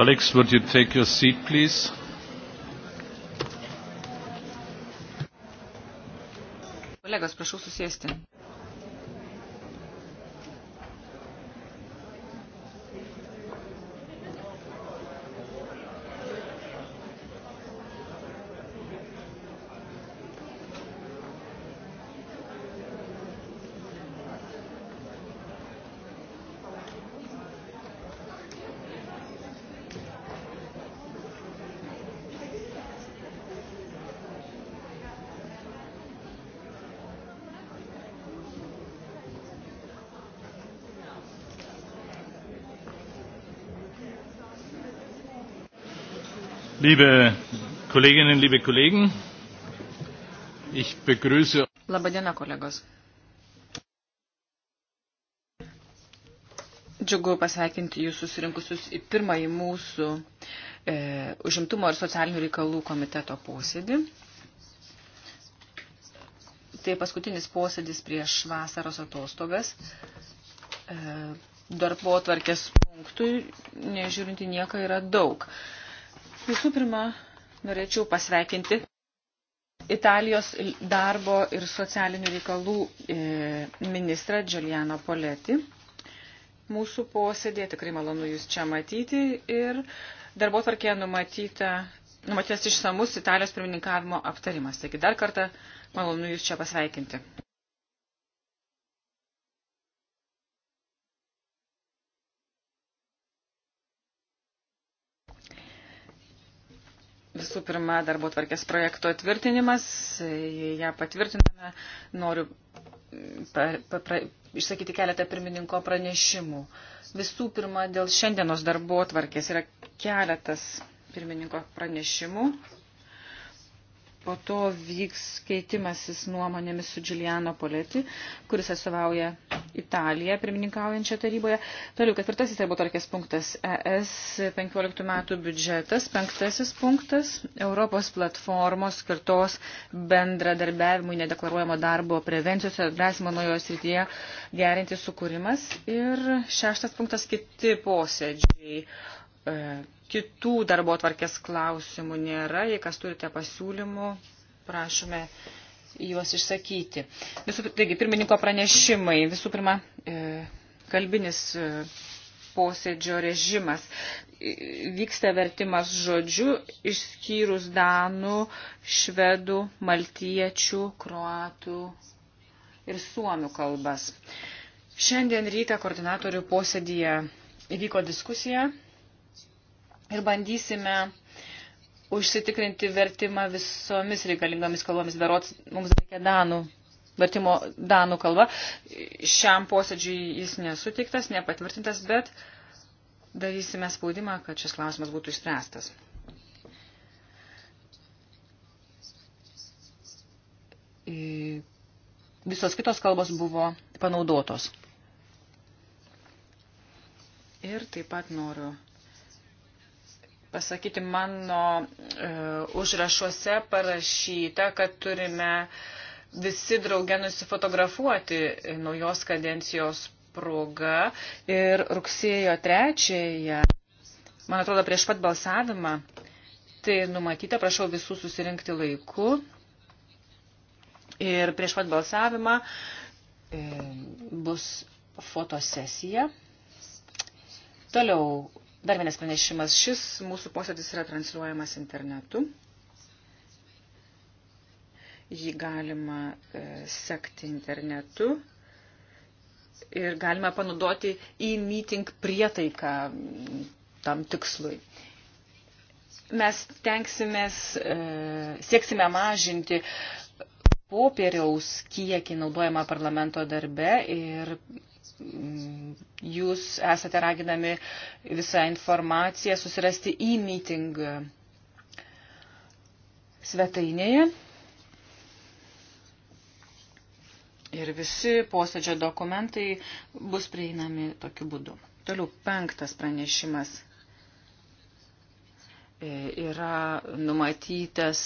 Colleagues, would you take your seat, please? Kolegos, prašau susėsti. Liebe Kolleginnen, liebe Kollegen, ich begrüße. Labadiena, kolegos. Džiugu pasveikinti jūs susirinkusius į pirmąjį mūsų e, užimtumo ir socialinių reikalų komiteto posėdį. Tai paskutinis posėdis prieš vasaros atostogas. E, darbo tvarkės punktui, nežiūrinti nieką, yra daug. E, Visų pirma, norėčiau pasveikinti Italijos darbo ir socialinių reikalų e, ministrą Giuliano Poletti. Mūsų posėdė tikrai malonu Jūs čia matyti ir darbo tvarkėje numatyta, numatytas išsamus Italijos pirmininkavimo aptarimas. Taigi dar kartą malonu Jūs čia pasveikinti. Visų pirma, darbo tvarkės projekto atvirtinimas. Ja patvirtiname. Noriu pa, pa, pra, išsakyti keletą pirmininko pranešimų. Visų pirma, dėl šiandienos darbo tvarkės yra keletas pirmininko pranešimų. Po to vyks keitimasis nuomonėmis su Giuliano Poleti, kuris atstovauja Italiją pirmininkaujančią taryboje. Toliau ketvirtasis darbo tarkės punktas ES 15 metų biudžetas. Penktasis punktas Europos platformos skirtos bendradarbiavimui nedeklaruojamo darbo prevencijos ir atgrasimo nuo jos rytyje gerinti sukūrimas. Ir šeštas punktas kiti posėdžiai E, kitų darbo tvarkės klausimų nėra. Jei kas turite pasiūlymų, prašome juos išsakyti. Visų, taigi, pirmininko pranešimai. Visų pirma, e, kalbinis e, posėdžio režimas. Vyksta vertimas žodžiu, išskyrus danų, švedų, maltiečių, kroatų ir suomių kalbas. Šiandien ryte koordinatorių posėdėje įvyko diskusija ir bandysime užsitikrinti vertimą visomis reikalingomis kalbomis. Berots mums reikia danų, vertimo danų kalba. Šiam posėdžiui jis nesuteiktas, nepatvirtintas, bet darysime spaudimą, kad šis klausimas būtų išspręstas. E, visos kitos kalbos buvo panaudotos. Ir taip pat noriu pasakyti, mano e, užrašuose parašyta, kad turime visi drauge nusifotografuoti naujos kadencijos proga. Ir rugsėjo trečiąją, man atrodo, prieš pat balsavimą, tai numatyta, prašau visų susirinkti laiku. Ir prieš pat balsavimą e, bus fotosesija. Toliau Dar vienas pranešimas. Šis mūsų posėdis yra transliuojamas internetu. Jį galima e, sekti internetu ir galima panaudoti e-meeting prietaiką tam tikslui. Mes tenksimės, e, sieksime mažinti popieriaus kiekį naudojama parlamento darbe ir jūs esate raginami visą informaciją susirasti e-meeting svetainėje. Ir visi posėdžio dokumentai bus prieinami tokiu būdu. Toliau penktas pranešimas e, yra numatytas,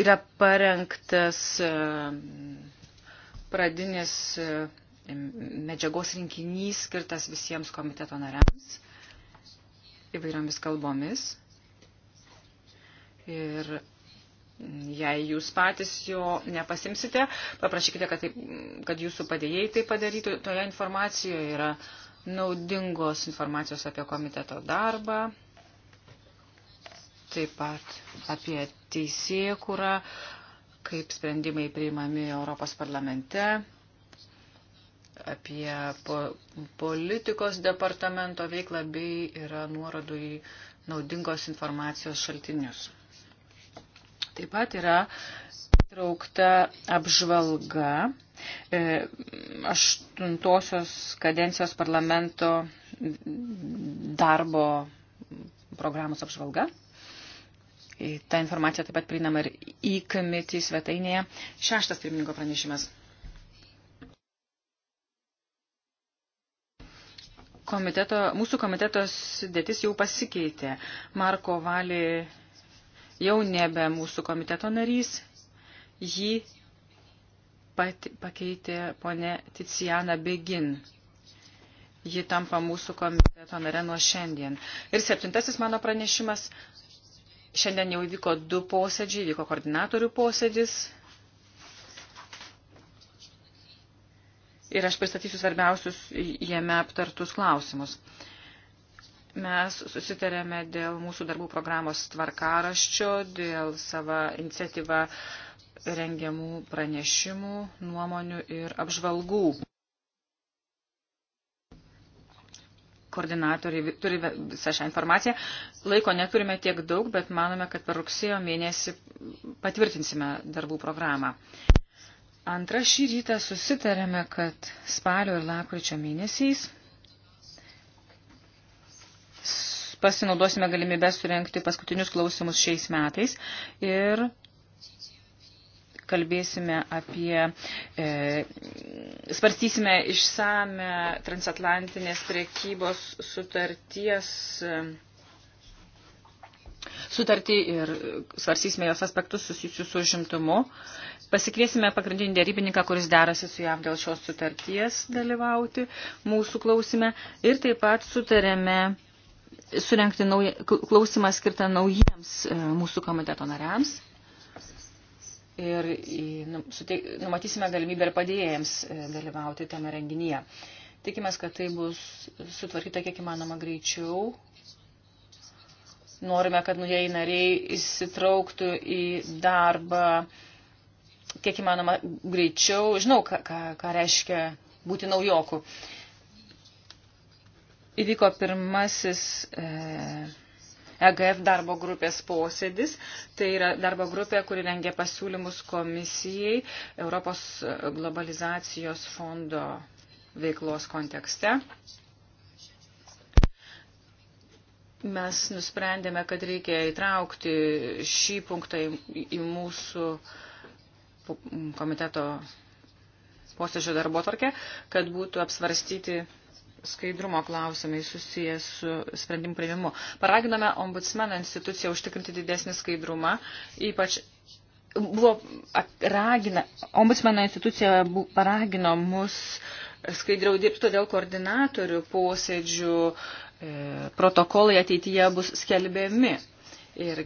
yra parengtas e, pradinis e, medžiagos rinkinys skirtas visiems komiteto nariams įvairiomis kalbomis. Ir jei jūs patys jo nepasimsite, paprašykite, kad, taip, kad jūsų padėjėjai tai padarytų. Toje informacijoje yra naudingos informacijos apie komiteto darbą, taip pat apie teisėkurą, kaip sprendimai priimami Europos parlamente apie po, politikos departamento veiklą bei yra nuorodų į naudingos informacijos šaltinius. Taip pat yra įtraukta apžvalga e, aštuntosios kadencijos parlamento darbo programos apžvalga. E, ta informacija taip pat prieinama ir į e komitį svetainėje. Šeštas pirmininko pranešimas. komiteto, mūsų komitetos dėtis jau pasikeitė. Marko Valį jau nebe mūsų komiteto narys, jį pat, pakeitė ponė Ticijana Begin. Ji tampa mūsų komiteto nare nuo šiandien. Ir septintasis mano pranešimas. Šiandien jau įvyko du posėdžiai, įvyko koordinatorių posėdis ir aš pristatysiu svarbiausius jame aptartus klausimus. Mes susitarėme dėl mūsų darbų programos tvarkaraščio, dėl savo iniciatyvą rengiamų pranešimų, nuomonių ir apžvalgų. Koordinatoriai turi visą šią informaciją. Laiko neturime tiek daug, bet manome, kad per rugsėjo mėnesį patvirtinsime darbų programą. Antra, šį rytą susitarėme, kad spalio ir lapkričio mėnesiais pasinaudosime galimybę surenkti paskutinius klausimus šiais metais ir kalbėsime apie, e, svarstysime išsame transatlantinės prekybos sutarties. E, sutartį ir svarsysime jos aspektus susijusius su žimtumu. Pasikviesime pagrindinį dėrybininką, kuris derasi su jav dėl šios sutarties dalyvauti mūsų klausime ir taip pat sutarėme surenkti nauja, klausimą skirtą naujiems e, mūsų komiteto nariams. Ir nu, numatysime galimybę ir padėjėjams e, dalyvauti tame renginyje. Tikimės, kad tai bus sutvarkyta kiek įmanoma greičiau Norime, kad naujieji nariai įsitrauktų į darbą kiek įmanoma greičiau. Žinau, ką, ką, ką reiškia būti naujoku. Įvyko pirmasis e, EGF darbo grupės posėdis. Tai yra darbo grupė, kuri rengia pasiūlymus komisijai Europos globalizacijos fondo veiklos kontekste mes nusprendėme, kad reikia įtraukti šį punktą į, į mūsų komiteto posėdžio darbo tvarkę, kad būtų apsvarstyti skaidrumo klausimai susijęs su sprendimu prieimimu. Paraginame ombudsmeną instituciją užtikrinti didesnį skaidrumą, ypač buvo ragina, ombudsmeno institucija paragino mus skaidriau dirbti, todėl koordinatorių posėdžių E, protokolai ateityje bus skelbiami. Ir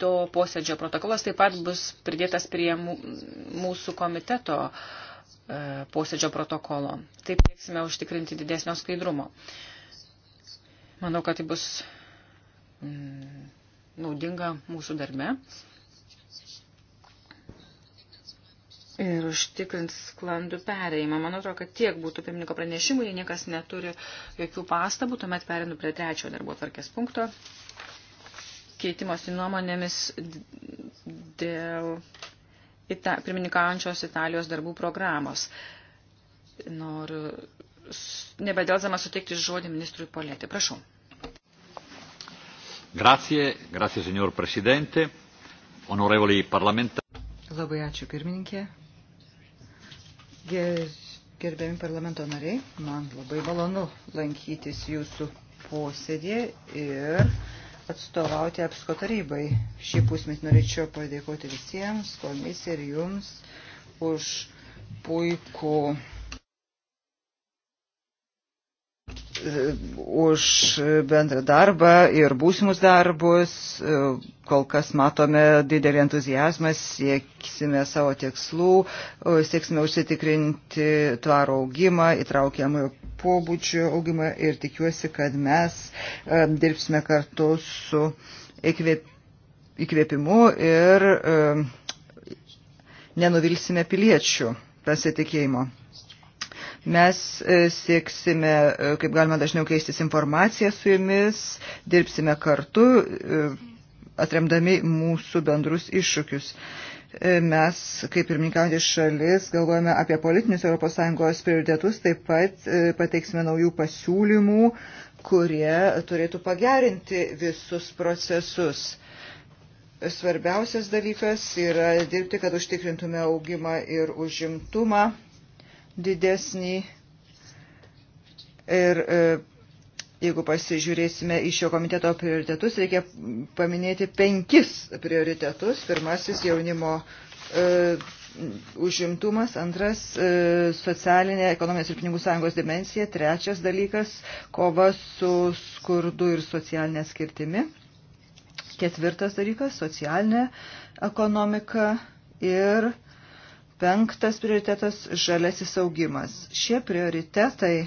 to posėdžio protokolas taip pat bus pridėtas prie mūsų komiteto e, posėdžio protokolo. Taip tieksime užtikrinti didesnio skaidrumo. Manau, kad tai bus mm, naudinga mūsų darbe. ir užtikrins sklandų pereimą. Man atrodo, kad tiek būtų pirmininko pranešimų, jei niekas neturi jokių pastabų, tuomet perinu prie trečiojo darbo tvarkės punkto. Keitimosi nuomonėmis dėl ita, pirmininkaujančios Italijos darbų programos. Noriu nebedėlzama suteikti žodį ministrui Polėti. Prašau. Grazie, grazie, signor Presidente, onorevoli parlamentarai. Labai ačiū pirmininkė, Gerbiami parlamento nariai, man labai malonu lankytis jūsų posėdėje ir atstovauti apsko tarybai. Šį pusmetį norėčiau padėkoti visiems, komisijai ir jums už puikų už bendrą darbą ir būsimus darbus. Kol kas matome didelį entuzijazmą, sieksime savo tikslų, sieksime užsitikrinti tvarų augimą, įtraukiamą pobūdžio augimą ir tikiuosi, kad mes e, dirbsime kartu su įkvėp, įkvėpimu ir e, nenuvilsime piliečių pasitikėjimo. Mes e, sieksime, e, kaip galima dažniau keistis informaciją su jumis, dirbsime kartu, e, atremdami mūsų bendrus iššūkius. Mes, kaip ir minkantis šalis, galvojame apie politinius ES prioritetus, taip pat pateiksime naujų pasiūlymų, kurie turėtų pagerinti visus procesus svarbiausias dalykas yra dirbti, kad užtikrintume augimą ir užimtumą didesnį ir e, jeigu pasižiūrėsime į šio komiteto prioritetus, reikia paminėti penkis prioritetus. Pirmasis jaunimo e, užimtumas, antras e, socialinė ekonominės ir pinigų sąjungos dimensija, trečias dalykas kova su skurdu ir socialinė skirtimi, ketvirtas dalykas socialinė ekonomika ir e, Penktas prioritetas - žalesis augimas. Šie prioritetai e,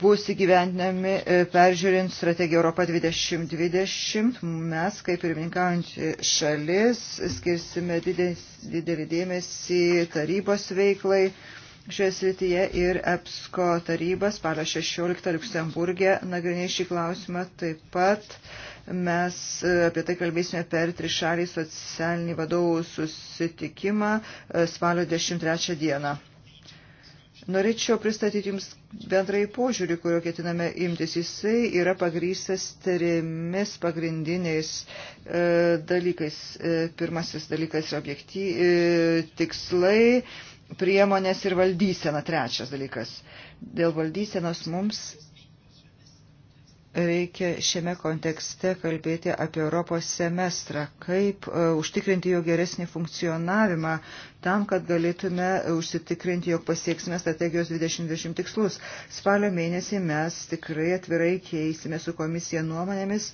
bus įgyvendinami e, peržiūrint strategiją Europą 2020. Mes, kaip pirmininkaujant šalis, skirsime didelį dėmesį tarybos veiklai šioje srityje ir EPSCO taryba spalio 16 Luksemburgė nagrinės šį klausimą taip pat Mes e, apie tai kalbėsime per trišalį socialinį vadovų susitikimą e, spalio 13 dieną. Norėčiau pristatyti Jums bendrai požiūrį, kurio ketiname imtis. Jisai yra pagrystas trimis pagrindiniais e, dalykais. E, pirmasis dalykas yra objekty, e, tikslai, priemonės ir valdysena. Trečias dalykas. Dėl valdysenos mums reikia šiame kontekste kalbėti apie Europos semestrą, kaip e, užtikrinti jo geresnį funkcionavimą tam, kad galėtume e, užsitikrinti, jog pasieksime strategijos 2020 tikslus. Spalio mėnesį mes tikrai atvirai keisime su komisija nuomonėmis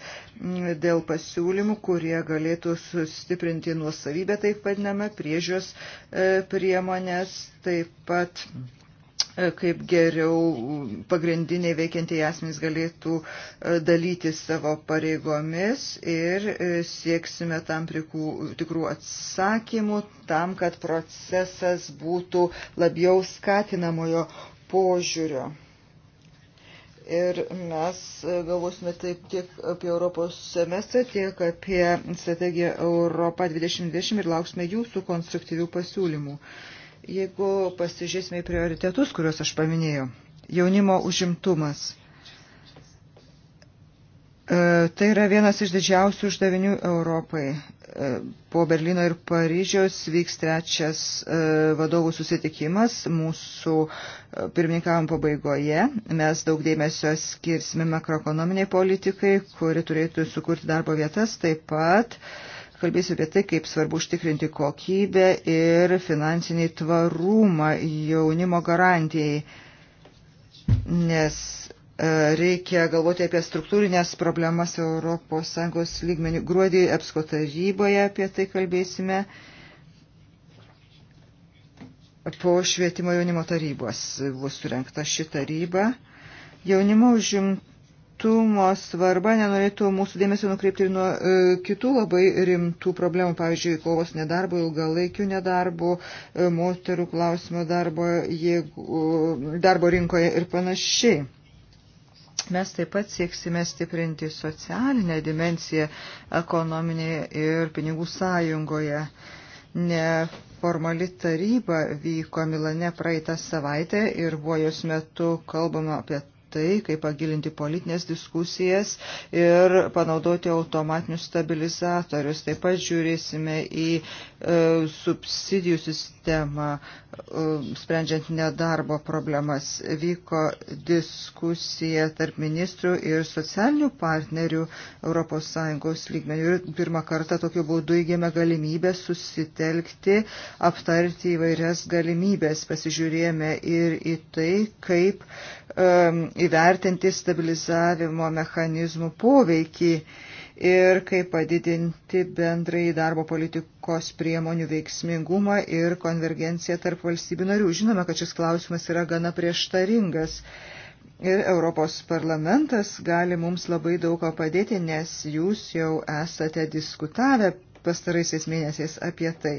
dėl pasiūlymų, kurie galėtų sustiprinti nuosavybę, taip vadinamą, priežios e, priemonės, taip pat. Mm E, kaip geriau pagrindiniai veikiantieji asmenys galėtų e, dalyti savo pareigomis ir e, sieksime tam tikrų atsakymų, tam, kad procesas būtų labiau skatinamojo požiūrio. Ir mes galvosime taip tiek apie Europos semestrą, tiek apie strategiją Europą 2020 ir lauksime jūsų konstruktyvių pasiūlymų. Uh, Jeigu pasižiūrėsime į prioritetus, kuriuos aš paminėjau, jaunimo užimtumas. E, tai yra vienas iš didžiausių uždavinių Europai. E, po Berlyno ir Paryžiaus vyks trečias e, vadovų susitikimas mūsų e, pirmininkavimo pabaigoje. Mes daug dėmesio skirsime makroekonominiai politikai, kuri turėtų sukurti darbo vietas, taip pat uh, kalbėsiu apie tai, kaip svarbu užtikrinti kokybę ir finansinį tvarumą jaunimo garantijai, nes e, reikia galvoti apie struktūrinės problemas ES lygmenių. Gruodį EPSCO taryboje apie tai kalbėsime po švietimo jaunimo tarybos bus surinkta ši taryba. Jaunimo užimtų privatumo svarba nenorėtų mūsų dėmesio nukreipti ir nuo e, kitų labai rimtų problemų, pavyzdžiui, kovos nedarbo, ilgalaikių nedarbų, e, moterų klausimo darbo, jėgų, e, darbo rinkoje ir panašiai. Mes taip pat sieksime stiprinti socialinę dimenciją ekonominėje ir pinigų sąjungoje. Ne formali taryba vyko Milane praeitą savaitę ir buvo jos metu kalbama apie tai, kaip pagilinti politinės diskusijas ir panaudoti automatinius stabilizatorius. Taip pat žiūrėsime į e, subsidijų sistemą, e, sprendžiant nedarbo problemas. Vyko diskusija tarp ministrų ir socialinių partnerių ES lygmenių. Ir pirmą kartą tokiu būdu įgėme galimybę susitelkti, aptarti įvairias galimybės. Pasižiūrėjome ir į tai, kaip e, Um, įvertinti stabilizavimo mechanizmų poveikį ir kaip padidinti bendrai darbo politikos priemonių veiksmingumą ir konvergenciją tarp valstybių narių. Žinome, kad šis klausimas yra gana prieštaringas. Ir Europos parlamentas gali mums labai daug ko padėti, nes jūs jau esate diskutavę pastaraisiais mėnesiais apie tai.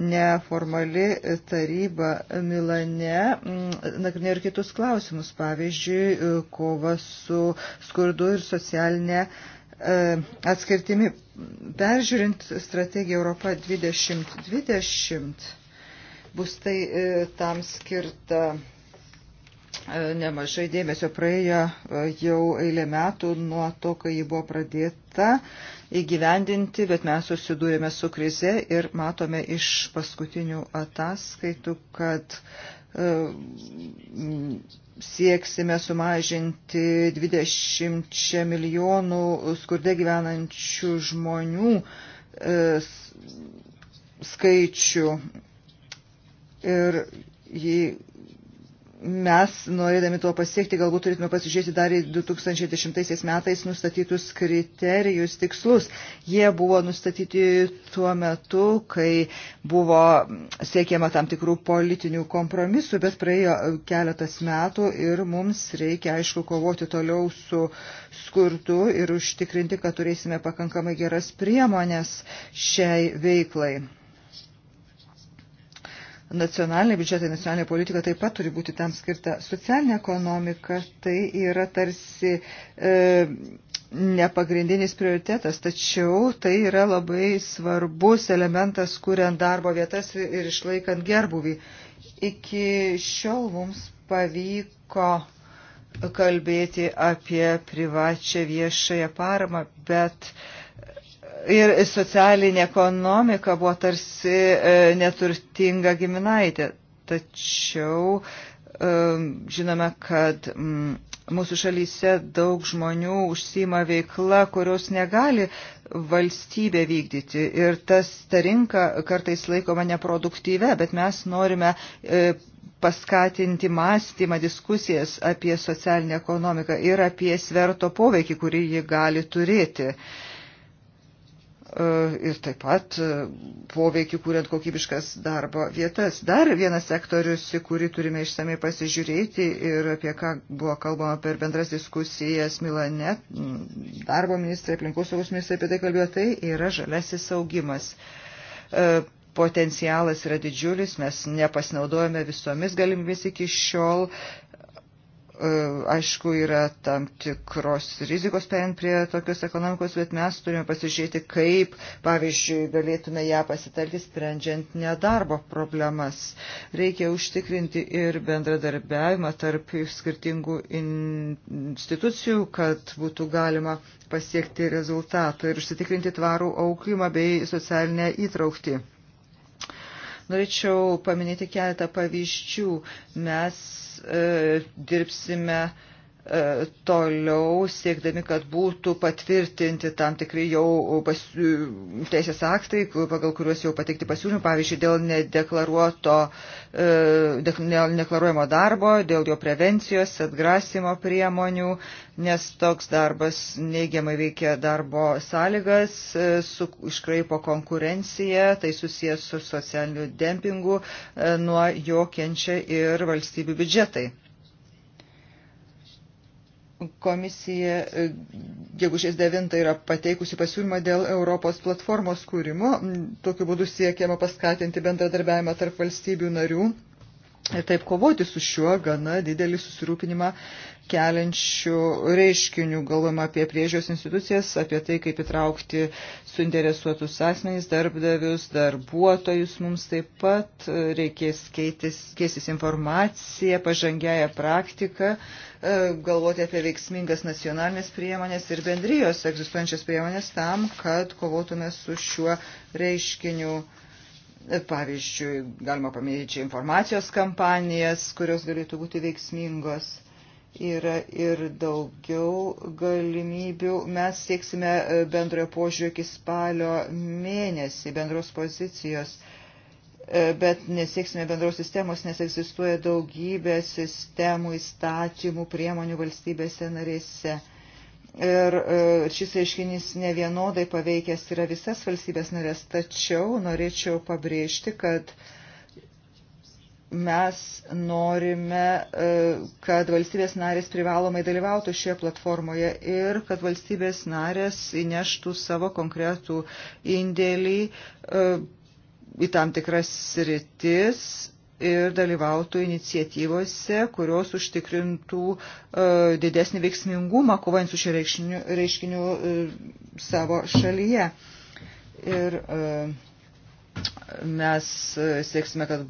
Neformali taryba Milane mm, nagrinėjo ir kitus klausimus, pavyzdžiui, kova su skurdu ir socialinė e, atskirtimi. Peržiūrint strategiją Europa 2020 bus tai e, tam skirta E, nemažai dėmesio praėjo e, jau eilė metų nuo to, kai ji buvo pradėta įgyvendinti, bet mes susidūrėme su krize ir matome iš paskutinių ataskaitų, kad e, sieksime sumažinti 20 milijonų skurde gyvenančių žmonių skaičių. Ir jį mes, norėdami tuo pasiekti, galbūt turėtume pasižiūrėti dar į 2010 metais nustatytus kriterijus, tikslus. Jie buvo nustatyti tuo metu, kai buvo siekiama tam tikrų politinių kompromisų, bet praėjo keletas metų ir mums reikia, aišku, kovoti toliau su skurdu ir užtikrinti, kad turėsime pakankamai geras priemonės šiai veiklai nacionaliniai biudžetai, nacionalinė politika taip pat turi būti tam skirta. Socialinė ekonomika tai yra tarsi e, nepagrindinis prioritetas, tačiau tai yra labai svarbus elementas, kuriant darbo vietas ir išlaikant gerbuvį. Iki šiol mums pavyko kalbėti apie privačią viešąją paramą, bet ir socialinė ekonomika buvo tarsi e, neturtinga giminaitė. Tačiau e, žinome, kad mm, mūsų šalyse daug žmonių užsima veikla, kurios negali valstybė vykdyti. Ir tas ta rinka kartais laikoma neproduktyve, bet mes norime e, paskatinti mąstymą, diskusijas apie socialinę ekonomiką ir apie sverto poveikį, kurį ji gali turėti. Uh, E, ir taip pat e, poveikį kūrent kokybiškas darbo vietas. Dar vienas sektorius, į kurį turime išsamei pasižiūrėti ir apie ką buvo kalbama per bendras diskusijas Milane, darbo ministrai, aplinkos saugos ministrai apie tai kalbėjo, tai yra žalesis augimas. E, potencialas yra didžiulis, mes nepasinaudojame visomis galimybės iki šiol E, aišku, yra tam tikros rizikos perint prie tokios ekonomikos, bet mes turime pasižiūrėti, kaip, pavyzdžiui, galėtume ją pasitelkti sprendžiant nedarbo problemas. Reikia užtikrinti ir bendradarbiavimą tarp skirtingų institucijų, kad būtų galima pasiekti rezultatų ir užsitikrinti tvarų aukimą bei socialinę įtraukti. Norėčiau paminėti keletą pavyzdžių. Mes E, dirbsime E, toliau siekdami, kad būtų patvirtinti tam tikri jau pasiū... E, teisės aktai, pagal kuriuos jau pateikti pasiūlymai, pavyzdžiui, dėl nedeklaruoto, e, nedeklaruojamo darbo, dėl jo prevencijos, atgrasimo priemonių, nes toks darbas neigiamai veikia darbo sąlygas, su, iškraipo konkurenciją, tai susijęs su socialiniu dempingu, nuo jo kenčia ir valstybių biudžetai. Komisija e, gegužės 9 yra pateikusi pasiūlymą dėl Europos platformos kūrimo. Tokiu būdu siekiama paskatinti bendradarbiavimą tarp valstybių narių ir taip kovoti su šiuo gana didelį susirūpinimą keliančių reiškinių, galvojama apie priežios institucijas, apie tai, kaip įtraukti suinteresuotus asmenys, darbdavius, darbuotojus. Mums taip pat reikės keitis, keisis informacija, pažangiaja praktika, e, galvoti apie veiksmingas nacionalinės priemonės ir bendrijos egzistuojančias priemonės tam, kad kovotume su šiuo reiškiniu Pavyzdžiui, galima paminėti čia informacijos kampanijas, kurios galėtų būti veiksmingos. Yra ir daugiau galimybių. Mes sieksime e, bendrojo požiūrį iki spalio mėnesį, bendros pozicijos e, bet nesieksime bendros sistemos, nes egzistuoja daugybė sistemų, įstatymų, priemonių valstybėse narėse. Ir e, šis reiškinys nevienodai paveikęs yra visas valstybės narės, tačiau norėčiau pabrėžti, kad mes norime, e, kad valstybės narės privalomai dalyvautų šioje platformoje ir kad valstybės narės įneštų savo konkretų indėlį e, į tam tikras sritis ir dalyvautų iniciatyvose, kurios užtikrintų e, didesnį veiksmingumą, kovojant su šio reiškiniu, reiškiniu e, savo šalyje. Ir e, mes sieksime, kad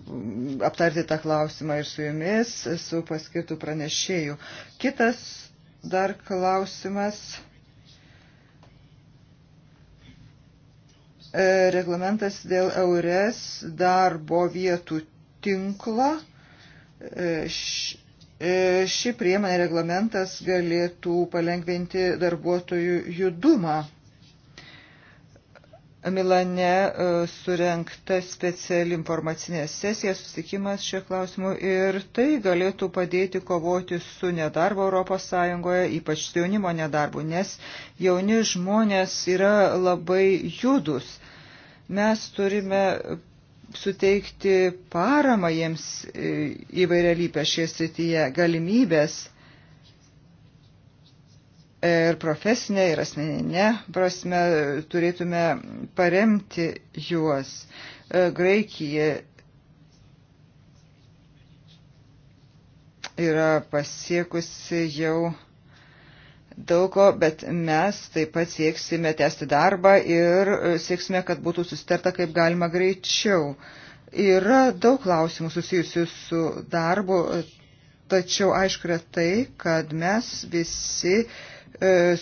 aptarti tą klausimą ir su jumis, su paskirtų pranešėjų. Kitas dar klausimas. reglamentas dėl eures darbo vietų tinklą. E, e, ši priemonė reglamentas galėtų palengventi darbuotojų judumą. Milane e, surenkta speciali informacinė sesija, susitikimas šio klausimu ir tai galėtų padėti kovoti su nedarbo ES, ypač su jaunimo nedarbu, nes jauni žmonės yra labai judus. Mes turime suteikti paramą jiems e, įvairialypę šioje srityje galimybės e, ir profesinė, ir asmeninė prasme turėtume paremti juos. E, Graikija yra pasiekusi jau daugo, bet mes taip pat sieksime tęsti darbą ir e, sieksime, kad būtų susitarta kaip galima greičiau. Yra daug klausimų susijusių su darbu, e, tačiau aišku yra tai, kad mes visi e,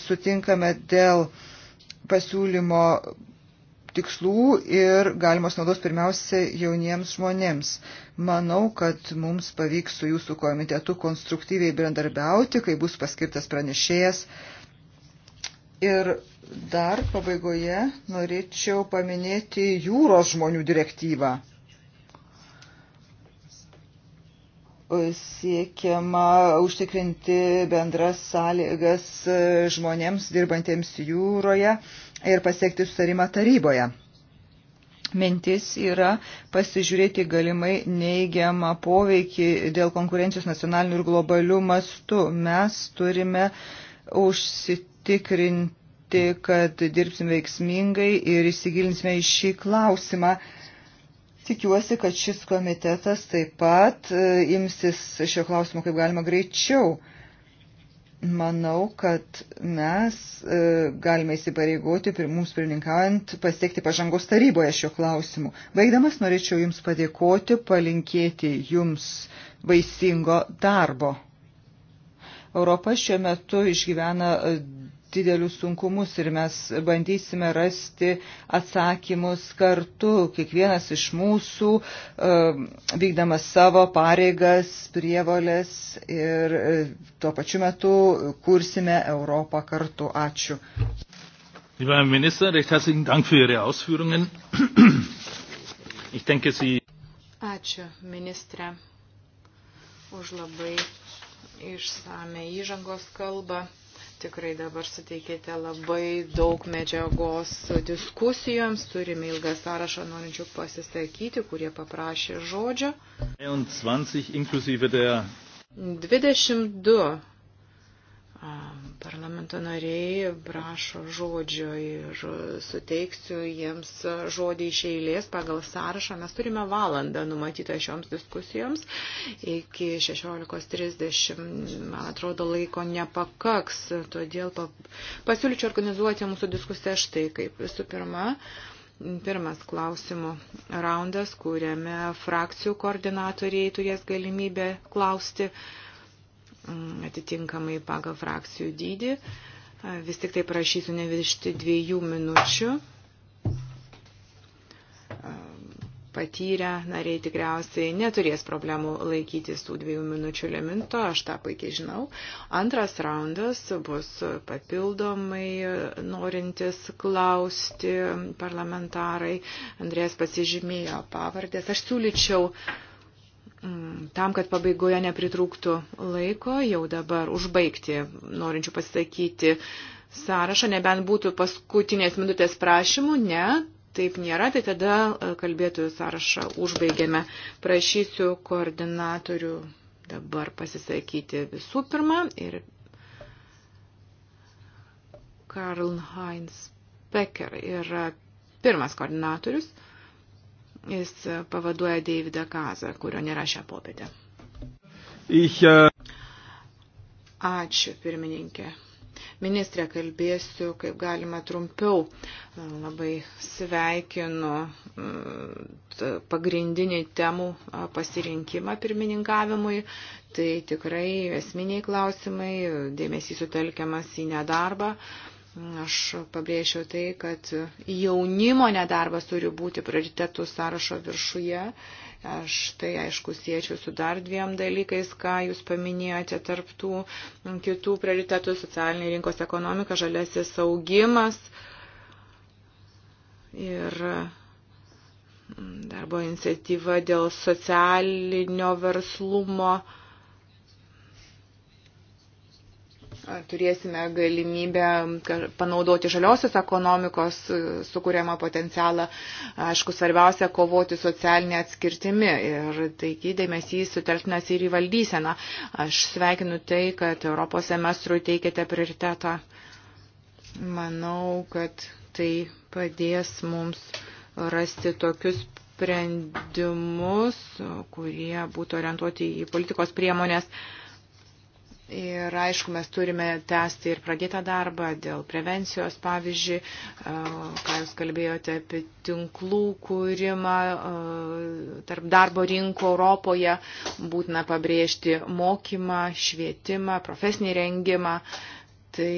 sutinkame dėl pasiūlymo tikslų ir galimos naudos pirmiausia jauniems žmonėms. Manau, kad mums pavyks su jūsų komitetu konstruktyviai bendarbiauti, kai bus paskirtas pranešėjas. Ir dar pabaigoje norėčiau paminėti jūros žmonių direktyvą. siekiama užtikrinti bendras sąlygas žmonėms dirbantiems jūroje ir pasiekti sustarimą taryboje. Mintis yra pasižiūrėti galimai neigiamą poveikį dėl konkurencijos nacionalinių ir globalių mastų. Mes turime užsitikrinti, kad dirbsim veiksmingai ir įsigilinsime į šį klausimą. Tikiuosi, kad šis komitetas taip pat e, imsis šio klausimo kaip galima greičiau manau, kad mes e, galime įsipareigoti, mums pirmininkaujant, pasiekti pažangos taryboje šiuo klausimu. Baigdamas norėčiau Jums padėkoti, palinkėti Jums vaisingo darbo. Europa šiuo metu išgyvena e, didelius sunkumus ir mes bandysime rasti atsakymus kartu, kiekvienas iš mūsų um, vykdamas savo pareigas, prievolės ir uh, tuo pačiu metu kursime Europą kartu. Ačiū. Lieber Herr Minister, recht herzlichen Dank für Ihre Ausführungen. Ich denke, Sie. Ačiū, ministrė, už labai išsame įžangos kalbą tikrai dabar suteikėte labai daug medžiagos diskusijoms. Turime ilgą sąrašą norinčių pasisakyti, kurie paprašė žodžio. 22 inklusive der 22 Parlamento nariai prašo žodžio ir suteiksiu jiems žodį iš eilės pagal sąrašą. Mes turime valandą numatytą šioms diskusijoms. Iki 16.30, man atrodo, laiko nepakaks. Todėl pasiūlyčiau organizuoti mūsų diskusiją štai kaip. Visų pirma, pirmas klausimų raundas, kuriame frakcijų koordinatoriai turės galimybę klausti Mm, atitinkamai pagal frakcijų dydį. Vis tik tai prašysiu neviršti dviejų minučių. Patyrę nariai tikriausiai neturės problemų laikytis tų dviejų minučių limito, aš tą puikiai žinau. Antras raundas bus papildomai norintis klausti parlamentarai. Andrės pasižymėjo pavardės. Aš siūlyčiau uh, Mm, tam, kad pabaigoje nepritrūktų laiko, jau dabar užbaigti norinčių pasakyti sąrašą, nebent būtų paskutinės minutės prašymų, ne, taip nėra, tai tada e, kalbėtojų sąrašą užbaigiame. Prašysiu koordinatorių dabar pasisakyti visų pirma ir Karl Heinz Becker yra pirmas koordinatorius. Jis pavaduoja Davidą Kazą, kurio nėra šią popietę. Ich, uh... Ačiū, pirmininkė. Ministrė, kalbėsiu kaip galima trumpiau. Labai sveikinu mm, pagrindinį temų pasirinkimą pirmininkavimui. Tai tikrai esminiai klausimai, dėmesys sutelkiamas į nedarbą. Aš pabrėžiau tai, kad jaunimo nedarbas turi būti prioritetų sąrašo viršuje. Aš tai aišku siečiau su dar dviem dalykais, ką jūs paminėjote tarptų kitų prioritetų - socialinė rinkos ekonomika, žaliasis augimas ir darbo iniciatyva dėl socialinio verslumo. turėsime galimybę panaudoti žaliosios ekonomikos e, sukūriamą potencialą, aišku, svarbiausia kovoti socialinę atskirtimi ir taigi dėmesys sutelktinas ir į valdyseną. Aš sveikinu tai, kad Europos semestrui teikėte prioritetą. Manau, kad tai padės mums rasti tokius sprendimus, kurie būtų orientuoti į politikos priemonės. Uh, Ir aišku, mes turime tęsti ir pradėtą darbą dėl prevencijos, pavyzdžiui, ką Jūs kalbėjote apie tinklų kūrimą tarp darbo rinkų Europoje, būtina pabrėžti mokymą, švietimą, profesinį rengimą. Tai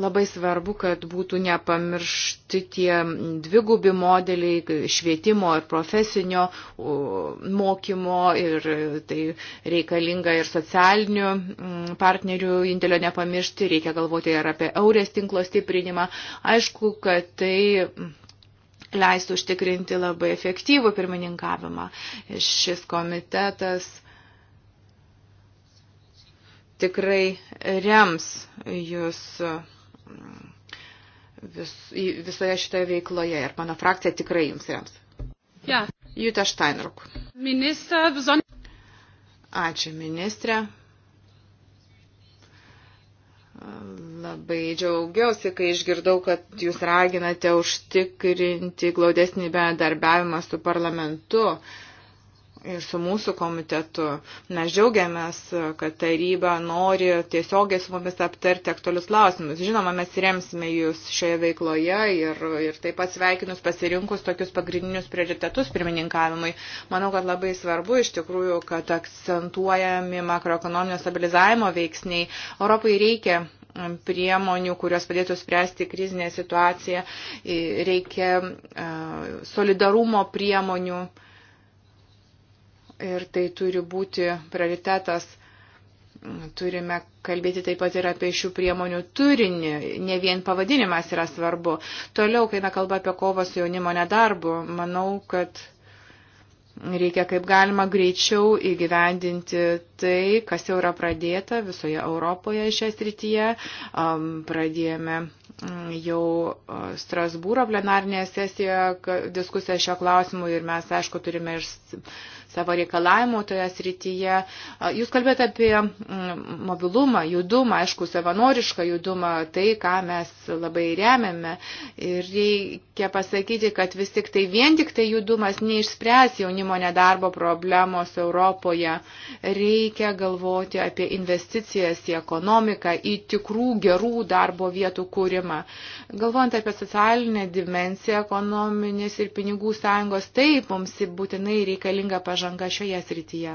labai svarbu, kad būtų nepamiršti tie dvigubi modeliai švietimo ir profesinio mokymo ir tai reikalinga ir socialinių mm, partnerių indėlio nepamiršti, reikia galvoti ir apie eurės tinklo stiprinimą. Aišku, kad tai leistų užtikrinti labai efektyvų pirmininkavimą. Šis komitetas tikrai rems jūs mm, vis, visoje šitoje veikloje ir mano frakcija tikrai jums rems. Ja. Jutta Steinruk. Minister, beson... Ačiū, ministrė. Labai džiaugiausi, kai išgirdau, kad jūs raginate užtikrinti glaudesnį bendarbiavimą su parlamentu. Uh, su mūsų komitetu. Mes džiaugiamės, kad taryba nori tiesiogiai su mumis aptarti aktualius klausimus. Žinoma, mes remsime jūs šioje veikloje ir, ir taip pat sveikinus pasirinkus tokius pagrindinius prioritetus pirmininkavimui. Manau, kad labai svarbu iš tikrųjų, kad akcentuojami makroekonominio stabilizavimo veiksniai. Europai reikia priemonių, kurios padėtų spręsti krizinę situaciją, reikia solidarumo priemonių ir tai turi būti prioritetas. Turime kalbėti taip pat ir apie šių priemonių turinį, ne vien pavadinimas yra svarbu. Toliau, kai kalba apie kovą su jaunimo nedarbu, manau, kad reikia kaip galima greičiau įgyvendinti tai, kas jau yra pradėta visoje Europoje šią srityje. Pradėjome mm, jau Strasbūro plenarnėje sesijoje diskusiją šio klausimu ir mes, aišku, turime ir savo reikalavimų toje srityje. Jūs kalbėjote apie mm, mobilumą, judumą, aišku, savanorišką judumą, tai, ką mes labai remiame. Ir reikia pasakyti, kad vis tik tai vien tik tai judumas neišspręs jaunimo nedarbo problemos Europoje. Reikia galvoti apie investicijas į ekonomiką, į tikrų gerų darbo vietų kūrimą. Galvojant apie socialinę dimensiją ekonominės ir pinigų sąjungos, taip, mums būtinai reikalinga pažanga pažanga šioje srityje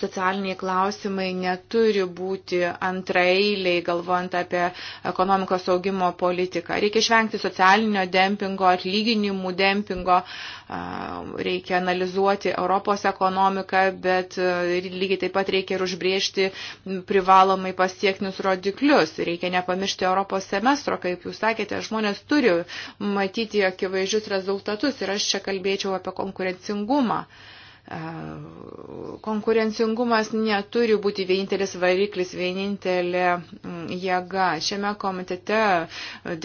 socialiniai klausimai neturi būti antraeiliai, galvojant apie ekonomikos augimo politiką. Reikia išvengti socialinio dempingo, atlyginimų dempingo, reikia analizuoti Europos ekonomiką, bet lygiai taip pat reikia ir užbriežti privalomai pasieknius rodiklius. Reikia nepamiršti Europos semestro, kaip jūs sakėte, žmonės turi matyti akivaizdžius rezultatus ir aš čia kalbėčiau apie konkurencingumą konkurencingumas neturi būti vienintelis variklis, vienintelė jėga. Šiame komitete,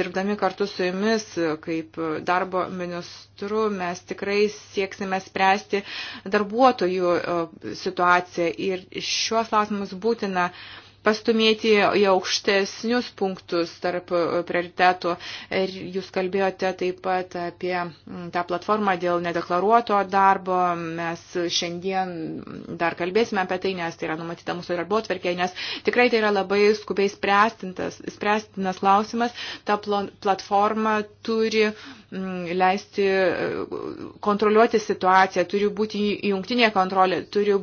dirbdami kartu su jumis, kaip darbo ministru, mes tikrai sieksime spręsti darbuotojų situaciją ir šiuos klausimus būtina uh, pastumėti į aukštesnius punktus tarp e, prioritetų. Ir jūs kalbėjote taip pat apie tą platformą dėl nedeklaruoto darbo. Mes šiandien dar kalbėsime apie tai, nes tai yra numatyta mūsų darbo atverkė, nes tikrai tai yra labai skubiai spręstinas klausimas. Ta platforma turi leisti e, kontroliuoti situaciją, turi būti jungtinė kontrolė, turi,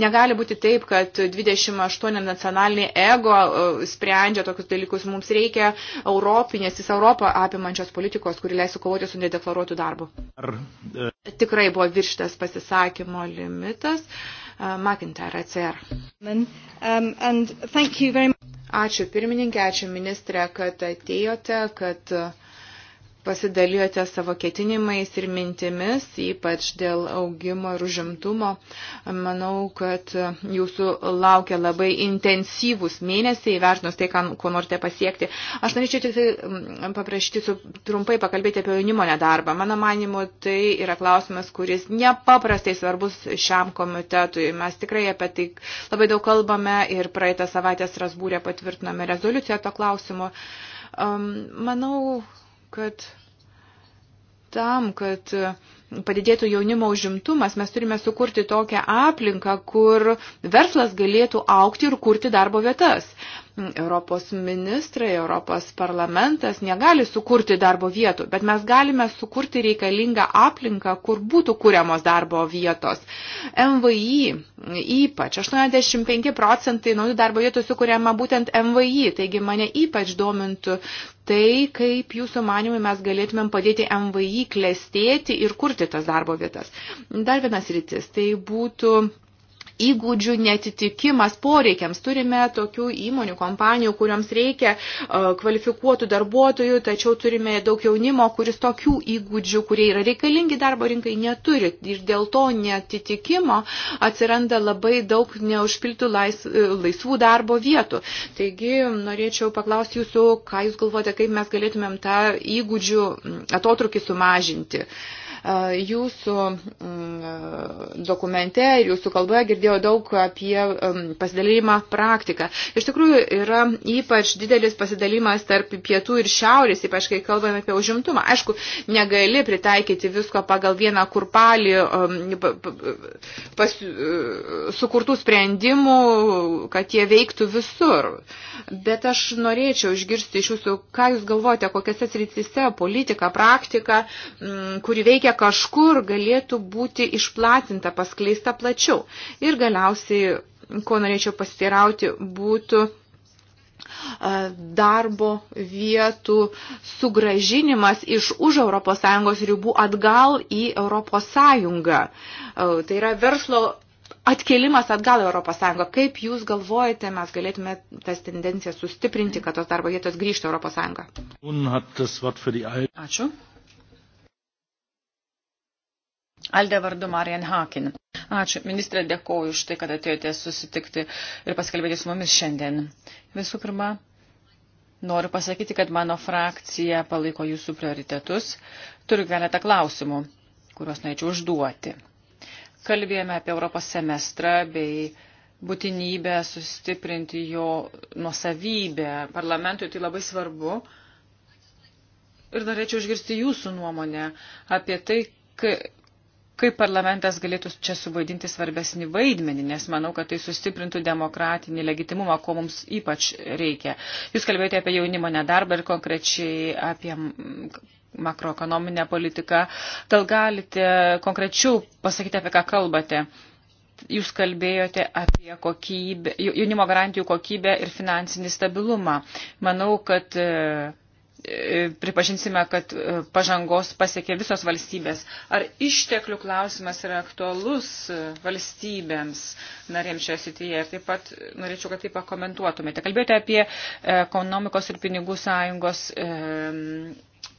negali būti taip, kad 28 nacionalinių nacionalinį ego e, sprendžia tokius dalykus. Mums reikia europinės, jis Europą apimančios politikos, kuri leisų kovoti su nedeklaruotu darbu. Ar, e... Tikrai buvo virštas pasisakymo limitas. E, McIntyre ACR. Um, um Ačiū pirmininkė, ačiū ministrė, kad atėjote, kad uh, pasidalijote savo ketinimais ir mintimis, ypač dėl augimo ir užimtumo. Manau, kad jūsų laukia labai intensyvūs mėnesiai, vertinus tai, ko norite pasiekti. Aš norėčiau tik tai mm, paprašyti su, trumpai pakalbėti apie jaunimo nedarbą. Mano manimu, tai yra klausimas, kuris nepaprastai svarbus šiam komitetui. Mes tikrai apie tai labai daug kalbame ir praeitą savaitę Strasbūrė patvirtiname rezoliuciją to klausimu. Um, manau, kad tam, kad padidėtų jaunimo užimtumas, mes turime sukurti tokią aplinką, kur verslas galėtų aukti ir kurti darbo vietas. Europos ministrai, Europos parlamentas negali sukurti darbo vietų, bet mes galime sukurti reikalingą aplinką, kur būtų kūriamos darbo vietos. MVI ypač 85 procentai naujų darbo vietų sukūriama būtent MVI, taigi mane ypač domintų tai, kaip jūsų manimai mes galėtumėm padėti MVI klestėti ir kurti tas darbo vietas. Dar vienas rytis, tai būtų įgūdžių netitikimas poreikiams. Turime tokių įmonių, kompanijų, kuriams reikia e, kvalifikuotų darbuotojų, tačiau turime daug jaunimo, kuris tokių įgūdžių, kurie yra reikalingi darbo rinkai, neturi. Ir dėl to netitikimo atsiranda labai daug neužpiltų lais, e, laisvų darbo vietų. Taigi norėčiau paklausti jūsų, ką jūs galvojate, kaip mes galėtumėm tą įgūdžių atotrukį sumažinti. Uh, Jūsų mm, dokumente ir jūsų kalboje girdėjau daug apie mm, pasidalymą praktiką. Iš tikrųjų yra ypač didelis pasidalymas tarp pietų ir šiaurės, ypač kai kalbame apie užimtumą. Aišku, negali pritaikyti visko pagal vieną kurpalį mm, pas, sukurtų sprendimų, kad jie veiktų visur. Bet aš norėčiau išgirsti iš jūsų, ką jūs galvojate, kokiose srityse politika, praktika, kuri veikia kažkur galėtų būti išplatinta, paskleista plačiau. Ir galiausiai, ko norėčiau pasiteirauti, būtų e, darbo vietų sugražinimas iš už ES ribų atgal į ES. E, tai yra verslo atkelimas atgal į ES. Kaip Jūs galvojate, mes galėtume tas tendencijas sustiprinti, kad tos darbo vietos grįžtų į ES? Ačiū. Aldė vardu Marian Hakin. Ačiū. Ministrė, dėkoju už tai, kad atėjote susitikti ir pasikalbėti su mumis šiandien. Visų pirma, noriu pasakyti, kad mano frakcija palaiko jūsų prioritetus. Turiu keletą klausimų, kuriuos norėčiau užduoti. Kalbėjome apie Europos semestrą bei būtinybę sustiprinti jo nuosavybę. Parlamentui tai labai svarbu. Ir norėčiau išgirsti jūsų nuomonę apie tai, kaip parlamentas galėtų čia suvaidinti svarbesnį vaidmenį, nes manau, kad tai sustiprintų demokratinį legitimumą, ko mums ypač reikia. Jūs kalbėjote apie jaunimo nedarbą ir konkrečiai apie makroekonominę politiką. Gal galite konkrečiau pasakyti, apie ką kalbate? Jūs kalbėjote apie kokybę, jaunimo garantijų kokybę ir finansinį stabilumą. Manau, kad e, E, pripažinsime, kad e, pažangos pasiekė visos valstybės. Ar išteklių klausimas yra aktualus e, valstybėms narėms šioje srityje? Ir taip pat norėčiau, kad tai pakomentuotumėte. Kalbėjote apie ekonomikos ir pinigų sąjungos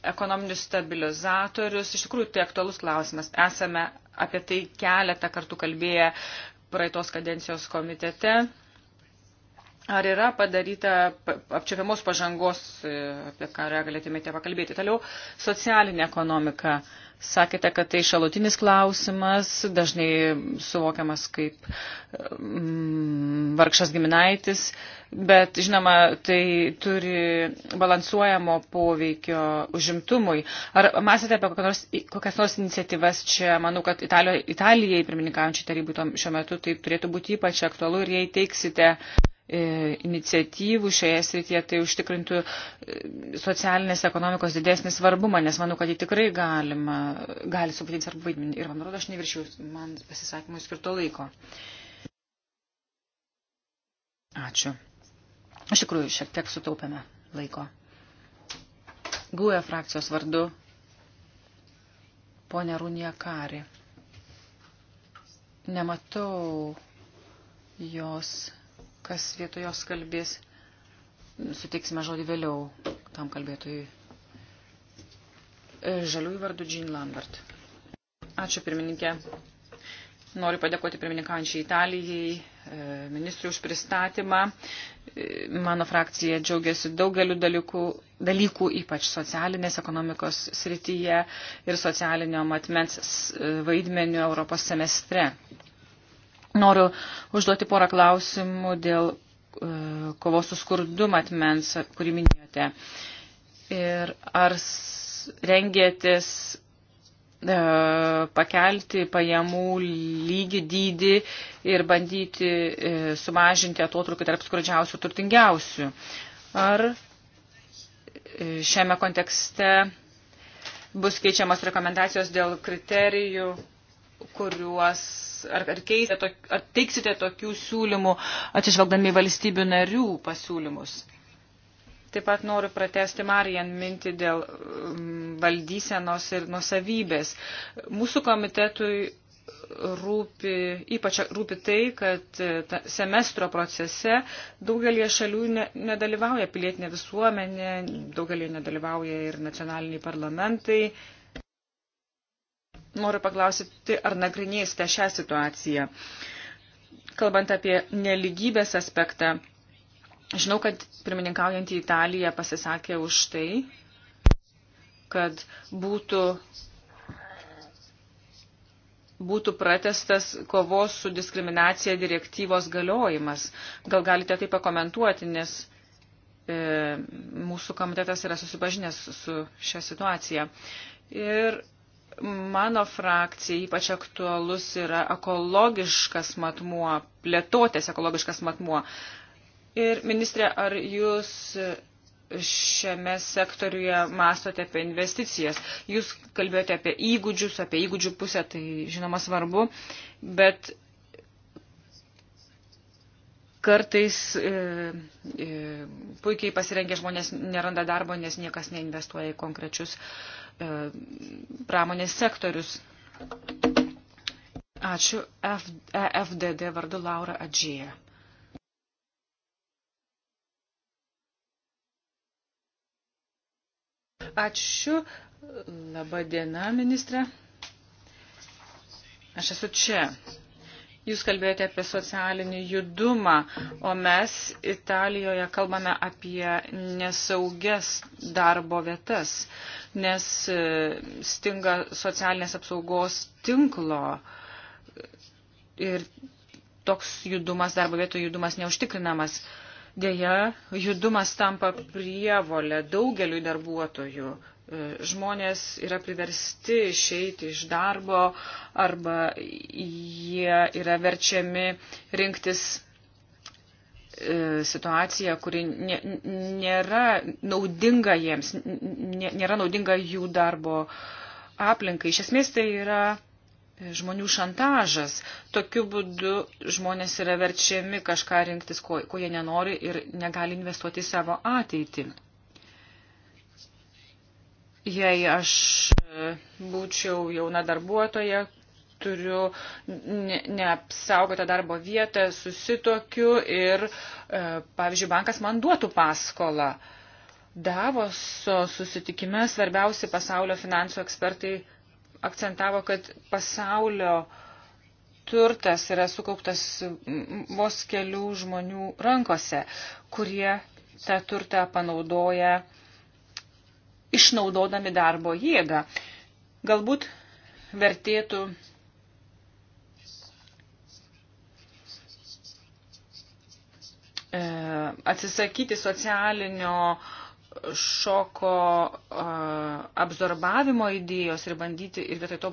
ekonominius stabilizatorius. Iš tikrųjų, tai aktualus klausimas. Esame apie tai keletą kartų kalbėję praeitos kadencijos komitete Ar yra padaryta apčiopiamos pažangos, e, apie ką galėtumėte pakalbėti? Toliau, socialinė ekonomika. Sakėte, kad tai šalutinis klausimas, dažnai suvokiamas kaip mm, vargšas giminaitis, bet, žinoma, tai turi balansuojamo poveikio užimtumui. Ar mąstėte apie kokias nors, kokias nors iniciatyvas čia? Manau, kad Italijo, Italijai, pirmininkaujančiai tarybai šiuo metu, tai turėtų būti ypač aktualu ir jei teiksite E, iniciatyvų šioje srityje, tai užtikrintų e, socialinės ekonomikos didesnį svarbumą, nes manau, kad jį tikrai galima, gali suvaidinti svarbu vaidmenį. Ir man rodo, aš neviršiau man pasisakymui skirto laiko. Ačiū. Iš tikrųjų, šiek tiek sutaupėme laiko. GUE frakcijos vardu ponė Runija Kari. Nematau jos kas vietoj jos kalbės. Suteiksime žodį vėliau tam kalbėtojui. E, žaliųjų vardu Jean Lambert. Ačiū pirmininkė. Noriu padėkoti pirmininkaujančiai Italijai, e, ministriui už pristatymą. E, mano frakcija džiaugiasi daugeliu dalykų, dalykų, ypač socialinės ekonomikos srityje ir socialinio matmens vaidmeniu Europos semestre. Noriu užduoti porą klausimų dėl e, kovos su skurdu matmens, kurį minėjote. Ir ar rengėtis e, pakelti pajamų lygį dydį ir bandyti e, sumažinti atotrukį tarp skurdžiausių turtingiausių? Ar e, šiame kontekste bus keičiamas rekomendacijos dėl kriterijų kuriuos, ar, ar, keisite, ar teiksite tokių siūlymų, atsižvelgdami valstybių narių pasiūlymus. Taip pat noriu pratesti Marijan mintį dėl um, valdysenos ir nusavybės. Mūsų komitetui rūpi, ypač rūpi tai, kad e, semestro procese daugelie šalių ne, nedalyvauja pilietinė visuomenė, daugelie nedalyvauja ir nacionaliniai parlamentai, Noriu paklausyti, ar nagrinėsite šią situaciją. Kalbant apie neligybės aspektą, žinau, kad pirmininkaujantį Italiją pasisakė už tai, kad būtų, būtų pratestas kovos su diskriminacija direktyvos galiojimas. Gal galite tai pakomentuoti, nes e, mūsų komitetas yra susipažinęs su šią situaciją. Ir mano frakcijai ypač aktualus yra ekologiškas matmuo, plėtotės ekologiškas matmuo. Ir ministrė, ar jūs šiame sektoriuje mastote apie investicijas? Jūs kalbėjote apie įgūdžius, apie įgūdžių pusę, tai žinoma svarbu, bet Kartais e, e, puikiai pasirengę žmonės neranda darbo, nes niekas neinvestuoja į konkrečius e, pramonės sektorius. Ačiū F, e, FDD vardu Laura Adžėja. Ačiū. Labadiena, ministrė. Aš esu čia. Jūs kalbėjote apie socialinį judumą, o mes Italijoje kalbame apie nesaugias darbo vietas, nes e, stinga socialinės apsaugos tinklo ir toks judumas, darbo vietų judumas neužtikrinamas. Deja, judumas tampa prievolę daugeliui darbuotojų, žmonės yra priversti išeiti iš darbo arba jie yra verčiami rinktis e, situaciją, kuri nėra naudinga jiems, nėra naudinga jų darbo aplinkai. Iš esmės tai yra e, žmonių šantažas. Tokiu būdu žmonės yra verčiami kažką rinktis, ko, ko jie nenori ir negali investuoti į savo ateitį. Jei aš e, būčiau jauna darbuotoja, turiu neapsaugotą darbo vietą, susitokiu ir, e, pavyzdžiui, bankas man duotų paskolą. Davoso susitikime svarbiausi pasaulio finansų ekspertai akcentavo, kad pasaulio turtas yra sukauptas vos kelių žmonių rankose, kurie tą turtą panaudoja išnaudodami darbo jėgą. Galbūt vertėtų e, atsisakyti socialinio šoko e, absorbavimo idėjos ir bandyti ir vietoj to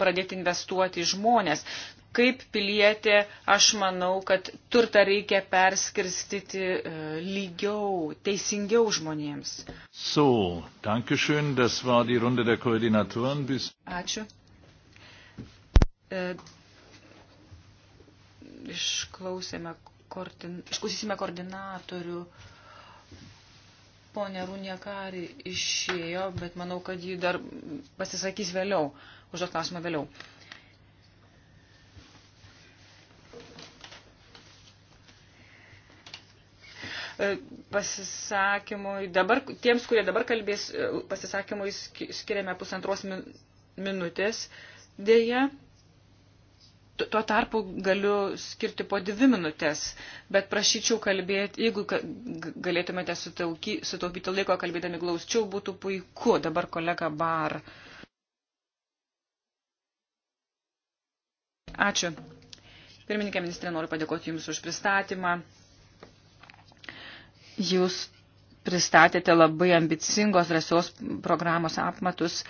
pradėti investuoti į žmonės. Kaip pilietė, aš manau, kad turtą reikia perskirstyti e, lygiau, teisingiau žmonėms. So, dankeschön, das war die Runde der Koordinatoren. Bis... Ačiū. E, išklausėme, koordin... išklausysime koordinatorių. Pone Runiekari išėjo, bet manau, kad ji dar pasisakys vėliau, užduos klausimą vėliau. E, pasisakymui, dabar, tiems, kurie dabar kalbės e, pasisakymui, skiriame pusantros min, minutės. Dėja, tuo tarpu galiu skirti po dvi minutės, bet prašyčiau kalbėti, jeigu galėtumėte sutaupyti laiko kalbėdami glausčiau, būtų puiku. Dabar kolega Bar. Ačiū. Pirmininkė ministrė, noriu padėkoti Jums už pristatymą. Jūs pristatėte labai ambicingos drąsios programos apmatus.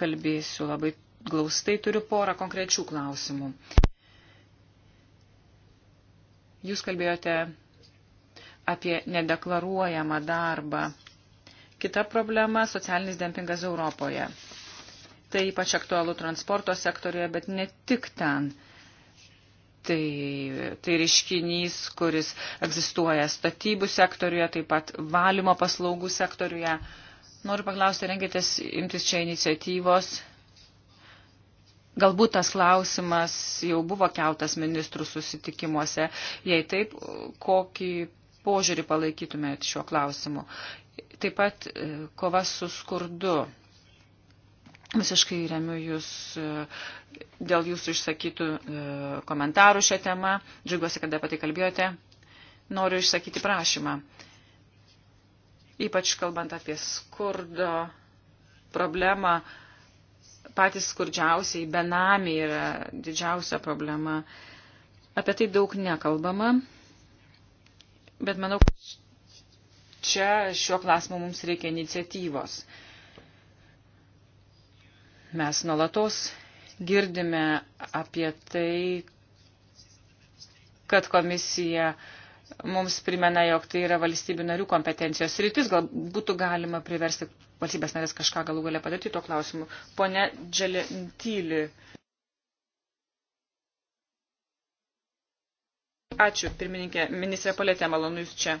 Kalbėsiu labai glaustai, turiu porą konkrečių klausimų. Jūs kalbėjote apie nedeklaruojamą darbą. Kita problema - socialinis dempingas Europoje. Tai ypač aktualu transporto sektorijoje, bet ne tik ten. Tai, tai reiškinys, kuris egzistuoja statybų sektoriuje, taip pat valymo paslaugų sektoriuje. Noriu paklausti, rengitės imtis čia iniciatyvos? Galbūt tas klausimas jau buvo keltas ministrų susitikimuose. Jei taip, kokį požiūrį palaikytumėt šiuo klausimu? Taip pat e, kova su skurdu Visiškai remiu Jūs e, dėl Jūsų išsakytų e, komentarų šią temą. Džiugiuosi, kad apie tai kalbėjote. Noriu išsakyti prašymą. Ypač kalbant apie skurdo problemą, patys skurdžiausiai benamiai yra didžiausia problema. Apie tai daug nekalbama, bet manau, čia šiuo klausimu mums reikia iniciatyvos. Uh, Mes nuolatos girdime apie tai, kad komisija mums primena, jog tai yra valstybių narių kompetencijos rytis, gal būtų galima priversti valstybės narės kažką galų galę padaryti tuo klausimu. Pone Dželentyli. Ačiū, pirmininkė. Ministrė Palėtė, malonu Jūs čia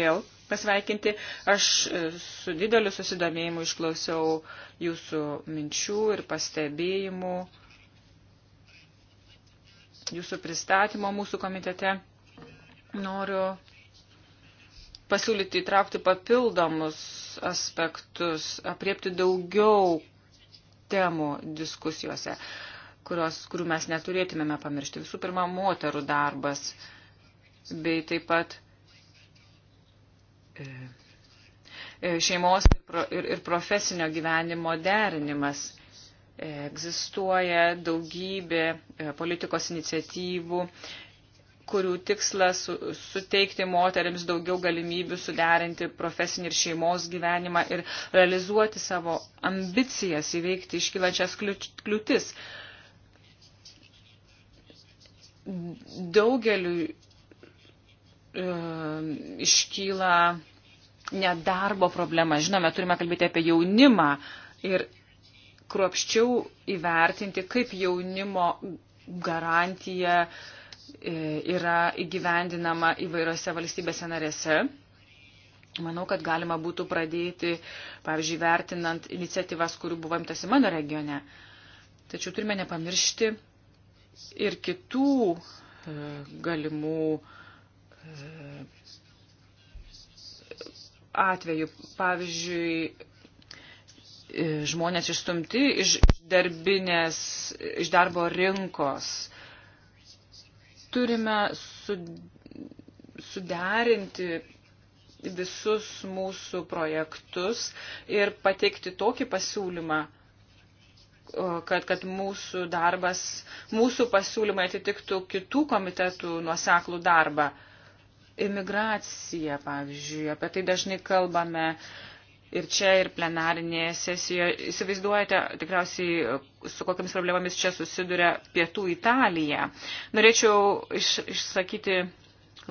vėl pasveikinti. Aš e, su dideliu susidomėjimu išklausiau jūsų minčių ir pastebėjimų, jūsų pristatymo mūsų komitete. Noriu pasiūlyti įtraukti papildomus aspektus, apriepti daugiau temų diskusijose, kurios, kurių mes neturėtumėme pamiršti. Visų pirma, moterų darbas, bei taip pat E, e, šeimos ir, ir profesinio gyvenimo derinimas. E, egzistuoja daugybė politikos iniciatyvų, kurių tikslas suteikti moteriams daugiau galimybių suderinti profesinį ir šeimos gyvenimą ir realizuoti savo ambicijas įveikti iškylančias kliūtis. Daugeliu Ehm, iškyla nedarbo problema. Žinome, turime kalbėti apie jaunimą ir kruopščiau įvertinti, kaip jaunimo garantija e, yra įgyvendinama įvairiose valstybėse narėse. Manau, kad galima būtų pradėti, pavyzdžiui, vertinant iniciatyvas, kurių buvo imtasi mano regione. Tačiau turime nepamiršti ir kitų e, galimų uh, atveju. Pavyzdžiui, e, žmonės išstumti iš darbinės, iš darbo rinkos. Turime su, suderinti visus mūsų projektus ir pateikti tokį pasiūlymą, kad, kad mūsų darbas, mūsų pasiūlymai atitiktų kitų komitetų nuoseklų darbą imigracija, pavyzdžiui, apie tai dažnai kalbame ir čia, ir plenarinėje sesijoje. Įsivaizduojate tikriausiai, su kokiamis problemomis čia susiduria pietų Italija. Norėčiau iš, išsakyti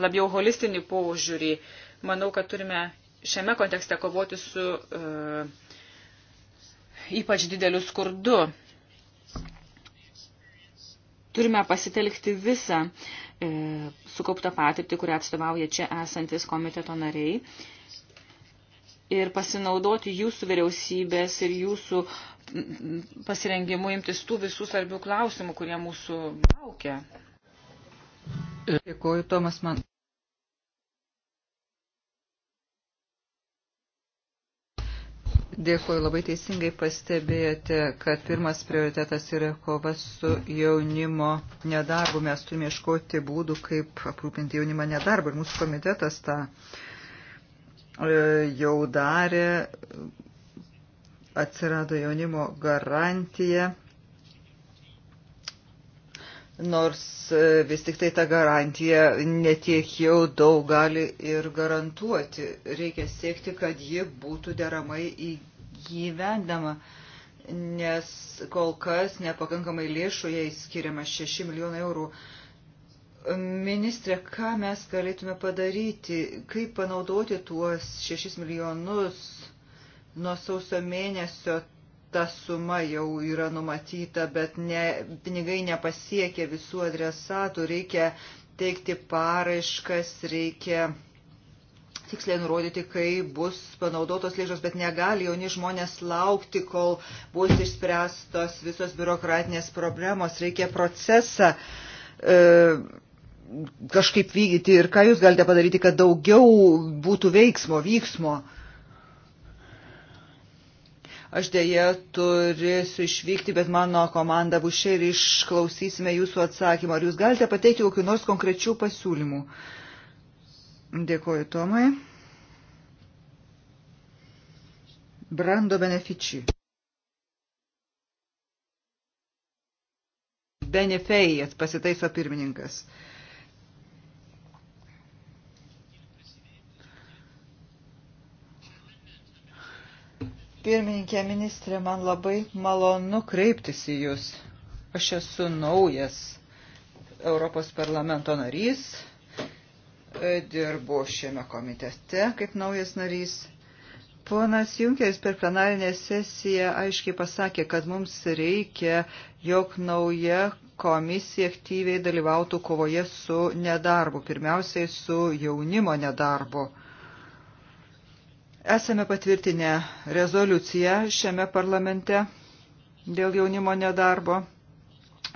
labiau holistinį požiūrį. Manau, kad turime šiame kontekste kovoti su e, ypač dideliu skurdu. Turime pasitelkti visą E, sukauptą patirtį, kurią atstovauja čia esantis komiteto nariai ir pasinaudoti jūsų vyriausybės ir jūsų pasirengimu imtis tų visų svarbių klausimų, kurie mūsų laukia. Dėkuoju, Tomas man. Dėkuoju, labai teisingai pastebėjote, kad pirmas prioritetas yra kova su jaunimo nedarbu. Mes turime iškoti būdų, kaip aprūpinti jaunimą nedarbu. Ir mūsų komitetas tą e, jau darė. Atsirado jaunimo garantija nors e, vis tik tai ta garantija netiek jau daug gali ir garantuoti. Reikia siekti, kad ji būtų deramai įgyvendama, nes kol kas nepakankamai lėšų jai skiriama 6 milijonai eurų. Ministrė, ką mes galėtume padaryti, kaip panaudoti tuos 6 milijonus nuo sausio mėnesio ta suma jau yra numatyta, bet ne, pinigai nepasiekia visų adresatų, reikia teikti paraiškas, reikia tiksliai nurodyti, kai bus panaudotos lėšos, bet negali jauni žmonės laukti, kol bus išspręstos visos biurokratinės problemos, reikia procesą. E, kažkaip vykdyti ir ką jūs galite padaryti, kad daugiau būtų veiksmo, vyksmo. Uh, Aš dėje turėsiu išvykti, bet mano komanda bus čia ir išklausysime jūsų atsakymą. Ar jūs galite pateikti kokiu nors konkrečių pasiūlymų? Dėkoju Tomai. Brando benefičiai. Benefejas pasitaiso pirmininkas. Pirmininkė ministrė, man labai malonu kreiptis į Jūs. Aš esu naujas Europos parlamento narys, e, dirbu šiame komitete kaip naujas narys. Ponas Junkeris per plenarinę sesiją aiškiai pasakė, kad mums reikia, jog nauja komisija aktyviai dalyvautų kovoje su nedarbu, pirmiausiai su jaunimo nedarbu Esame patvirtinę rezoliuciją šiame parlamente dėl jaunimo nedarbo.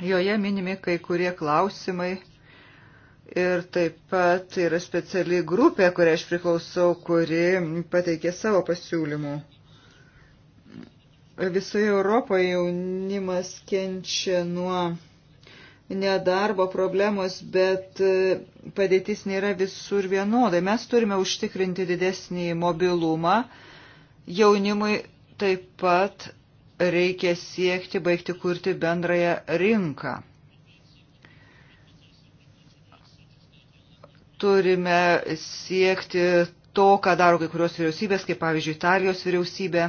Joje minimi kai kurie klausimai ir taip pat yra speciali grupė, kurią aš priklausau, kuri pateikė savo pasiūlymų. Visoje Europoje jaunimas kenčia nuo nedarbo problemos, bet e, padėtis nėra visur vienodai. Mes turime užtikrinti didesnį mobilumą. Jaunimui taip pat reikia siekti baigti kurti bendrąją rinką. Turime siekti to, ką daro kai kurios vyriausybės, kaip pavyzdžiui Italijos vyriausybė.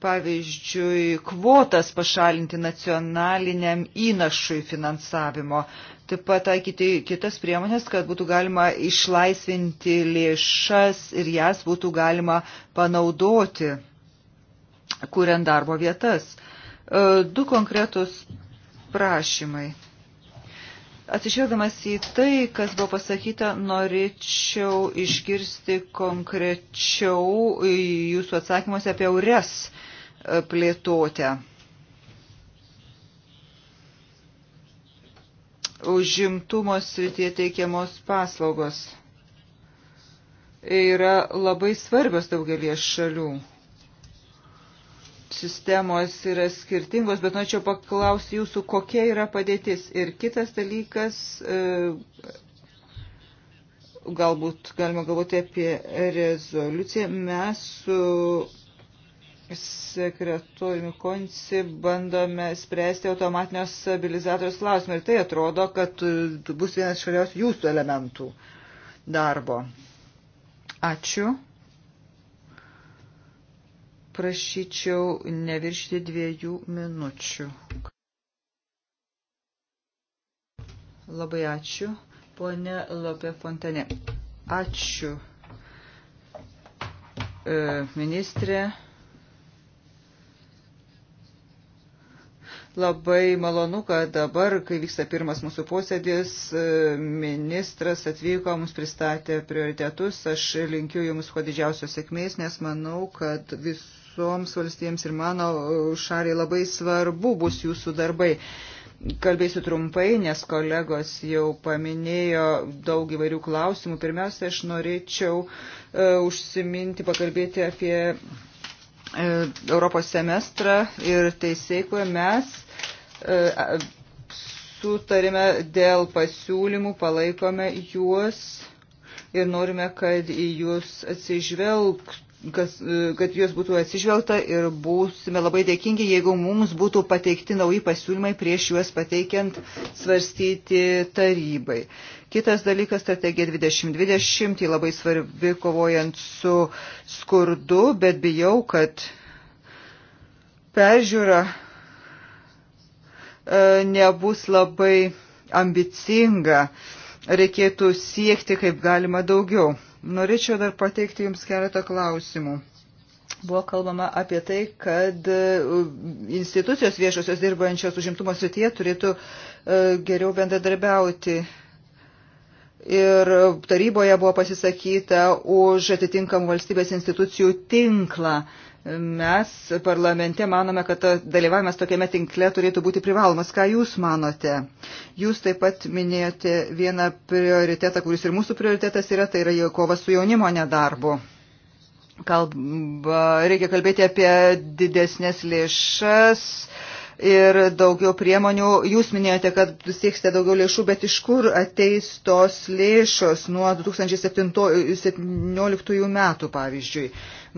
pavyzdžiui, kvotas pašalinti nacionaliniam įnašui finansavimo. Taip pat taikyti kitas priemonės, kad būtų galima išlaisvinti lėšas ir jas būtų galima panaudoti, kuriant darbo vietas. E, du konkretus prašymai. Atsižvelgdamas į tai, kas buvo pasakyta, norėčiau išgirsti konkrečiau jūsų atsakymuose apie eures e, plėtotę. Užimtumo srityje teikiamos paslaugos yra labai svarbios daugelie šalių sistemos yra skirtingos, bet norėčiau paklausti jūsų, kokia yra padėtis. Ir kitas dalykas, e, galbūt galima galvoti apie rezoliuciją. Mes su sekretoriumi Konci bandome spręsti automatinio stabilizatoriaus klausimą. Ir tai atrodo, kad bus vienas šalios jūsų elementų darbo. Ačiū prašyčiau neviršti dviejų minučių. Labai ačiū, ponė Lopė Fontane. Ačiū, e, ministrė. Labai malonu, kad dabar, kai vyksta pirmas mūsų posėdis, e, ministras atvyko, mums pristatė prioritetus. Aš linkiu Jums kuo didžiausios sėkmės, nes manau, kad visų visoms valstybėms ir mano šaliai labai svarbu bus jūsų darbai. Kalbėsiu trumpai, nes kolegos jau paminėjo daug įvairių klausimų. Pirmiausia, aš norėčiau uh, užsiminti, pakalbėti apie uh, Europos semestrą ir teisėkuoje mes uh, e, sutarime dėl pasiūlymų, palaikome juos ir norime, kad į jūs atsižvelgtų kas, e, kad juos būtų atsižvelgta ir būsime labai dėkingi, jeigu mums būtų pateikti nauji pasiūlymai prieš juos pateikiant svarstyti tarybai. Kitas dalykas - strategija 2020, ji labai svarbi kovojant su skurdu, bet bijau, kad peržiūra e, nebus labai ambicinga, reikėtų siekti kaip galima daugiau. Norėčiau dar pateikti Jums keletą klausimų. Buvo kalbama apie tai, kad e, institucijos viešosios dirbančios užimtumo srityje turėtų e, geriau bendradarbiauti. Ir taryboje buvo pasisakyta už atitinkamų valstybės institucijų tinklą. Uh, Mes parlamente manome, kad dalyvavimas tokiame tinkle turėtų būti privalomas. Ką Jūs manote? Jūs taip pat minėjote vieną prioritetą, kuris ir mūsų prioritetas yra, tai yra kova su jaunimo nedarbu. Kalba, reikia kalbėti apie didesnės lėšas, ir daugiau priemonių. Jūs minėjote, kad sieksite daugiau lėšų, bet iš kur ateis tos lėšos nuo 2017 metų, pavyzdžiui.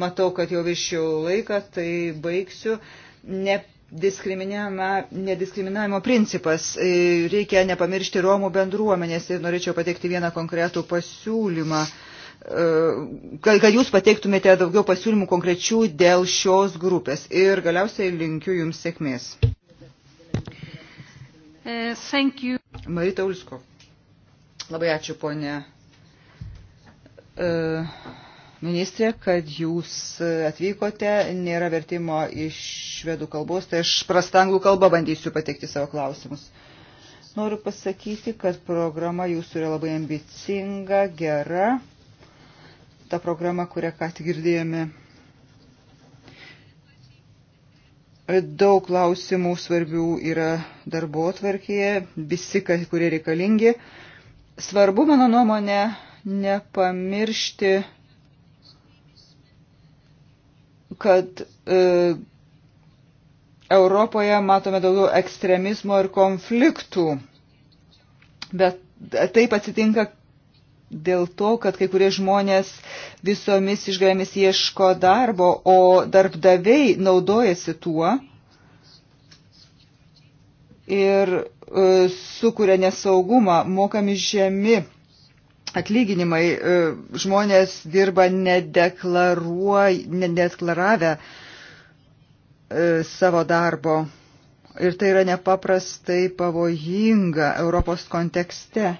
Matau, kad jau viršiau laiką, tai baigsiu. Ne nediskriminavimo principas. Reikia nepamiršti Romų bendruomenės ir norėčiau pateikti vieną konkretų pasiūlymą kad, kad jūs pateiktumėte daugiau pasiūlymų konkrečių dėl šios grupės. Ir galiausiai linkiu jums sėkmės. Uh, Marita Ulsko. Labai ačiū, ponė uh, ministrė, kad jūs atvykote, nėra vertimo iš švedų kalbos, tai aš prastanglų kalbą bandysiu pateikti savo klausimus. Noriu pasakyti, kad programa jūsų yra labai ambicinga, gera tą programą, kurią ką tik girdėjome. Daug klausimų svarbių yra darbo tvarkyje, visi, kurie reikalingi. Svarbu, mano nuomonė, nepamiršti, kad e, Europoje matome daugiau ekstremizmo ir konfliktų. Bet taip atsitinka dėl to, kad kai kurie žmonės visomis išgalėmis ieško darbo, o darbdaviai naudojasi tuo ir e, sukuria nesaugumą, mokami žemi atlyginimai, e, žmonės dirba nedeklaravę e, savo darbo. Ir tai yra nepaprastai pavojinga Europos kontekste.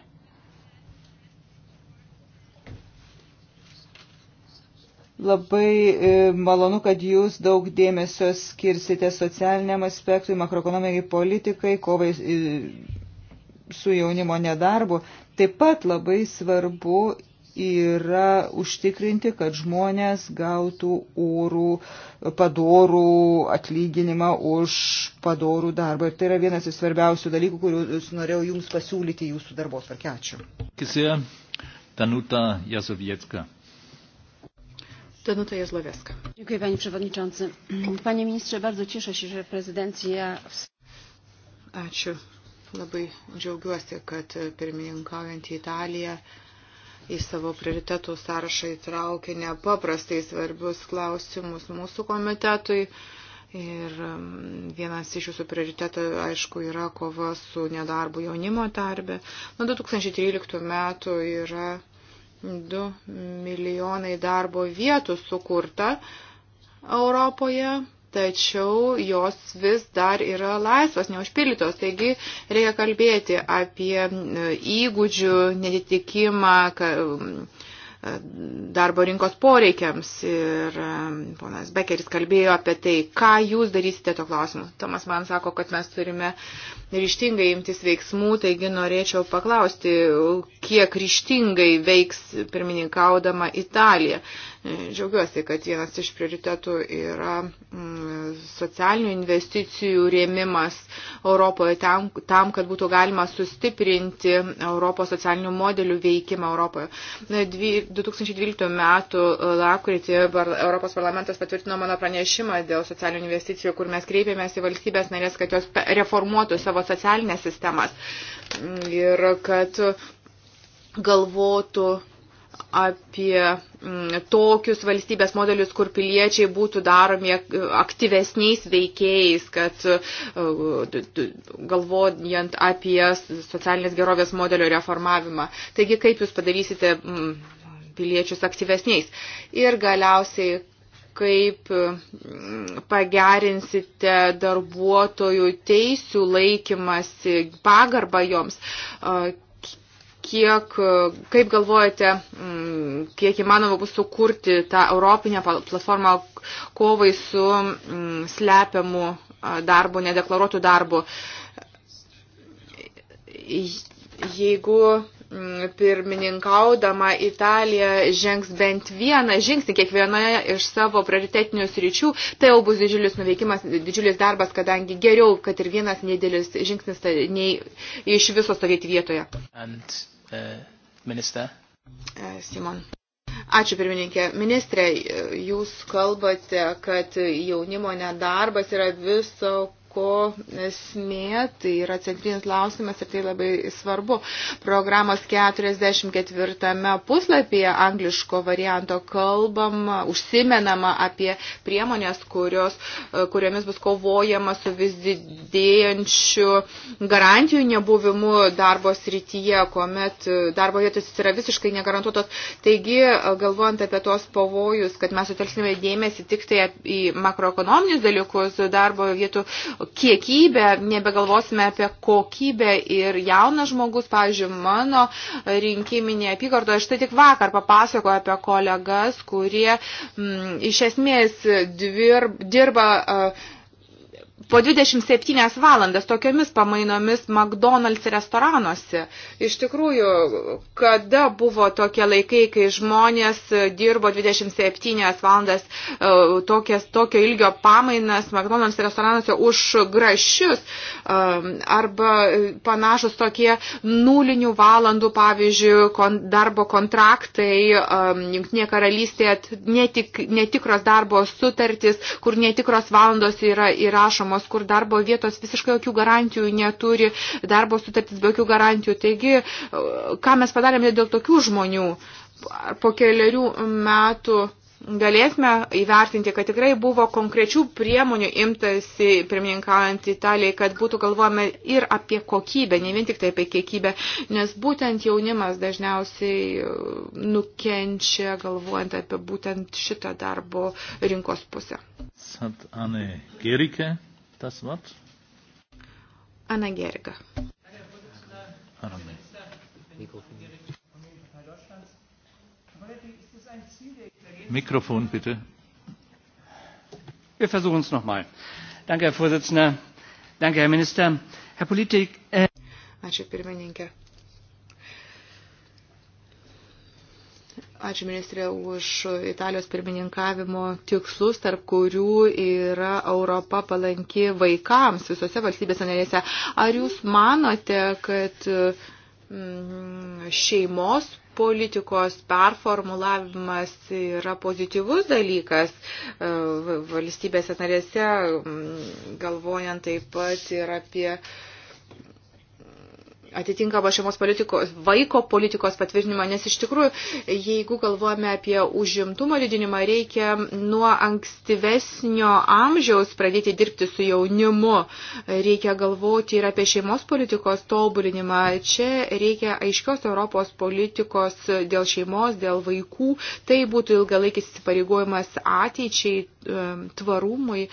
Labai e, malonu, kad jūs daug dėmesio skirsite socialiniam aspektui, makroekonomikai politikai, kovai e, su jaunimo nedarbu. Taip pat labai svarbu yra užtikrinti, kad žmonės gautų orų, padorų atlyginimą už padorų darbą. Ir tai yra vienas iš svarbiausių dalykų, kuriuos norėjau Jums pasiūlyti Jūsų darbos. Ačiū. Kisė, Danuta Jasovietska. Danuta Jezlowiecka. Dziękuję Panie Przewodniczący. Panie Ministrze, bardzo cieszę się, że prezydencja... Ačiū. Labai džiaugiuosi, kad pirmininkaujant į Italiją į savo prioritetų sąrašą įtraukė nepaprastai svarbius klausimus mūsų komitetui. Ir vienas iš jūsų prioritetų, aišku, yra kova su nedarbu jaunimo tarbe. Nuo 2013 metų yra 2 milijonai darbo vietų sukurta Europoje, tačiau jos vis dar yra laisvas, neužpildytos. Taigi reikia kalbėti apie įgūdžių netitikimą, darbo rinkos poreikiams. Ir ponas Bekeris kalbėjo apie tai, ką jūs darysite to klausimu. Tomas man sako, kad mes turime ryštingai imtis veiksmų, taigi norėčiau paklausti, kiek ryštingai veiks pirmininkaudama Italija. Džiaugiuosi, kad vienas iš prioritetų yra mm, socialinių investicijų rėmimas Europoje tam, tam kad būtų galima sustiprinti Europos socialinių modelių veikimą Europoje. 2012 m. lakrytį Europos parlamentas patvirtino mano pranešimą dėl socialinių investicijų, kur mes kreipėmės į valstybės narės, kad jos reformuotų savo socialinės sistemas ir kad galvotų apie mm, tokius valstybės modelius, kur piliečiai būtų daromi aktyvesniais veikėjais, kad e, galvojant apie socialinės gerovės modelio reformavimą. Taigi, kaip jūs padarysite mm, piliečius aktyvesniais? Ir galiausiai, kaip mm, pagerinsite darbuotojų teisių laikymasi, pagarbą joms, e, kiek, e, kaip galvojate, mm, kiek įmanoma bus sukurti tą europinę platformą kovai su mm, slepiamu e, darbu, nedeklaruotu darbu. Jeigu Mm, pirmininkaudama Italija žengs bent vieną žingsnį kiekvienoje iš savo prioritetinių sričių, tai jau bus didžiulis nuveikimas, didžiulis darbas, kadangi geriau, kad ir vienas nedėlis žingsnis tai nei iš viso stovėti vietoje. And, uh, minister. E, Simon. Ačiū pirmininkė. Ministrė, jūs kalbate, kad jaunimo nedarbas yra viso ko esmė, tai yra centrinis klausimas ir tai labai svarbu. Programos 44 puslapyje angliško varianto kalbam, užsimenama apie priemonės, kurios, e, kuriomis bus kovojama su vis didėjančiu garantijų nebuvimu darbo srityje, kuomet e, darbo vietos yra visiškai negarantuotos. Taigi, e, galvojant apie tos pavojus, kad mes sutelksime dėmesį tik tai į makroekonominius dalykus, darbo vietų kiekybę, nebegalvosime apie kokybę ir jaunas žmogus, pavyzdžiui, mano rinkiminė apygardo, aš tai tik vakar papasakoju apie kolegas, kurie m, mm, iš esmės dvir, dirba uh, po 27 valandas tokiomis pamainomis McDonald's restoranuose. Iš tikrųjų, kada buvo tokie laikai, kai žmonės dirbo 27 valandas e, tokias, tokio ilgio pamainas McDonald's restoranuose už grašius e, arba panašus tokie nulinių valandų, pavyzdžiui, kon, darbo kontraktai, e, jungtinė karalystėje netik, netikros darbo sutartys, kur netikros valandos yra įrašomos sistemos, kur darbo vietos visiškai jokių garantijų neturi, darbo sutartis be jokių garantijų. Taigi, ką mes padarėme dėl tokių žmonių? Po keliarių metų galėsime įvertinti, kad tikrai buvo konkrečių priemonių imtasi, pirmininkaujant Italijai, kad būtų galvojame ir apie kokybę, ne vien tik tai apie kiekybę, nes būtent jaunimas dažniausiai nukenčia, galvojant apie būtent šitą darbo rinkos pusę. Sant Anne Gerike das Wort? Anna Gerga. Mikrofon bitte. Wir versuchen es nochmal. Danke, Herr Vorsitzender. Danke, Herr Minister. Herr Politik. Äh Ačiū pirmininkė. Ačiū ministrė už Italijos pirmininkavimo tikslus, tarp kurių yra Europa palanki vaikams visose valstybėse narėse. Ar jūs manote, kad mm, šeimos politikos performulavimas yra pozityvus dalykas e, valstybėse narėse, mm, galvojant taip pat ir apie uh, atitinkamo šeimos politikos, vaiko politikos patvirtinimo, nes iš tikrųjų, jeigu galvojame apie užimtumo didinimą, reikia nuo ankstyvesnio amžiaus pradėti dirbti su jaunimu, reikia galvoti ir apie šeimos politikos tobulinimą. Čia reikia aiškios Europos politikos dėl šeimos, dėl vaikų, tai būtų ilgalaikis įsipareigojimas ateičiai, tvarumui.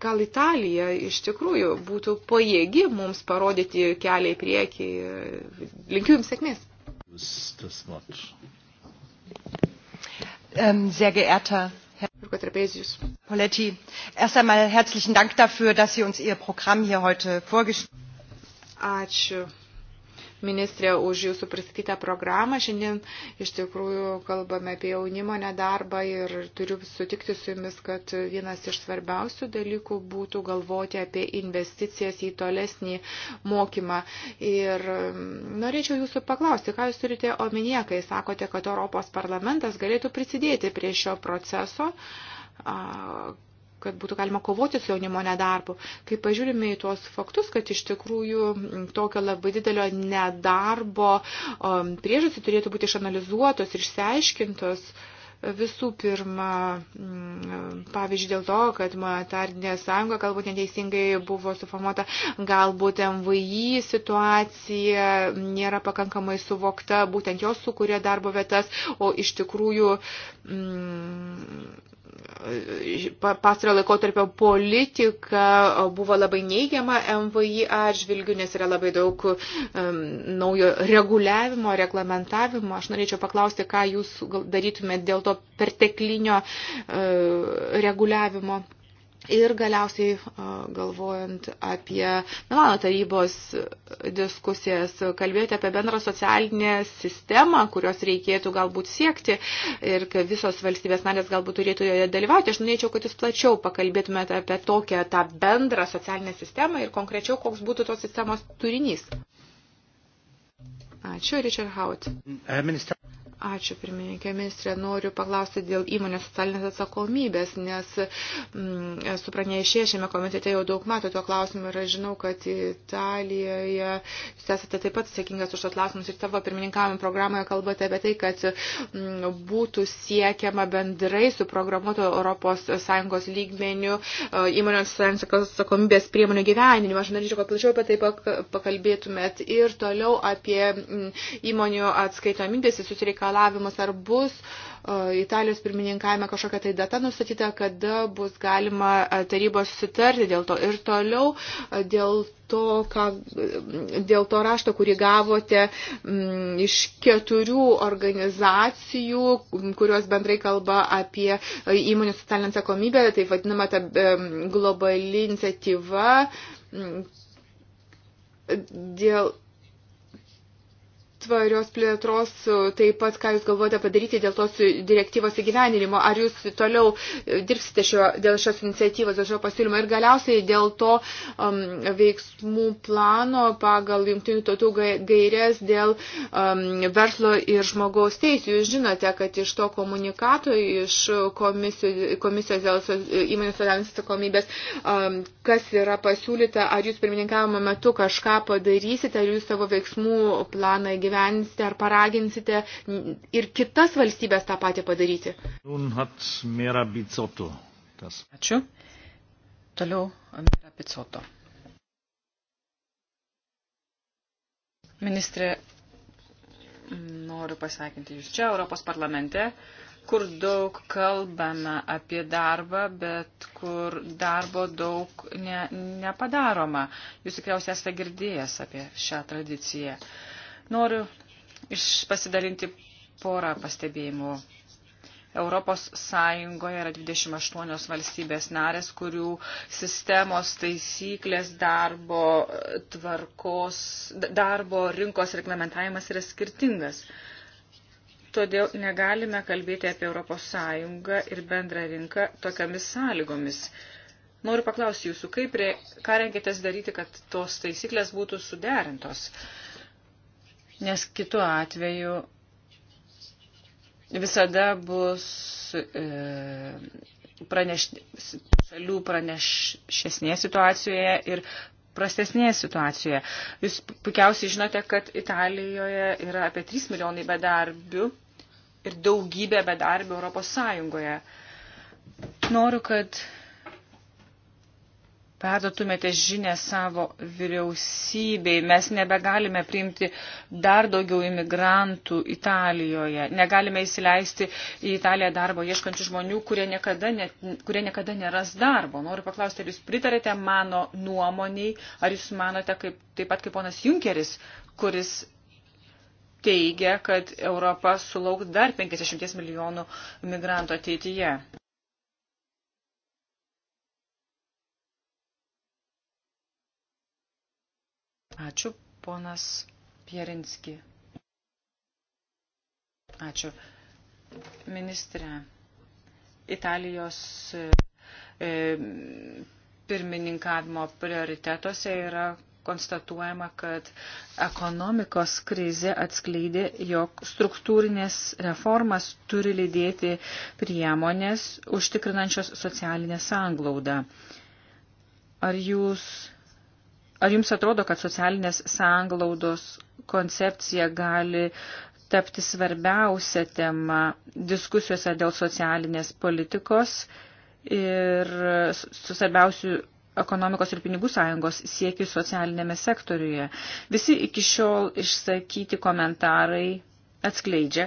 Gal Italija iš tikrųjų būtų pajėgi mums parodyti kelią kelią į priekį. Linkiu Jums sėkmės. Ähm, sehr geehrter Poletti, erst einmal herzlichen Dank dafür, dass Sie uns Ihr Programm hier heute vorgestellt haben. Ačiū ministrė, už jūsų pristatytą programą. Šiandien iš tikrųjų kalbame apie jaunimo nedarbą ir turiu sutikti su jumis, kad vienas iš svarbiausių dalykų būtų galvoti apie investicijas į tolesnį mokymą. Ir mm, norėčiau jūsų paklausti, ką jūs turite omenyje, kai sakote, kad Europos parlamentas galėtų prisidėti prie šio proceso kad būtų galima kovoti su jaunimo nedarbu. Kai pažiūrime į tuos faktus, kad iš tikrųjų tokio labai didelio nedarbo um, priežastys turėtų būti išanalizuotos ir išsiaiškintos, visų pirma, mm, pavyzdžiui, dėl to, kad monetarinė sąjunga galbūt neteisingai buvo suformuota, galbūt MVI situacija nėra pakankamai suvokta, būtent jos sukūrė darbo vietas, o iš tikrųjų. Mm, pastarojo laikotarpio politika buvo labai neigiama MVI atžvilgių, nes yra labai daug um, naujo reguliavimo, reglamentavimo. Aš norėčiau paklausti, ką jūs darytumėt dėl to perteklinio uh, reguliavimo. Ir galiausiai galvojant apie Milano tarybos diskusijas, kalbėjote apie bendrą socialinę sistemą, kurios reikėtų galbūt siekti ir kad visos valstybės narės galbūt turėtų joje dalyvauti. Aš norėčiau, kad jūs plačiau pakalbėtumėte apie tokią tą bendrą socialinę sistemą ir konkrečiau, koks būtų tos sistemos turinys. Ačiū, Richard Howitt. Minister... Ačiū, pirmininkė ministrė. Noriu paklausti dėl įmonės socialinės atsakomybės, nes m, mm, esu pranešė šiame komitete jau daug metų to klausimu ir aš žinau, kad Italijoje jūs esate taip pat atsakingas už tos klausimus ir tavo pirmininkavimo programoje kalbate apie tai, kad m, mm, būtų siekiama bendrai suprogramuoto ES lygmenių e, įmonės socialinės atsakomybės priemonių gyveninimą. Aš norėčiau, kad plačiau apie tai pakalbėtumėt ir toliau apie m, mm, įmonių atskaitomybės įsireikalą reikalavimus, ar bus e, Italijos pirmininkavime kažkokia tai data nustatyta, kada bus galima e, tarybos susitarti dėl to. Ir toliau e, dėl to, ką, dėl to rašto, kurį gavote m, iš keturių organizacijų, kurios bendrai kalba apie įmonių socialinę atsakomybę, tai vadinama ta globali iniciatyva. M, dėl tvarios plėtros, e, taip pat ką jūs galvojate padaryti dėl tos direktyvos įgyveninimo, ar jūs toliau e, dirbsite šio, dėl šios iniciatyvos, dėl šio pasiūlymo ir galiausiai dėl to um, veiksmų plano pagal jungtinių tautų gairės dėl um, verslo ir žmogaus teisų. Jūs žinote, kad iš to komunikato, iš komisijos, komisijos dėl įmonių socialinės atsakomybės, um, kas yra pasiūlyta, ar jūs pirmininkavimo metu kažką padarysite, ar jūs savo veiksmų planą įgyveninsite pagyvensite ar paraginsite ir kitas valstybės tą patį padaryti. Ačiū. Toliau Amira Picoto. Ministrė, noriu pasveikinti Jūs čia, Europos parlamente, kur daug kalbame apie darbą, bet kur darbo daug ne, nepadaroma. Jūs tikriausiai esate girdėjęs apie šią tradiciją. Uh, Noriu pasidalinti porą pastebėjimų. Europos Sąjungoje yra 28 valstybės narės, kurių sistemos taisyklės darbo e, tvarkos, darbo rinkos reglamentavimas yra skirtingas. Todėl negalime kalbėti apie Europos Sąjungą ir bendrą rinką tokiamis sąlygomis. Noriu paklausti jūsų, kaip, re, ką renkitės daryti, kad tos taisyklės būtų suderintos. Uh, nes kitu atveju visada bus e, praneš, šalių pranešesnėje situacijoje ir prastesnėje situacijoje. Jūs puikiausiai žinote, kad Italijoje yra apie 3 milijonai bedarbių ir daugybė bedarbių Europos Sąjungoje. Noriu, kad perdotumėte žinę savo vyriausybei. Mes nebegalime priimti dar daugiau imigrantų Italijoje. Negalime įsileisti į Italiją darbo ieškančių žmonių, kurie niekada, ne, kurie niekada neras darbo. Noriu paklausti, ar jūs pritarėte mano nuomoniai, ar jūs manote kaip, taip pat kaip ponas Junkeris, kuris teigia, kad Europa sulauks dar 50 milijonų migrantų ateityje. Ačiū, ponas Pierinski. Ačiū. Ministrė, Italijos e, pirmininkavimo prioritetuose yra konstatuojama, kad ekonomikos krizė atskleidė, jog struktūrinės reformas turi lydėti priemonės užtikrinančios socialinę sanglaudą. Ar jūs Ar jums atrodo, kad socialinės sanglaudos koncepcija gali tapti svarbiausia tema diskusijose dėl socialinės politikos ir su svarbiausiu ekonomikos ir pinigų sąjungos siekiu socialinėme sektoriuje. Visi iki šiol išsakyti komentarai atskleidžia,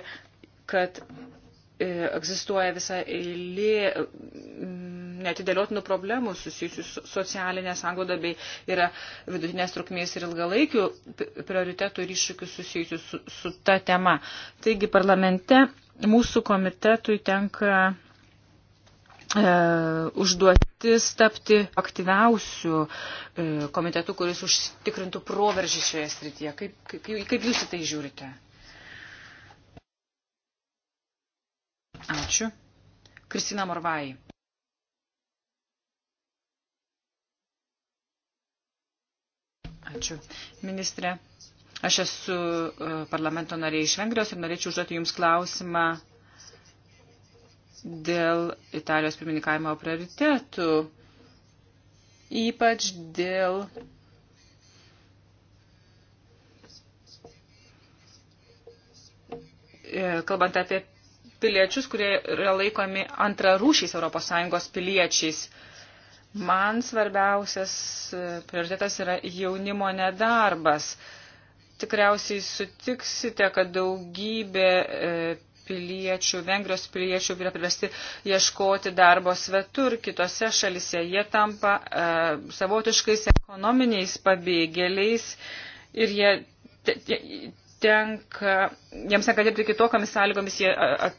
kad e, egzistuoja visa eilė netidėliotinų problemų susijusių su socialinė sangloda bei yra vidutinės trukmės ir ilgalaikių prioritetų ir iššūkių susijusių su, su ta tema. Taigi parlamente mūsų komitetui tenka e, užduotis tapti aktyviausių e, komitetų, kuris užtikrintų proveržį šioje srityje. Kaip, kaip, kaip jūs į tai žiūrite? Ačiū. Kristina Morvai. Ačiū. Ministrė, aš esu e, parlamento narė iš Vengrijos ir norėčiau užduoti Jums klausimą dėl Italijos pirmininkavimo prioritetų, ypač dėl e, kalbant apie piliečius, kurie yra laikomi antrarūšiais ES piliečiais. Man svarbiausias e, prioritetas yra jaunimo nedarbas. Tikriausiai sutiksite, kad daugybė e, piliečių, vengrijos piliečių yra privesti ieškoti darbo svetur, kitose šalise. Jie tampa e, savotiškais ekonominiais pabėgėliais ir jie te, te, tenka, jiems tenka dirbti kitokiamis sąlygomis, jie a, a,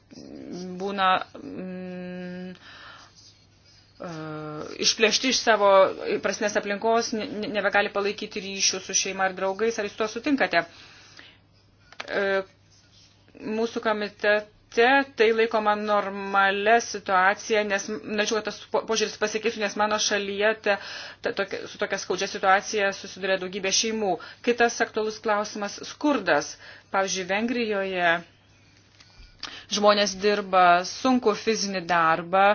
būna. Mm, a, e, išplėšti iš savo prasnės aplinkos, nebegali palaikyti ryšių su šeima ir draugais. Ar jūs to sutinkate? E, mūsų komitete tai laikoma normalia situacija, nes, nežinau, kad tas požiūris pasikeisų, nes mano šalyje ta, ta, tokia, su tokia skaudžia situacija susiduria daugybė šeimų. Kitas aktualus klausimas – skurdas. Pavyzdžiui, Vengrijoje žmonės dirba sunku fizinį darbą,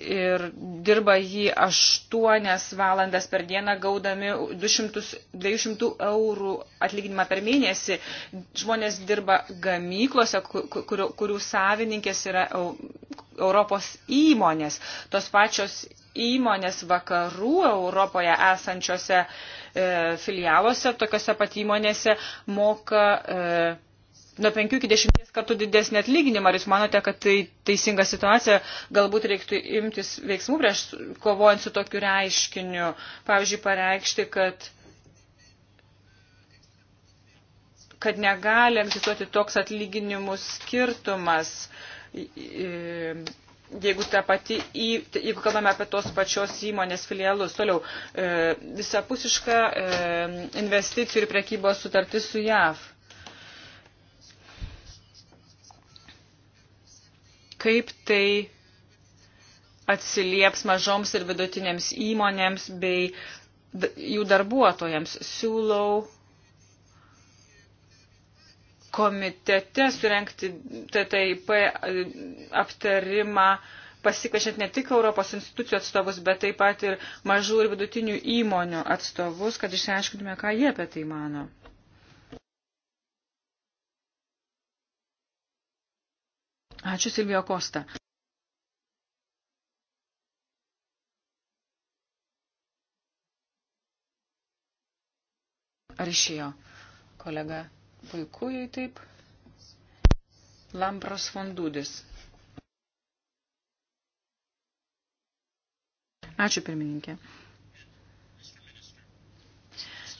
ir dirba jį 8 valandas per dieną, gaudami 200, 200 eurų atlyginimą per mėnesį. Žmonės dirba gamyklose, kurių, kurių savininkės yra Europos įmonės. Tos pačios įmonės vakarų Europoje esančiose e, filialuose, tokiose pat įmonėse moka. E, nuo 5 iki 10 kartų didesnį atlyginimą. Ar jūs manote, kad tai teisinga situacija, galbūt reiktų imtis veiksmų prieš kovojant su tokiu reiškiniu? Pavyzdžiui, pareikšti, kad kad negali egzistuoti toks atlyginimų skirtumas, jeigu, ta pati, jeigu kalbame apie tos pačios įmonės filialus. Toliau, e, visapusiška e, investicijų ir prekybos sutartis su JAV kaip tai atsilieps mažoms ir vidutinėms įmonėms bei jų darbuotojams. Siūlau komitete surenkti TTIP aptarimą, pasikvešiant ne tik Europos institucijų atstovus, bet taip pat ir mažų ir vidutinių įmonių atstovus, kad išsiaiškintume, ką jie apie tai mano. Ačiū Silvio Kosta. Ar išėjo kolega puikujai taip? Lampros fondudis. Ačiū pirmininkė.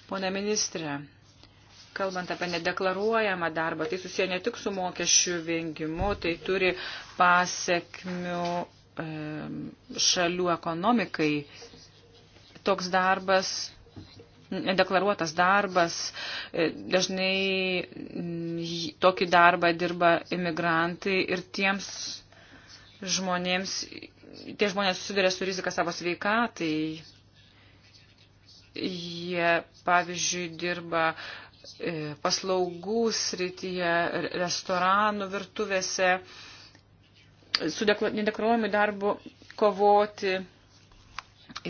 Pone ministrė, kalbant apie nedeklaruojamą darbą, tai susiję ne tik su mokesčių vengimu, tai turi pasiekmių šalių ekonomikai. Toks darbas, nedeklaruotas darbas, e, dažnai tokį darbą dirba imigrantai ir tiems žmonėms, tie žmonės susiduria su rizika savo sveikatai. Jie, pavyzdžiui, dirba uh, E, paslaugų srityje, restoranų virtuvėse, su nedeklaruojamu darbu kovoti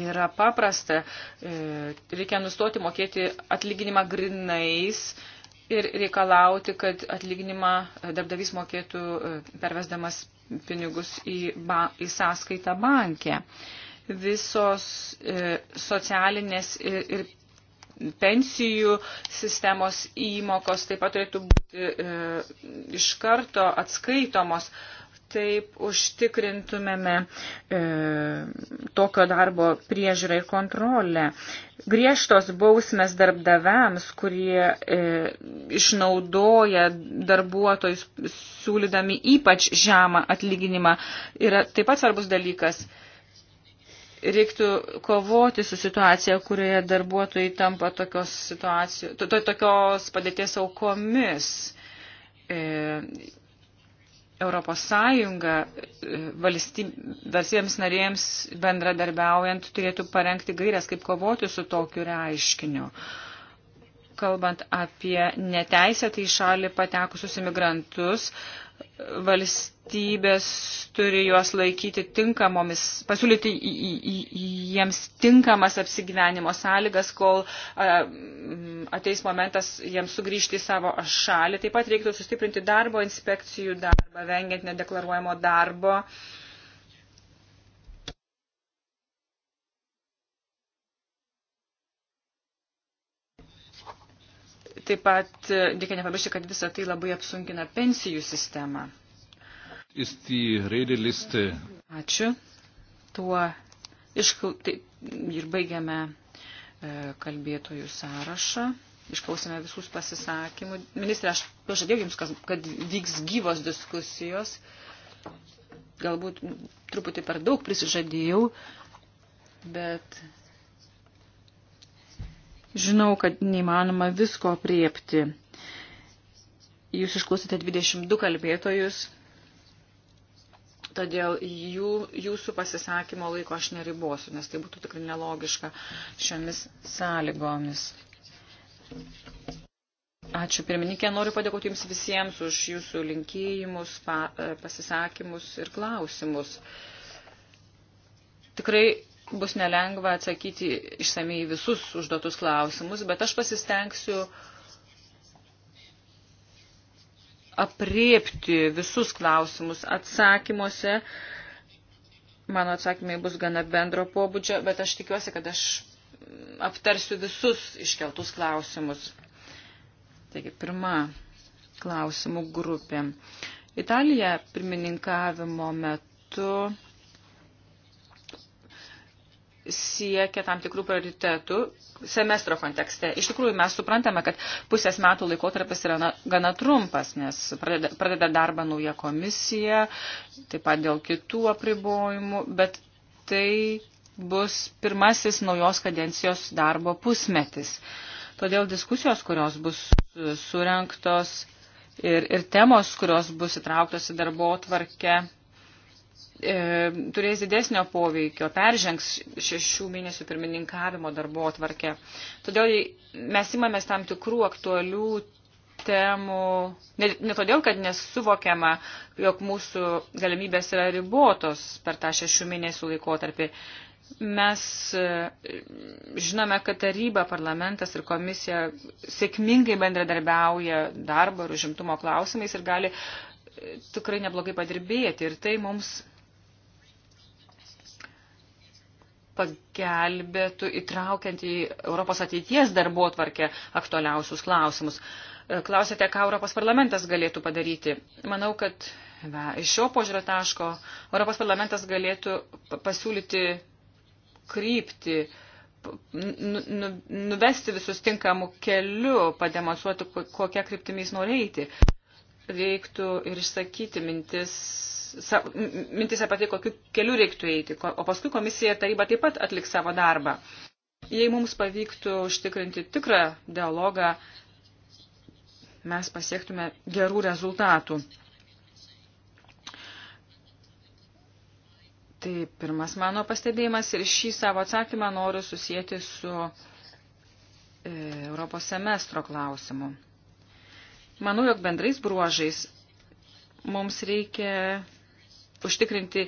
yra paprasta. E, reikia nustoti mokėti atlyginimą grinais ir reikalauti, kad atlyginimą darbdavys mokėtų e, pervesdamas pinigus į, ba, į sąskaitą bankę. Visos e, socialinės ir, ir pensijų sistemos įmokos taip pat turėtų būti e, iš karto atskaitomos. Taip užtikrintumėme e, tokio darbo priežiūrą ir kontrolę. Griežtos bausmės darbdaviams, kurie e, išnaudoja darbuotojus siūlydami ypač žemą atlyginimą, yra taip pat svarbus dalykas. E, reiktų kovoti su situacija, kurioje darbuotojai tampa tokios, situacijos, to, to, tokios padėties aukomis. E, Europos Sąjunga e, valstybėms narėms bendradarbiaujant turėtų parengti gairias, kaip kovoti su tokiu reiškiniu. Kalbant apie neteisėtai šalį patekusius imigrantus, e, valstybės turi juos laikyti tinkamomis, pasiūlyti jiems tinkamas apsigyvenimo sąlygas, kol mm, ateis momentas jiems sugrįžti į savo šalį. Taip pat reiktų sustiprinti darbo inspekcijų darbą, vengiant nedeklaruojamo darbo. Uh, Taip pat e, reikia nepamiršti, kad visa tai labai apsunkina pensijų sistemą. Ačiū. Tuo iškau, tai, ir baigiame e, kalbėtojų sąrašą. Išklausėme visus pasisakymus. Ministrė, aš pažadėjau Jums, kad vyks gyvos diskusijos. Galbūt truputį per daug prisižadėjau, bet Žinau, kad neįmanoma visko priepti. Jūs išklausėte 22 kalbėtojus, todėl jų, jūsų pasisakymo laiko aš neribosiu, nes tai būtų tikrai nelogiška šiomis sąlygomis. Ačiū pirmininkė, noriu padėkoti Jums visiems už Jūsų linkėjimus, pa, e, pasisakymus ir klausimus. Tikrai bus nelengva atsakyti išsamei visus užduotus klausimus, bet aš pasistengsiu apriepti visus klausimus atsakymuose. Mano atsakymai bus gana bendro pobūdžio, bet aš tikiuosi, kad aš aptarsiu visus iškeltus klausimus. Taigi, pirma klausimų grupė. Italija pirmininkavimo metu siekia tam tikrų prioritetų semestro kontekste. Iš tikrųjų, mes suprantame, kad pusės metų laikotarpis yra na, gana trumpas, nes pradeda, pradeda darbą nauja komisija, taip pat dėl kitų apribojimų, bet tai bus pirmasis naujos kadencijos darbo pusmetis. Todėl diskusijos, kurios bus surenktos ir, ir temos, kurios bus įtrauktos į darbo tvarkę, e, turės didesnio poveikio, peržengs šešių mėnesių pirmininkavimo darbo atvarkę. Todėl mes imamės tam tikrų aktualių temų, ne, ne todėl, kad nesuvokiama, jog mūsų galimybės yra ribotos per tą šešių mėnesių laikotarpį. Mes e, žinome, kad taryba, parlamentas ir komisija sėkmingai bendradarbiauja darbo ir užimtumo klausimais ir gali e, tikrai neblogai padirbėti. Ir tai mums pagelbėtų įtraukiant į Europos ateities darbo atvarkę aktualiausius klausimus. E, Klausėte, ką Europos parlamentas galėtų padaryti. Manau, kad va, iš šio požiūrio taško Europos parlamentas galėtų pasiūlyti krypti, nu, nu, nuvesti visus tinkamų kelių, pademonstruoti, kokia kryptimi jis norėjo eiti reiktų ir išsakyti mintis, mintis apie tai, kokiu keliu reiktų eiti, o paskui komisija taryba taip pat atliks savo darbą. Jei mums pavyktų užtikrinti tikrą dialogą, mes pasiektume gerų rezultatų. Tai pirmas mano pastebėjimas ir šį savo atsakymą noriu susijęti su e, Europos semestro klausimu. Manau, jog bendrais bruožais mums reikia užtikrinti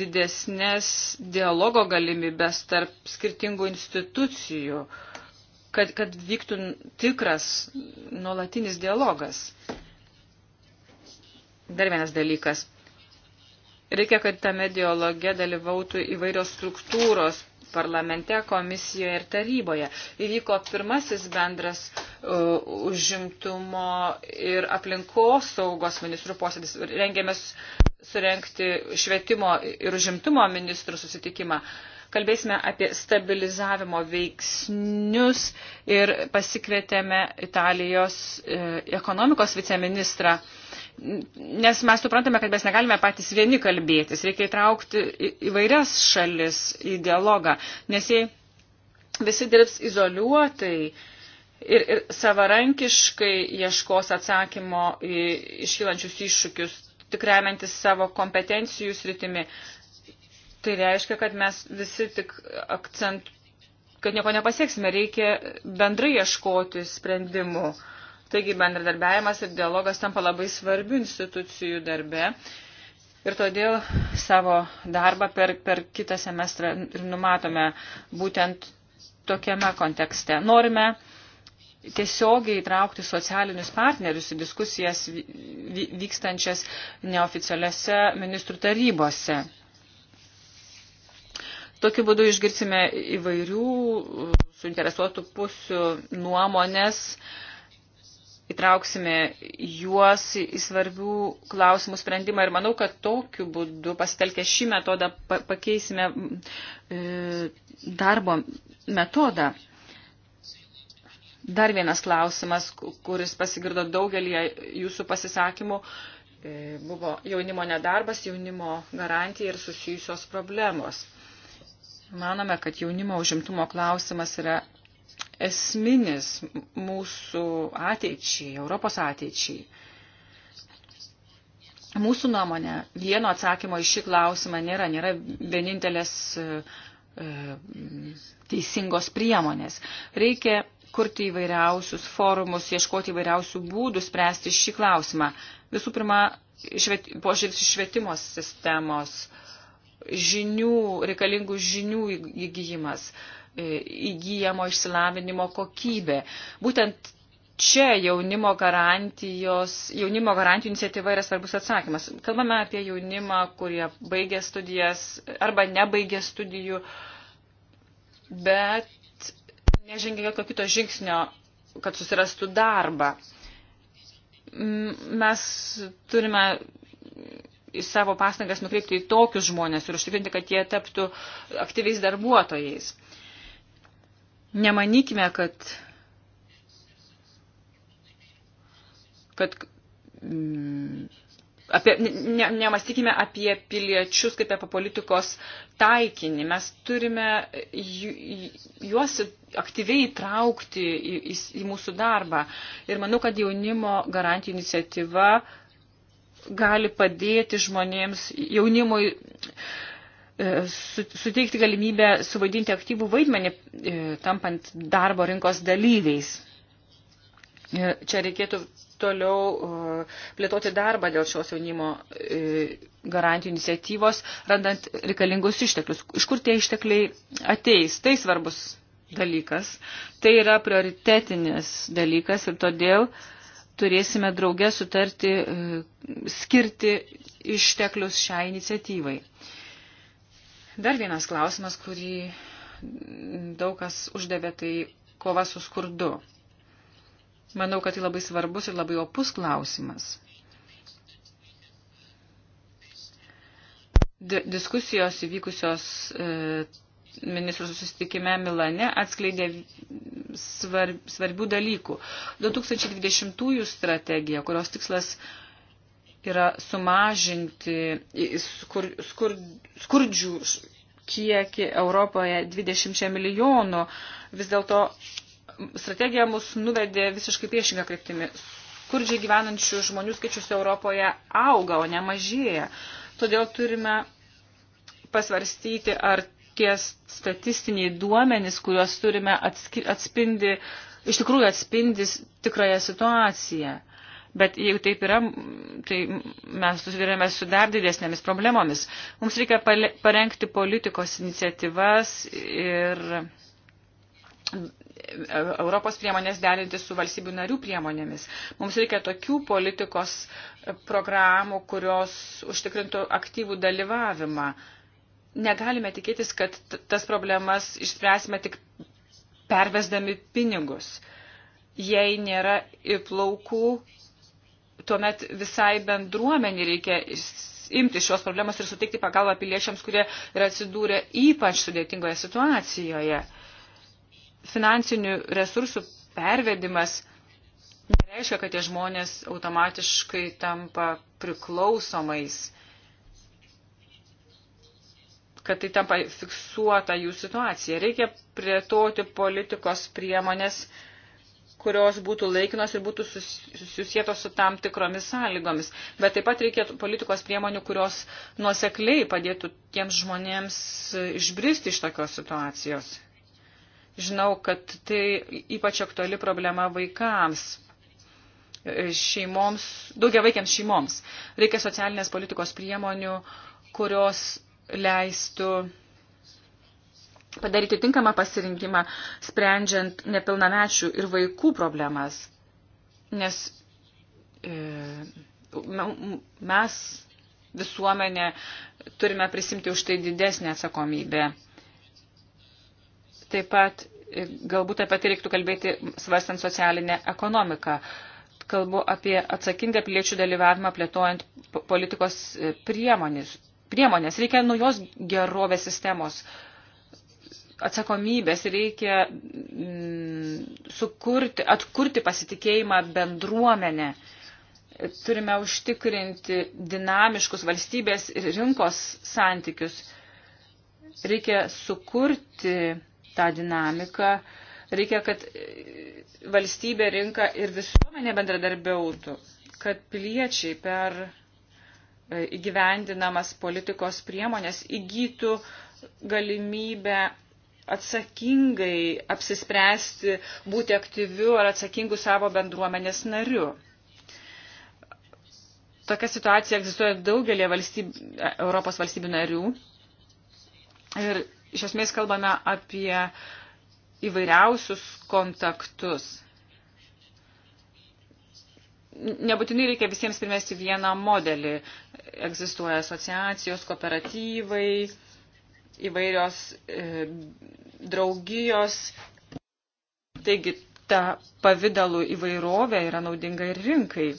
didesnės dialogo galimybės tarp skirtingų institucijų, kad, kad vyktų tikras nuolatinis dialogas. Dar vienas dalykas. Reikia, kad tame dialoge dalyvautų įvairios struktūros, parlamente, komisijoje ir taryboje. Įvyko pirmasis bendras uh, užimtumo ir aplinkos saugos ministrų posėdis. Rengėmės surenkti švietimo ir užimtumo ministrų susitikimą. Kalbėsime apie stabilizavimo veiksnius ir pasikvietėme Italijos uh, ekonomikos viceministrą. Uh, nes mes suprantame, kad mes negalime patys vieni kalbėtis, reikia įtraukti įvairias šalis į dialogą, nes jei visi dirbs izoliuotai ir, ir savarankiškai ieškos atsakymo į iškylančius iššūkius, tik remiantis savo kompetencijų sritimi, tai reiškia, kad mes visi tik akcentuojame kad nieko nepasieksime, reikia bendrai ieškoti sprendimų. Uh, Taigi bendradarbiavimas ir dialogas tampa labai svarbių institucijų darbe. Ir todėl savo darbą per, per kitą semestrą ir numatome būtent tokiame kontekste. Norime tiesiogiai įtraukti socialinius partnerius į diskusijas vykstančias neoficialiose ministrų tarybose. Tokiu būdu išgirsime įvairių suinteresuotų pusių nuomonės, uh, įtrauksime juos į svarbių klausimų sprendimą ir manau, kad tokiu būdu pasitelkę šį metodą pakeisime e, darbo metodą. Dar vienas klausimas, kuris pasigirdo daugelį jūsų pasisakymų, e, buvo jaunimo nedarbas, jaunimo garantija ir susijusios problemos. Manome, kad jaunimo užimtumo klausimas yra esminis mūsų ateičiai, Europos ateičiai. Mūsų nuomonė, vieno atsakymo iš šį klausimą nėra, nėra vienintelės e, e, teisingos priemonės. Reikia kurti įvairiausius forumus, ieškoti įvairiausių būdų spręsti šį klausimą. Visų pirma, švet, požiūris iš švietimo sistemos, žinių, reikalingų žinių įgyjimas. E, E, įgyjamo išsilavinimo kokybė. Būtent čia jaunimo garantijos, jaunimo garantijų iniciatyva yra svarbus atsakymas. Kalbame apie jaunimą, kurie baigė studijas arba nebaigė studijų, bet nežengia jokio kito žingsnio, kad susirastų darbą. Mes turime į savo pastangas nukreipti į tokius žmonės ir užtikrinti, kad jie taptų aktyviais darbuotojais. Nemanykime, kad, kad mm, apie, ne, nemastykime apie piliečius kaip apie politikos taikinį. Mes turime ju, juos aktyviai įtraukti į, į, į mūsų darbą. Ir manau, kad jaunimo garantijų iniciatyva gali padėti žmonėms, jaunimui E, suteikti galimybę suvaidinti aktyvų vaidmenį, e, tampant darbo rinkos dalyviais. E, čia reikėtų toliau plėtoti darbą dėl šios jaunimo garantijų iniciatyvos, randant reikalingus išteklius. Iš kur tie ištekliai ateis? Tai svarbus dalykas. Tai yra prioritetinis dalykas ir todėl turėsime draugę sutarti skirti išteklius šiai iniciatyvai. Dar vienas klausimas, kurį daug kas uždavė, tai kova su skurdu. Manau, kad tai labai svarbus ir labai opus klausimas. diskusijos įvykusios e, ministrų susitikime Milane atskleidė svarb, svarbių dalykų. 2020 strategija, kurios tikslas yra sumažinti skur, skur, skurdžių kiekį Europoje 20 milijonų. Vis dėlto strategija mus nuvedė visiškai priešingą kryptimį. Skurdžiai gyvenančių žmonių skaičius Europoje auga, o ne mažėja. Todėl turime pasvarstyti, ar tie statistiniai duomenys, kuriuos turime atspindi, iš tikrųjų atspindis tikrąją situaciją. Bet jeigu taip yra, tai mes susidurėme su dar didesnėmis problemomis. Mums reikia parengti politikos iniciatyvas ir e, Europos priemonės derinti su valstybių narių priemonėmis. Mums reikia tokių politikos e, programų, kurios užtikrintų aktyvų dalyvavimą. Negalime tikėtis, kad tas problemas išspręsime tik pervesdami pinigus. Jei nėra įplaukų, tuomet visai bendruomenį reikia imti šios problemos ir suteikti pagalbą piliečiams, kurie yra atsidūrę ypač sudėtingoje situacijoje. Finansinių resursų pervedimas nereiškia, kad tie žmonės automatiškai tampa priklausomais, kad tai tampa fiksuota jų situacija. Reikia plėtoti politikos priemonės, uh, kurios būtų laikinos ir būtų susijėtos su tam tikromis sąlygomis. Bet taip pat reikėtų politikos priemonių, kurios nuosekliai padėtų tiems žmonėms išbristi iš tokios situacijos. Žinau, kad tai ypač aktuali problema vaikams, e, šeimoms, daugia vaikiams šeimoms. Reikia socialinės politikos priemonių, kurios leistų padaryti tinkamą pasirinkimą, sprendžiant nepilnamečių ir vaikų problemas. Nes e, mes visuomenė turime prisimti už tai didesnį atsakomybę. Taip pat e, galbūt apie tai reiktų kalbėti svarstant socialinę ekonomiką. Kalbu apie atsakingą piliečių dalyvavimą plėtojant politikos e, priemonės. priemonės. Reikia naujos gerovės sistemos, atsakomybės, reikia mm, sukurti, atkurti pasitikėjimą bendruomenę. Turime užtikrinti dinamiškus valstybės ir rinkos santykius. Reikia sukurti tą dinamiką, reikia, kad valstybė, rinka ir visuomenė bendradarbiautų, kad piliečiai per e, įgyvendinamas politikos priemonės įgytų galimybę atsakingai apsispręsti būti aktyviu ar atsakingu savo bendruomenės nariu. Tokia situacija egzistuoja daugelį valstyb, Europos valstybių narių. Ir iš esmės kalbame apie įvairiausius kontaktus. Nebūtinai reikia visiems primesti vieną modelį. Egzistuoja asociacijos, kooperatyvai, įvairios e, draugijos. Taigi ta pavydalų įvairovė yra naudinga ir rinkai.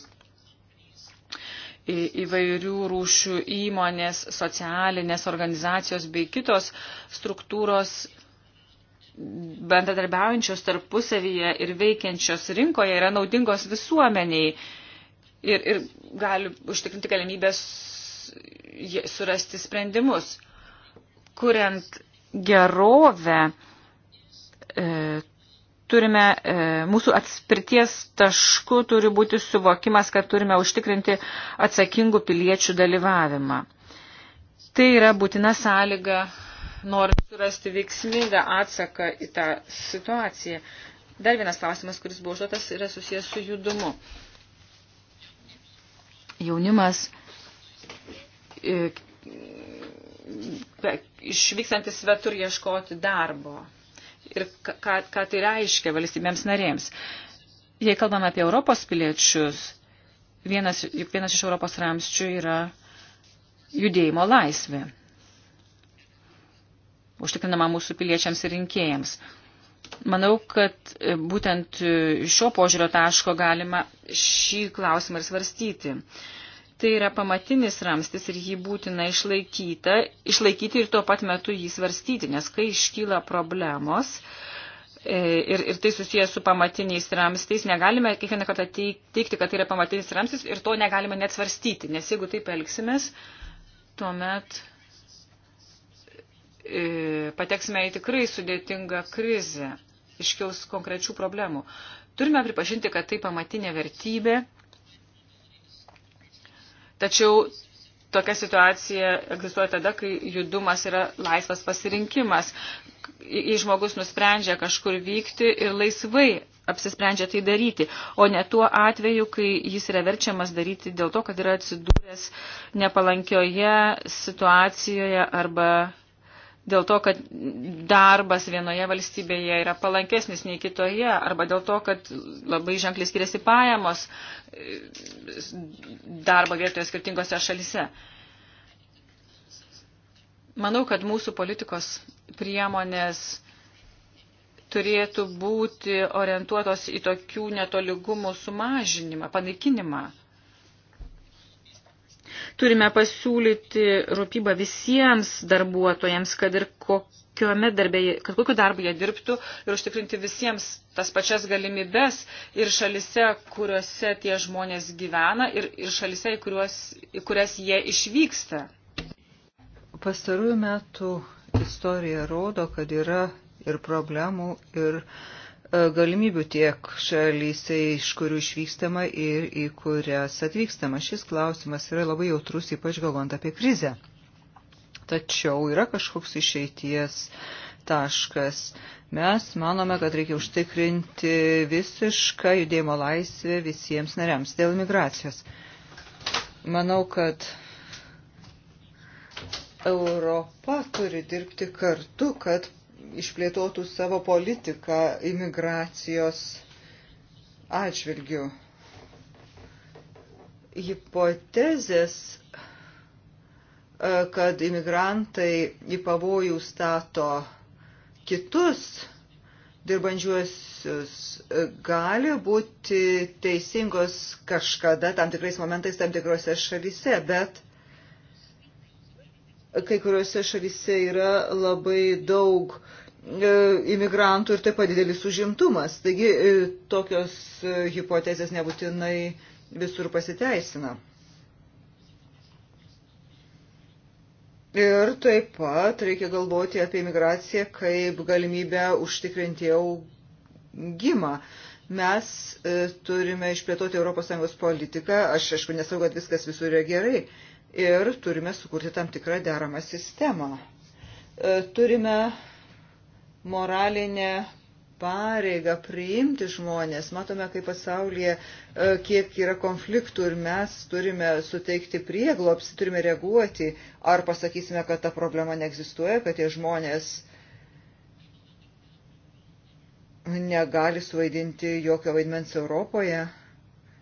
Į, įvairių rūšių įmonės, socialinės organizacijos bei kitos struktūros bendradarbiaujančios tarpusavyje ir veikiančios rinkoje yra naudingos visuomeniai ir, ir gali užtikrinti galimybės surasti sprendimus kuriant gerovę, e, turime, e, mūsų atspirties tašku turi būti suvokimas, kad turime užtikrinti atsakingų piliečių dalyvavimą. Tai yra būtina sąlyga, norint surasti veiksmingą atsaką į tą situaciją. Dar vienas klausimas, kuris buvo užduotas, yra susijęs su judumu. Jaunimas e, išvykstantis svetur ieškoti darbo. Ir ką, ką tai reiškia valstybėms narėms. Jei kalbame apie Europos piliečius, vienas, vienas iš Europos ramščių yra judėjimo laisvė. Užtikrinama mūsų piliečiams ir rinkėjams. Manau, kad e, būtent e, šio požiūrio taško galima šį klausimą ir svarstyti. Uh, tai yra pamatinis ramstis ir jį būtina išlaikyta, išlaikyti ir tuo pat metu jį svarstyti, nes kai iškyla problemos e, ir, ir tai susijęs su pamatiniais ramstais, negalime kiekvieną kartą teikti, kad tai yra pamatinis ramstis ir to negalime net svarstyti, nes jeigu taip elgsimės, tuomet e, pateksime į tikrai sudėtingą krizę, iškils konkrečių problemų. Turime pripažinti, kad tai pamatinė vertybė Tačiau tokia situacija egzistuoja tada, kai judumas yra laisvas pasirinkimas. Jei žmogus nusprendžia kažkur vykti ir laisvai apsisprendžia tai daryti, o ne tuo atveju, kai jis yra verčiamas daryti dėl to, kad yra atsidūręs nepalankioje situacijoje arba dėl to, kad darbas vienoje valstybėje yra palankesnis nei kitoje, arba dėl to, kad labai ženkliai skiriasi pajamos e, darbo vietoje skirtingose šalise. Manau, kad mūsų politikos priemonės turėtų būti orientuotos į tokių netoligumų sumažinimą, panaikinimą. Turime pasiūlyti rūpybą visiems darbuotojams, kad ir kokiame darbe, kad kokiu darbu jie dirbtų ir užtikrinti visiems tas pačias galimybes ir šalise, kuriuose tie žmonės gyvena ir, ir šalise, į, kuriuos, į kurias jie išvyksta. Pastarųjų metų istorija rodo, kad yra ir problemų, ir uh, E, galimybių tiek šalyse, iš kurių išvykstama ir į kurias atvykstama. Šis klausimas yra labai jautrus, ypač galvant apie krizę. Tačiau yra kažkoks išeities taškas. Mes manome, kad reikia užtikrinti visišką judėjimo laisvę visiems nariams dėl migracijos. Manau, kad Europa turi dirbti kartu, kad išplėtotų savo politiką imigracijos atžvilgių. Hipotezės, e, kad imigrantai į pavojų stato kitus dirbančiuosius e, gali būti teisingos kažkada, tam tikrais momentais, tam tikrose šalyse, bet Kai kuriuose šalyse yra labai daug e, imigrantų ir taip pat didelis užimtumas. Taigi e, tokios e, hipotezės nebūtinai visur pasiteisina. Ir taip pat reikia galvoti apie imigraciją kaip galimybę užtikrinti augimą. Mes turime išplėtoti ES politiką. Aš aišku nesau, kad viskas visur yra gerai. E, ir turime sukurti tam tikrą deramą sistemą. E, turime moralinę pareigą priimti žmonės. Matome, kaip pasaulyje e, kiek yra konfliktų ir mes turime suteikti prieglopsi, turime reaguoti, ar pasakysime, kad ta problema neegzistuoja, kad tie žmonės negali suvaidinti jokio vaidmens Europoje.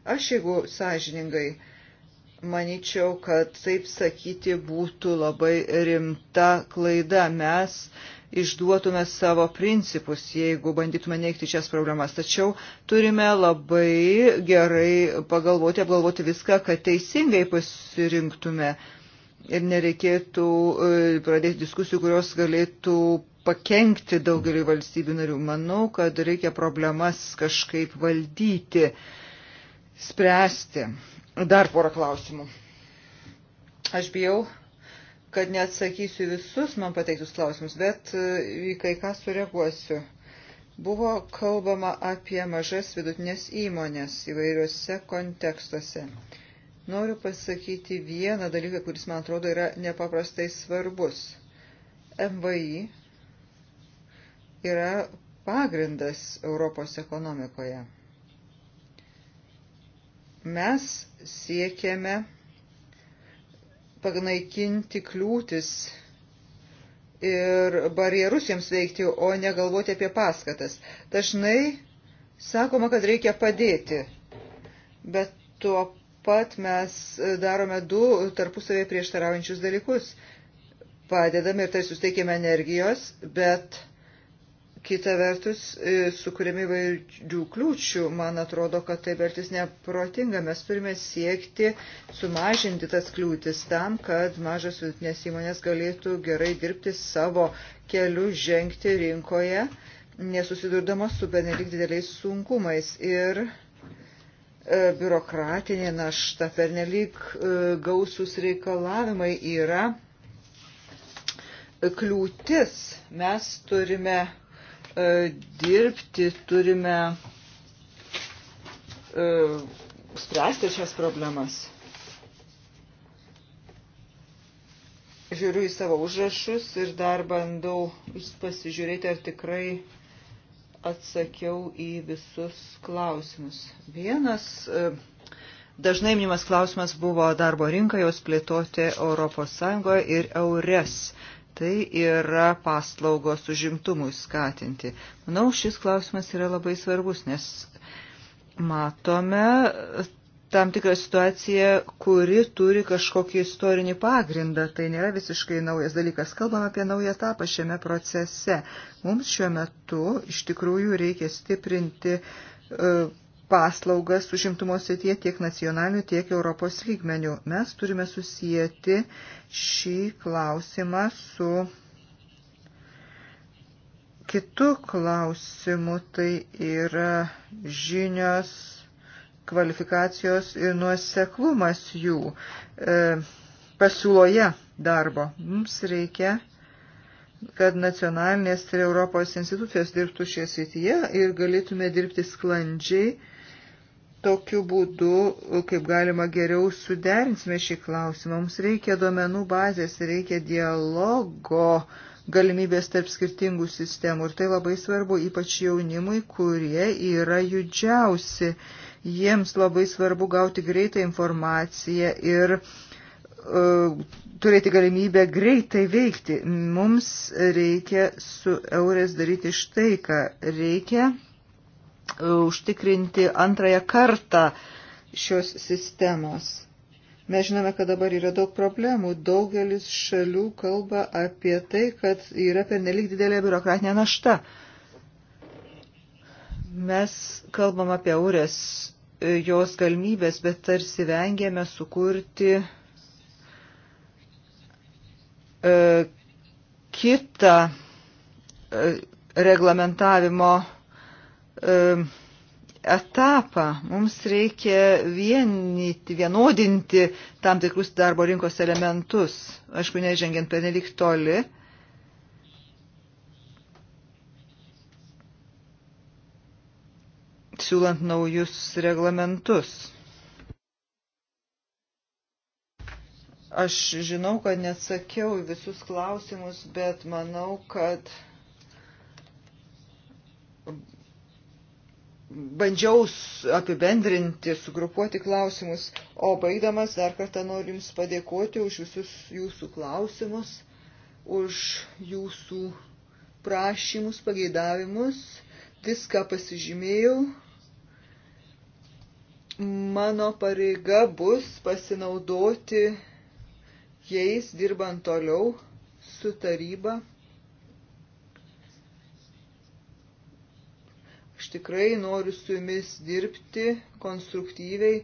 Aš jeigu sąžiningai Maničiau, kad taip sakyti būtų labai rimta klaida. Mes išduotume savo principus, jeigu bandytume neikti šias problemas. Tačiau turime labai gerai pagalvoti, apgalvoti viską, kad teisingai pasirinktume ir nereikėtų e, pradėti diskusijų, kurios galėtų pakenkti daugelį valstybių narių. Manau, kad reikia problemas kažkaip valdyti, spręsti. Dar porą klausimų. Aš bijau, kad neatsakysiu visus man pateiktus klausimus, bet e, į kai ką sureaguosiu. Buvo kalbama apie mažas vidutinės įmonės įvairiuose kontekstuose. Noriu pasakyti vieną dalyką, kuris man atrodo yra nepaprastai svarbus. MVI yra pagrindas Europos ekonomikoje. Mes siekiame panaikinti kliūtis ir barjerus jiems veikti, o ne galvoti apie paskatas. Dažnai sakoma, kad reikia padėti, bet tuo pat mes darome du tarpusavėje prieštaraujančius dalykus. Padedame ir tai susteikėme energijos, bet Kita vertus, e, sukūrėme įvairių kliūčių, man atrodo, kad tai vertis neprotinga. Mes turime siekti sumažinti tas kliūtis tam, kad mažas vidutinės įmonės galėtų gerai dirbti savo keliu, žengti rinkoje, nesusidurdamos su benelik dideliais sunkumais. Ir e, biurokratinė našta, pernelyg e, gausus reikalavimai yra kliūtis. Mes turime E, dirbti, turime e, spręsti šias problemas. Žiūriu į savo užrašus ir dar bandau pasižiūrėti, ar tikrai atsakiau į visus klausimus. Vienas e, dažnai minimas klausimas buvo darbo rinka, jos plėtoti ES ir EURES Tai yra paslaugos užimtumui skatinti. Manau, šis klausimas yra labai svarbus, nes matome tam tikrą situaciją, kuri turi kažkokį istorinį pagrindą. Tai nėra visiškai naujas dalykas. Kalbam apie naują etapą šiame procese. Mums šiuo metu iš tikrųjų reikia stiprinti uh, paslaugas užimtumo srityje tiek nacionaliniu, tiek Europos lygmeniu. Mes turime susijęti šį klausimą su kitu klausimu, tai yra žinios, kvalifikacijos ir nuoseklumas jų e, pasiūloje darbo. Mums reikia kad nacionalinės ir Europos institucijos dirbtų šioje srityje ir galėtume dirbti sklandžiai tokiu būdu, kaip galima geriau suderinsime šį klausimą. Mums reikia duomenų bazės, reikia dialogo galimybės tarp skirtingų sistemų. Ir tai labai svarbu, ypač jaunimui, kurie yra judžiausi. Jiems labai svarbu gauti greitą informaciją ir uh, turėti galimybę greitai veikti. Mums reikia su eurės daryti štai ką. Reikia užtikrinti antrąją kartą šios sistemos. Mes žinome, kad dabar yra daug problemų. Daugelis šalių kalba apie tai, kad yra pernelyg didelė biurokratinė našta. Mes kalbam apie urės e, jos galimybės, bet tarsi vengėme sukurti e, kitą e, reglamentavimo etapą. Mums reikia vienyti, vienodinti tam tikrus darbo rinkos elementus, aišku, nežengiant pernelik toli. siūlant naujus reglamentus. Aš žinau, kad neatsakiau visus klausimus, bet manau, kad bandžiau apibendrinti, sugrupuoti klausimus, o baigdamas dar kartą noriu Jums padėkoti už visus Jūsų klausimus, už Jūsų prašymus, pageidavimus, viską pasižymėjau. Mano pareiga bus pasinaudoti jais dirbant toliau su taryba tikrai noriu su jumis dirbti konstruktyviai.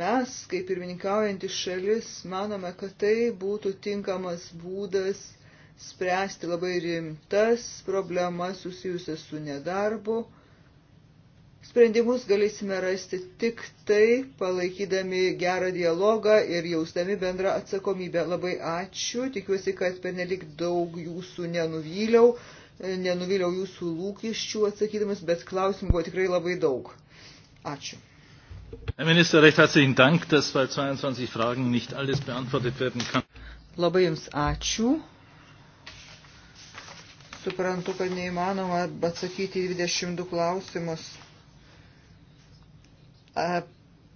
Mes, kaip pirmininkaujantis šalis, manome, kad tai būtų tinkamas būdas spręsti labai rimtas problemas susijusias su nedarbu. Sprendimus galėsime rasti tik tai, palaikydami gerą dialogą ir jausdami bendrą atsakomybę. Labai ačiū, tikiuosi, kad pernelik daug jūsų nenuvyliau nenuvyliau jūsų lūkesčių atsakydamas, bet klausimų buvo tikrai labai daug. Ačiū. Herr Minister, recht herzlichen Dank, dass bei 22 Fragen nicht alles beantwortet werden kann. Labai Jums ačiū. Suprantu, kad neįmanoma atsakyti į 22 klausimus.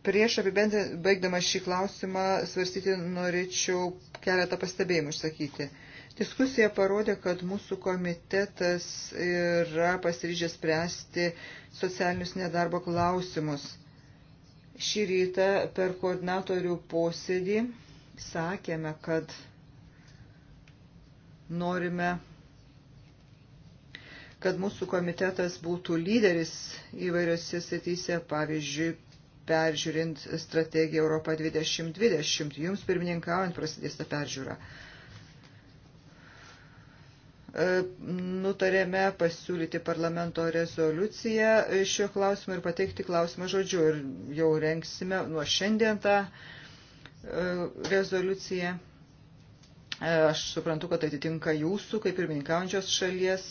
Prieš apibendrinant, baigdama šį klausimą, svarstyti norėčiau keletą pastebėjimų išsakyti. Diskusija parodė, kad mūsų komitetas yra pasiryžęs spręsti socialinius nedarbo klausimus. Šį rytą per koordinatorių posėdį sakėme, kad norime kad mūsų komitetas būtų lyderis įvairiose srityse, pavyzdžiui, peržiūrint strategiją Europą 2020. Jums pirmininkaujant prasidės ta peržiūra. Uh, E, nutarėme pasiūlyti parlamento rezoliuciją šiuo klausimu ir pateikti klausimą žodžiu. Ir jau renksime nuo šiandien tą e, rezoliuciją. E, aš suprantu, kad atitinka jūsų, kaip ir mininkaujančios šalies,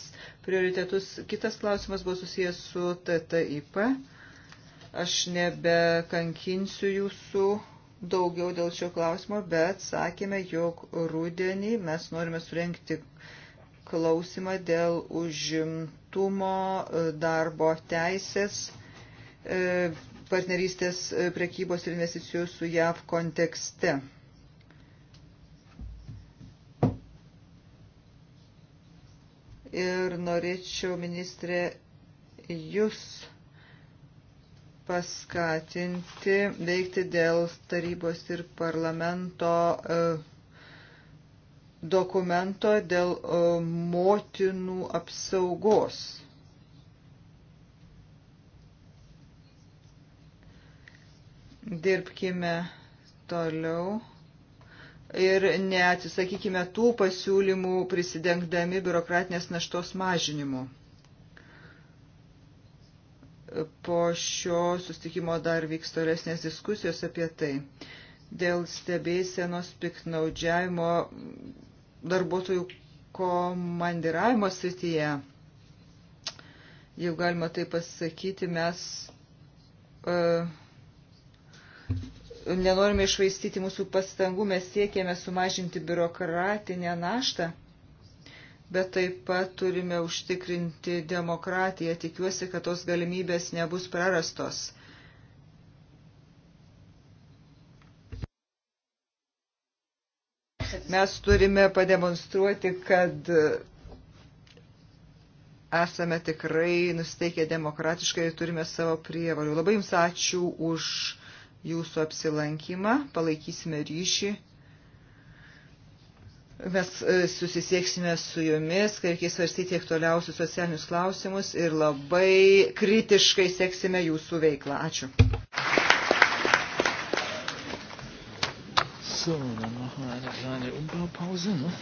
prioritetus. Kitas klausimas buvo susijęs su TTIP. Aš nebekankinsiu jūsų daugiau dėl šio klausimo, bet sakėme, jog rudenį mes norime surenkti uh, klausimą dėl užimtumo e, darbo teisės e, partnerystės e, prekybos ir investicijų su JAV kontekste. Ir norėčiau, ministrė, jūs paskatinti veikti dėl tarybos ir parlamento uh, dokumento dėl e, motinų apsaugos. Dirbkime toliau ir neatsisakykime tų pasiūlymų prisidengdami biurokratinės naštos mažinimu. Po šio sustikimo dar vyks tolesnės diskusijos apie tai. Dėl stebėsenos piknaudžiavimo darbuotojų komandiravimo srityje, jau galima tai pasakyti, mes uh, nenorime išvaistyti mūsų pastangų, mes siekėme sumažinti biurokratinę naštą, bet taip pat turime užtikrinti demokratiją. Tikiuosi, kad tos galimybės nebus prarastos. Mes turime pademonstruoti, kad esame tikrai nusteikę demokratiškai ir turime savo prievalių. Labai Jums ačiū už Jūsų apsilankymą, palaikysime ryšį. Mes e, susisieksime su jumis, kai reikės svarstyti aktualiausius socialinius klausimus ir labai kritiškai seksime jūsų veiklą. Ačiū. So, dann machen wir eine kleine Umbaupause. Ne?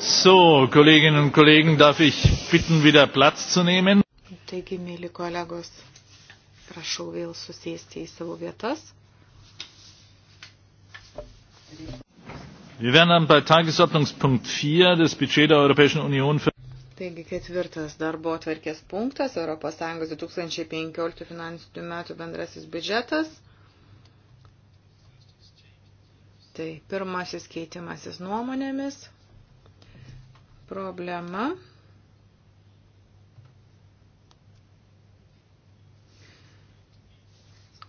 So, Kolleginnen und Kollegen, darf ich bitten, wieder Platz zu nehmen? Taigi, mėly kolegos, prašau vėl susėsti į savo vietas. Wir werden dann bei Tagesordnungspunkt 4 des Budget der Europäischen Union für Taigi ketvirtas darbo atverkės punktas – ES 2015 finansinių metų bendrasis biudžetas. Tai pirmasis keitimasis nuomonėmis – problema.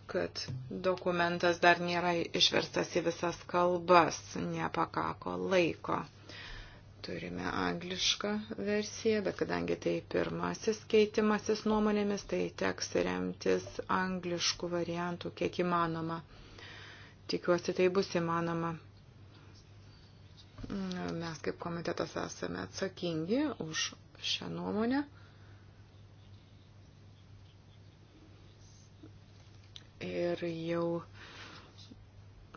kad dokumentas dar nėra išverstas į visas kalbas, nepakako laiko. Turime anglišką versiją, bet kadangi tai pirmasis keitimasis nuomonėmis, tai teks remtis angliškų variantų kiek įmanoma. Tikiuosi, tai bus įmanoma. Mes kaip komitetas esame atsakingi už šią nuomonę. Ir jau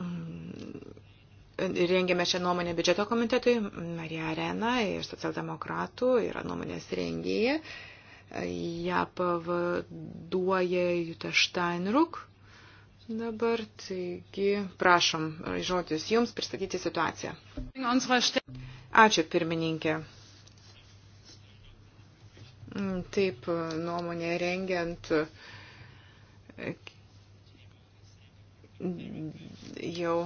mm, rengėme šią nuomonę biudžeto komitetui. Marija Arena ir socialdemokratų yra nuomonės rengėja. Ja pavaduoja Jutta Steinruk. Dabar taigi prašom žodis jums pristatyti situaciją. Ačiū pirmininkė. Mm, taip, nuomonė rengiant jau,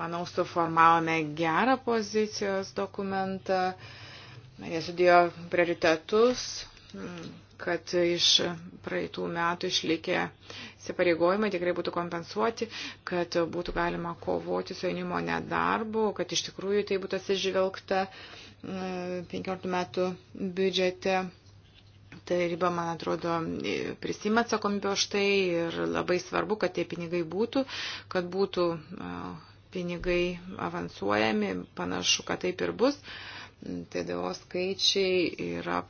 manau, suformavome gerą pozicijos dokumentą, jie sudėjo prioritetus, mm kad iš praeitų metų išlikę įsipareigojimai tikrai būtų kompensuoti, kad būtų galima kovoti su jaunimo nedarbu, kad iš tikrųjų tai būtų atsižvelgta 15 mm, metų biudžete. Taryba, man atrodo, prisima atsakomybę už tai ir labai svarbu, kad tie pinigai būtų, kad būtų pinigai avansuojami, panašu, kad taip ir bus. TDO skaičiai yra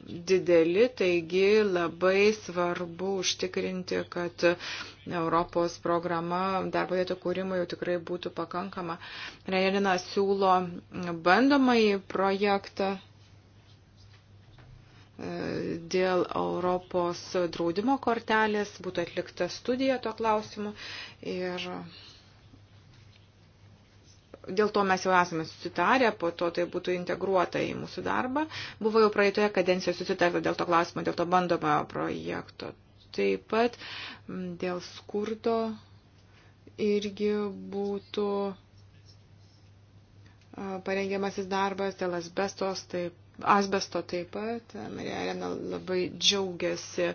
dideli, taigi labai svarbu užtikrinti, kad Europos programa darbo vietų kūrimo jau tikrai būtų pakankama. Reirina siūlo bandomąjį projektą e, dėl Europos draudimo kortelės, būtų atlikta studija to klausimu ir dėl to mes jau esame susitarę, po to tai būtų integruota į mūsų darbą. Buvo jau praeitoje kadencijoje susitarta dėl to klausimo, dėl to bandomojo projekto. Taip pat dėl skurdo irgi būtų parengiamasis darbas dėl asbestos, taip, asbesto taip pat. Marija Elena labai džiaugiasi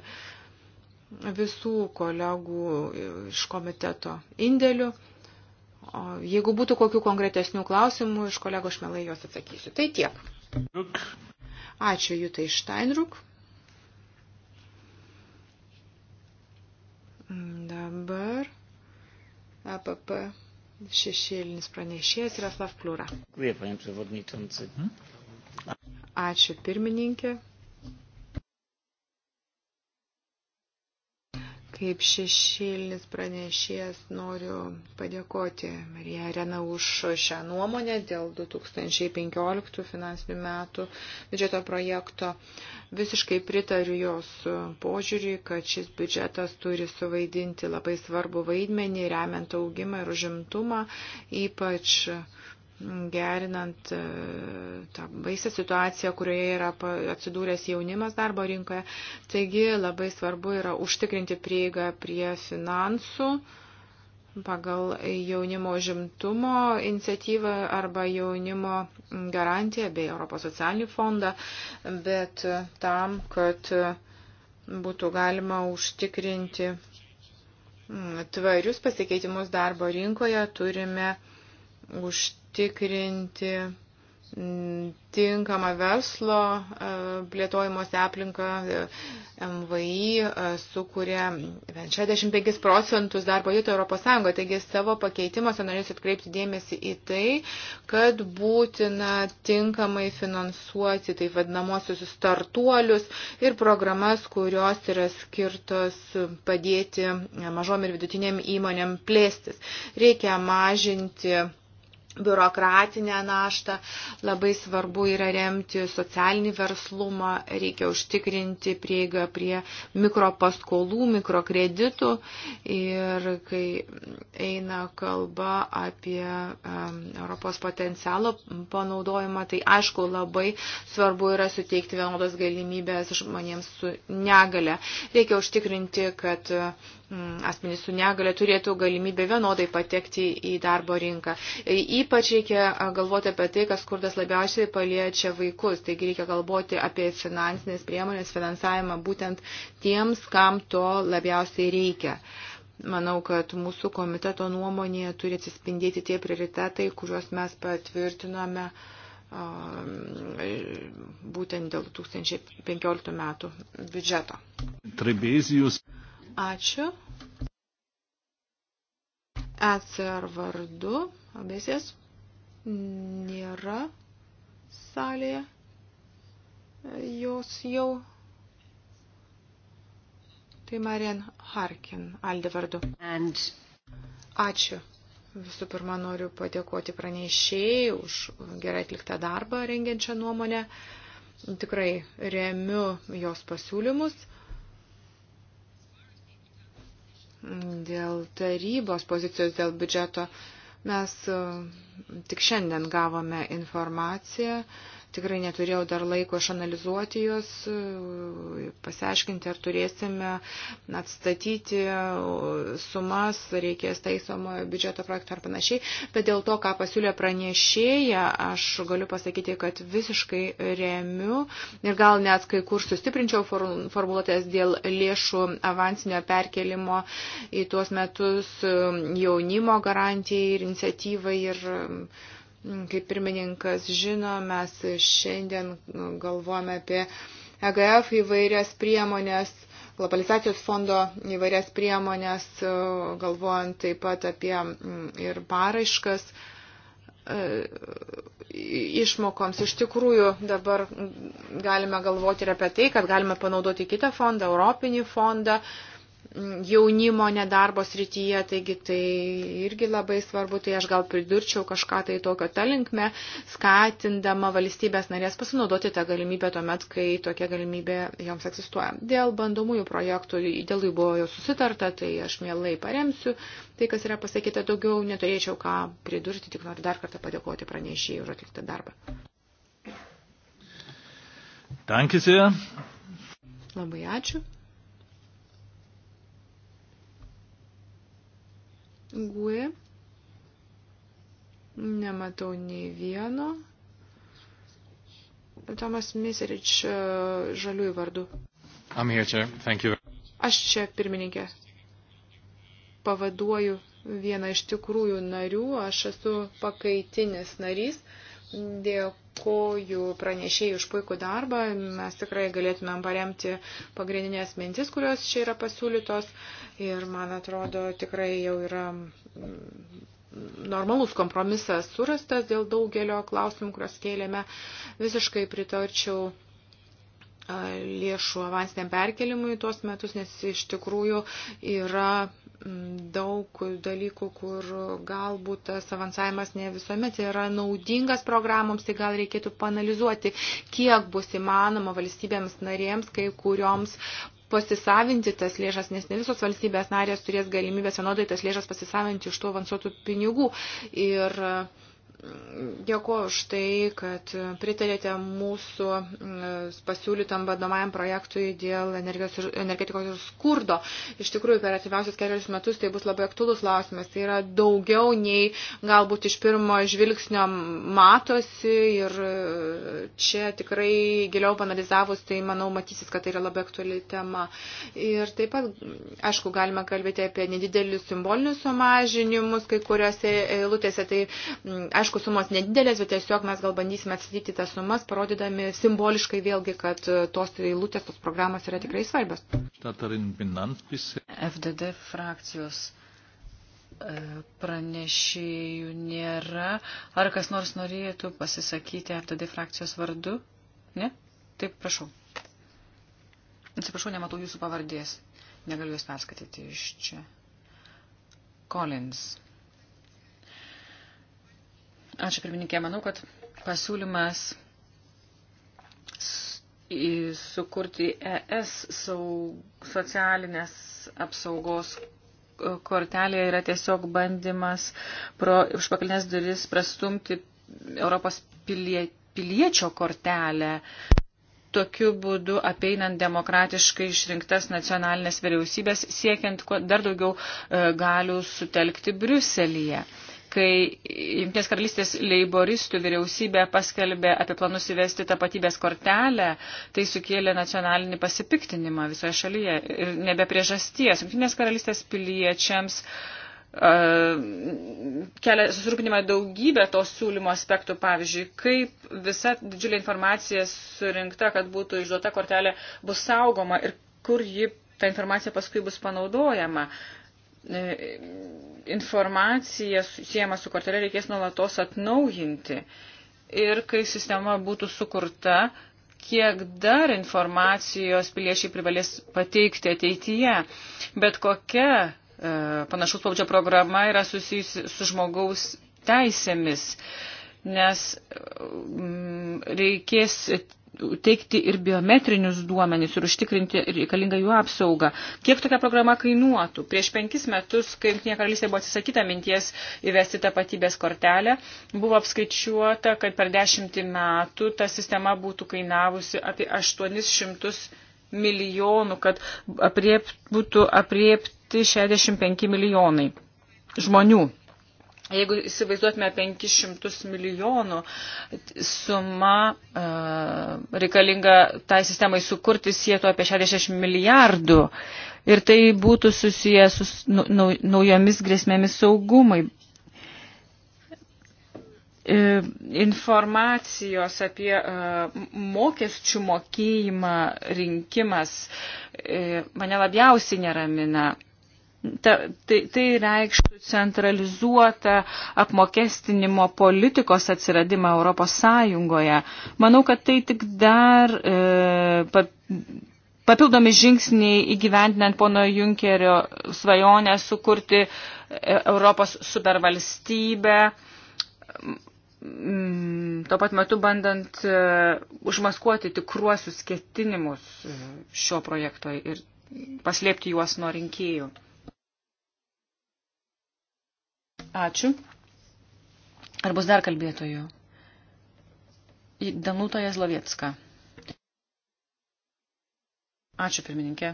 visų kolegų iš komiteto indėlių. O jeigu būtų kokių konkretesnių klausimų, iš kolego šmelai juos atsakysiu. Tai tiek. Ačiū Jutai Steinruk. Dabar APP e šešėlinis pranešėjas Raslav Pliūra. Ačiū pirmininkė. Kaip šešėlis pranešėjas noriu padėkoti Marija Arena už šią nuomonę dėl 2015 finansinių metų biudžeto projekto. Visiškai pritariu jos požiūriui, kad šis biudžetas turi suvaidinti labai svarbu vaidmenį, remiant augimą ir užimtumą, ypač gerinant e, tą baisę situaciją, kurioje yra atsidūręs jaunimas darbo rinkoje. Taigi labai svarbu yra užtikrinti prieigą prie finansų pagal jaunimo žimtumo iniciatyvą arba jaunimo garantiją bei Europos socialinį fondą, bet tam, kad būtų galima užtikrinti tvarius pasikeitimus darbo rinkoje, turime užtikrinti užtikrinti mm, tinkamą verslo e, plėtojimuose aplinką. E, MVI e, sukuria 65 procentus darbo vietų Europos Sąjungoje. Taigi savo pakeitimuose norėsiu atkreipti dėmesį į tai, kad būtina tinkamai finansuoti taip vadinamosius startuolius ir programas, kurios yra skirtos padėti mažom ir vidutiniam įmonėm plėstis. Reikia mažinti biurokratinę naštą, labai svarbu yra remti socialinį verslumą, reikia užtikrinti prieigą prie mikropaskolų, mikrokreditų ir kai eina kalba apie um, Europos potencialo panaudojimą, tai aišku labai svarbu yra suteikti vienodas galimybės žmonėms su negale. Reikia užtikrinti, kad uh, Mm, asmenys su negale turėtų galimybę vienodai patekti į darbo rinką. E, ypač reikia galvoti apie tai, kas skurdas labiausiai paliečia vaikus. Taigi reikia galvoti apie finansinės priemonės finansavimą būtent tiems, kam to labiausiai reikia. Manau, kad mūsų komiteto nuomonėje turi atsispindėti tie prioritetai, kuriuos mes patvirtinome būtent dėl 2015 metų biudžeto. Trebezijus Ačiū. ECR vardu, abesės, nėra salėje. Jos jau. Tai Marian Harkin, Alde vardu. And... Ačiū. Visų pirma, noriu padėkoti pranešėjai už gerai atliktą darbą rengiančią nuomonę. Tikrai remiu jos pasiūlymus dėl tarybos pozicijos dėl biudžeto. Mes e, tik šiandien gavome informaciją Tikrai neturėjau dar laiko išanalizuoti juos, pasiaiškinti, ar turėsime atstatyti sumas, reikės taisomojo biudžeto projekto ar panašiai. Bet dėl to, ką pasiūlė pranešėja, aš galiu pasakyti, kad visiškai remiu ir gal net kai kur sustiprinčiau formuluotės dėl lėšų avansinio perkelimo į tuos metus jaunimo garantijai ir iniciatyvai ir Mm, kaip pirmininkas žino, mes šiandien nu, galvojame apie EGF įvairias priemonės, globalizacijos fondo įvairias priemonės, galvojant taip pat apie mm, ir paraiškas e, išmokoms. Iš tikrųjų, dabar mm, galime galvoti ir apie tai, kad galime panaudoti kitą fondą, Europinį fondą, Mm, jaunimo nedarbo srityje, taigi tai irgi labai svarbu, tai aš gal pridurčiau kažką tai tokio tą linkme, skatindama valstybės narės pasinaudoti tą galimybę tuomet, kai tokia galimybė joms egzistuoja. Dėl bandomųjų projektų, dėl jų buvo jau susitarta, tai aš mielai paremsiu. Tai, kas yra pasakyta, daugiau neturėčiau ką pridurti, tik noriu dar kartą padėkoti pranešėjai už atliktą darbą. Danke sehr. Labai ačiū. Gui. Nematau nei vieno. Tomas Miserič e, žaliųjų vardu. I'm here, Chair. Thank you. Aš čia, pirmininkė, pavaduoju vieną iš tikrųjų narių. Aš esu pakaitinis narys. Dėkoju pranešėjai už puikų darbą. Mes tikrai galėtumėm paremti pagrindinės mintis, kurios čia yra pasiūlytos. Ir man atrodo, tikrai jau yra mm, normalus kompromisas surastas dėl daugelio klausimų, kuriuos kėlėme. Visiškai pritarčiau lėšų avansiniam perkelimui tuos metus, nes iš tikrųjų yra mm, daug dalykų, kur galbūt tas avansavimas ne visuomet yra naudingas programoms, tai gal reikėtų panalizuoti, kiek bus įmanoma valstybėms narėms, kai kurioms pasisavinti tas lėšas, nes ne visos valstybės narės turės galimybės vienodai tas lėšas pasisavinti iš tų avansuotų pinigų. Ir uh, Dėkuoju už tai, kad pritarėte mūsų mm, pasiūlytam vadomajam projektui dėl ir, energetikos ir skurdo. Iš tikrųjų, per atimiausius kelius metus tai bus labai aktuolus klausimas. Tai yra daugiau nei galbūt iš pirmo žvilgsnio matosi ir čia tikrai giliau panalizavus, tai manau matysis, kad tai yra labai aktuali tema. Ir taip pat, aišku, galime kalbėti apie nedidelius simbolinius sumažinimus kai kuriuose eilutėse. Tai, mm, aišku, Aišku, sumos nedidelės, bet tiesiog mes gal bandysime atstatyti tas sumas, parodydami simboliškai vėlgi, kad e, tos eilutės, tos programos yra tikrai svarbios. FDD frakcijos e, pranešėjų nėra. Ar kas nors norėtų pasisakyti FDD frakcijos vardu? Ne? Taip, prašau. Atsiprašau, nematau jūsų pavardės. Negaliu jūs perskaityti iš čia. Collins. Ačiū pirmininkė, manau, kad pasiūlymas sukurti ES saug, socialinės apsaugos kortelė yra tiesiog bandymas pro užpakalinės duris prastumti Europos pilie, piliečio kortelę. Tokiu būdu apeinant demokratiškai išrinktas nacionalinės vyriausybės, siekiant dar daugiau e, galių sutelkti Briuselyje kai Junktinės karalystės leiboristų vyriausybė paskelbė apie planus įvesti tapatybės kortelę, tai sukėlė nacionalinį pasipiktinimą visoje šalyje ir nebe priežasties. Junktinės karalystės piliečiams uh, kelia susirūpinimą daugybę to siūlymo aspektų, pavyzdžiui, kaip visa didžiulė informacija surinkta, kad būtų išduota kortelė, bus saugoma ir kur ji ta informacija paskui bus panaudojama. Uh, E, informaciją siejama su kortelė reikės nuolatos atnaujinti. Ir kai sistema būtų sukurta, kiek dar informacijos piliečiai privalės pateikti ateityje. Bet kokia e, panašus paudžio programa yra susijusi su žmogaus teisėmis, nes mm, reikės teikti ir biometrinius duomenys ir užtikrinti reikalingą jų apsaugą. Kiek tokia programa kainuotų? Prieš penkis metus, kai Junktinė karalystė buvo atsisakyta minties įvesti tapatybės kortelę, buvo apskaičiuota, kad per dešimtį metų ta sistema būtų kainavusi apie 800 milijonų, kad apriep, būtų apriepti 65 milijonai žmonių. Jeigu įsivaizduotume 500 milijonų suma e, reikalinga tai sistemai sukurti, sietų apie 60 milijardų. Ir tai būtų susiję su nu, naujomis grėsmėmis saugumai. E, informacijos apie e, mokesčių mokėjimą rinkimas e, mane labiausiai neramina. Ta, tai, tai reikštų centralizuotą apmokestinimo politikos atsiradimą Europos Sąjungoje. Manau, kad tai tik dar e, pap, papildomi žingsniai įgyvendinant pono Junkerio svajonę sukurti e, Europos supervalstybę, mm, tuo pat metu bandant e, užmaskuoti tikruosius ketinimus e, šio projekto ir paslėpti juos nuo rinkėjų. Ačiū. Ar bus dar kalbėtojų? Danuta Jazlovietska. Ačiū, pirmininkė.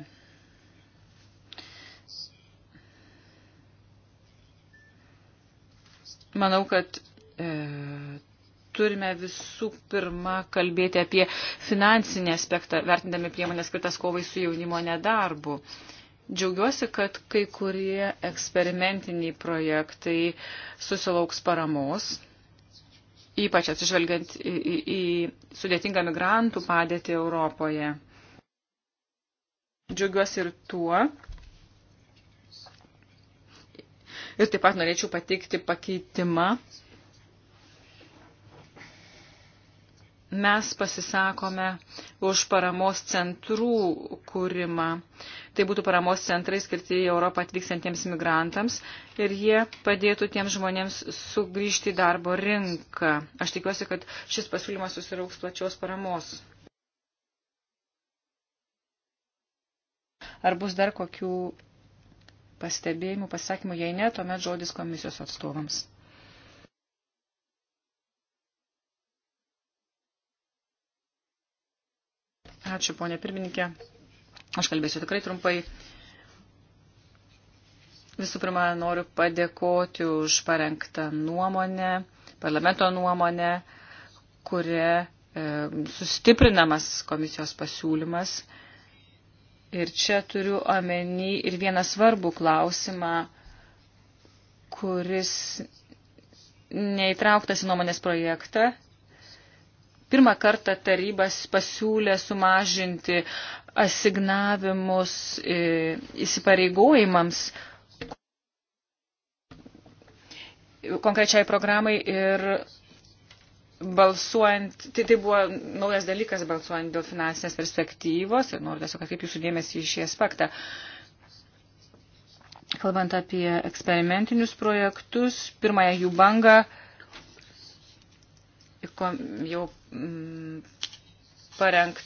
Manau, kad e, turime visų pirma kalbėti apie finansinį aspektą, vertindami priemonės skirtas kovai su jaunimo nedarbu. E, Džiaugiuosi, kad kai kurie eksperimentiniai projektai susilauks paramos, ypač atsižvelgiant į, į, į sudėtingą migrantų padėtį Europoje. Džiaugiuosi ir tuo. Ir taip pat norėčiau pateikti pakeitimą Mes pasisakome už paramos centrų kūrimą. Tai būtų paramos centrai skirti į Europą atvykstantiems migrantams ir jie padėtų tiems žmonėms sugrįžti į darbo rinką. Aš tikiuosi, kad šis pasiūlymas susirauks plačios paramos. Ar bus dar kokių pastebėjimų, pasakymų, jei ne, tuomet žodis komisijos atstovams. Ačiū, ponė pirmininkė. Aš kalbėsiu tikrai trumpai. Visų pirma, noriu padėkoti už parengtą nuomonę, parlamento nuomonę, kuria e, sustiprinamas komisijos pasiūlymas. Ir čia turiu omeny ir vieną svarbų klausimą, kuris neįtrauktas į nuomonės projektą Pirmą kartą tarybas pasiūlė sumažinti asignavimus e, įsipareigojimams konkrečiai programai ir balsuojant, tai, tai buvo naujas dalykas balsuojant dėl finansinės perspektyvos ir noriu tiesiog atkreipti jūsų dėmesį į šį aspektą. Kalbant apie eksperimentinius projektus, pirmąją jų bangą jau mm, parengt,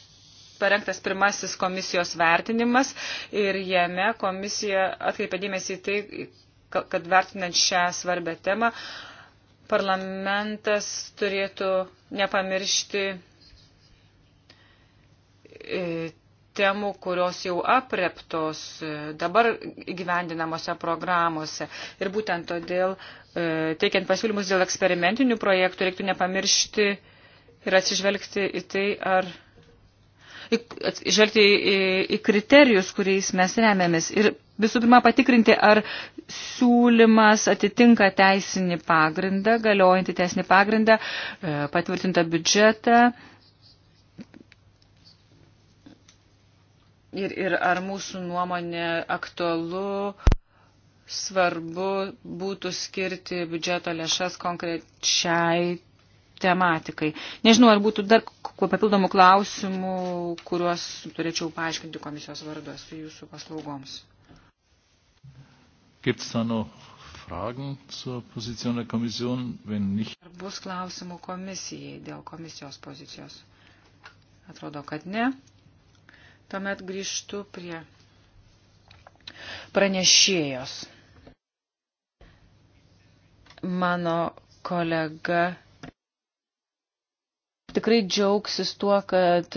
parengtas pirmasis komisijos vertinimas ir jame komisija atkreipė dėmesį į tai, kad vertinant šią svarbę temą, parlamentas turėtų nepamiršti e, temų, kurios jau apreptos e, dabar gyvendinamose programuose. Ir būtent todėl E, teikiant pasiūlymus dėl eksperimentinių projektų, reiktų nepamiršti ir atsižvelgti į tai, ar atsižvelgti į, į kriterijus, kuriais mes remiamės. Ir visų pirma patikrinti, ar siūlymas atitinka teisinį pagrindą, galiojantį teisinį pagrindą, e, patvirtintą biudžetą. Ir, ir ar mūsų nuomonė aktualu svarbu būtų skirti biudžeto lėšas konkrečiai tematikai. Nežinau, ar būtų dar papildomų klausimų, kuriuos turėčiau paaiškinti komisijos vardu su jūsų paslaugoms. Gibt's da noch Fragen zur Position der Kommission? Wenn nicht. Ar bus klausimų komisijai dėl komisijos pozicijos? Atrodo, kad ne. Tuomet grįžtu prie pranešėjos mano kolega tikrai džiaugsis tuo, kad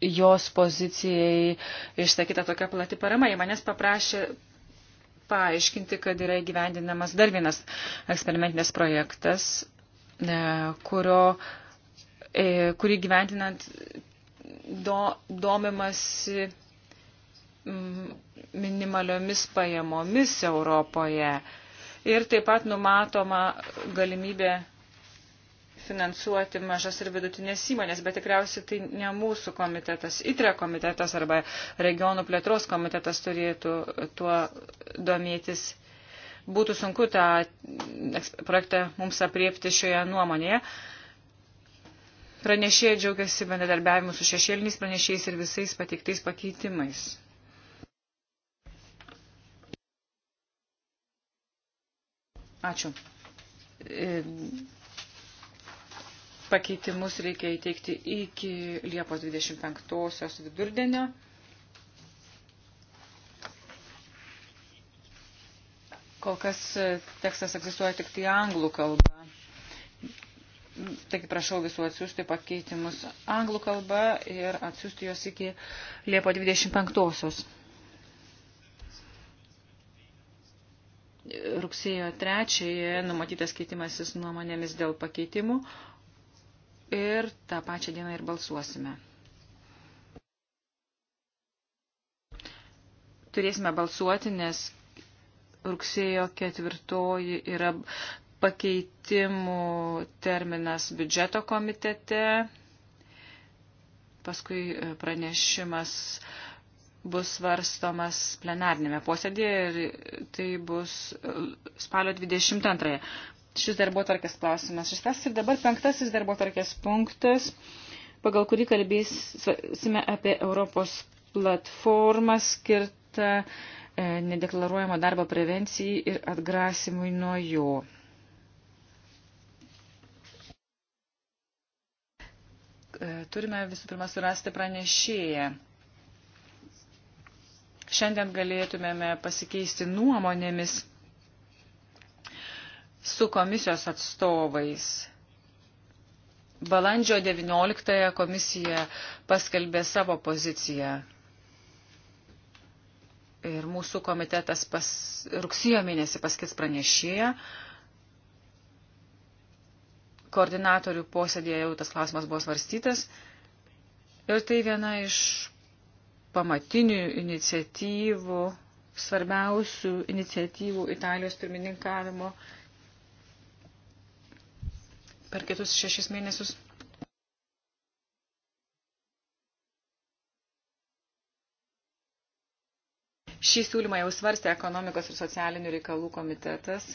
jos pozicijai išsakyta tokia plati parama. Jie manęs paprašė paaiškinti, kad yra įgyvendinamas dar vienas eksperimentinės projektas, e, kurio, e, kurį gyvendinant do, domimasi minimaliomis pajamomis Europoje ir taip pat numatoma galimybė finansuoti mažas ir vidutinės įmonės, bet tikriausiai tai ne mūsų komitetas, ITRE komitetas arba regionų plėtros komitetas turėtų tuo domėtis. Būtų sunku tą projektą mums apriepti šioje nuomonėje. Pranešėjai džiaugiasi bendradarbiavimu su šešėliniais pranešėjais ir visais pateiktais pakeitimais. Ačiū. E, pakeitimus reikia įteikti iki Liepos 25-osios vidurdienio. Kol kas e, tekstas egzistuoja tik tai anglų kalba. Taigi prašau visų atsiųsti pakeitimus anglų kalba ir atsiųsti juos iki Liepo 25-osios. rugsėjo 3-ąją numatytas keitimasis nuomonėmis dėl pakeitimų ir tą pačią dieną ir balsuosime. Turėsime balsuoti, nes rugsėjo 4 yra pakeitimų terminas biudžeto komitete, paskui pranešimas uh, bus svarstomas plenarnėme posėdėje ir tai bus e, spalio 22. Šis darbo tarkės klausimas. Šeštas ir dabar penktasis darbo tarkės punktas, pagal kurį kalbėsime apie Europos platformą skirtą e, nedeklaruojamo darbo prevencijai ir atgrasimui nuo jo. E, turime visų pirma surasti pranešėją šiandien galėtumėme pasikeisti nuomonėmis su komisijos atstovais. Balandžio 19 komisija paskelbė savo poziciją ir mūsų komitetas pas, rugsėjo mėnesį paskis pranešėją. Koordinatorių posėdėje jau tas klausimas buvo svarstytas. Ir tai viena iš pamatinių iniciatyvų, svarbiausių iniciatyvų Italijos pirmininkavimo per kitus šešis mėnesius. Šį siūlymą jau svarstė ekonomikos ir socialinių reikalų komitetas.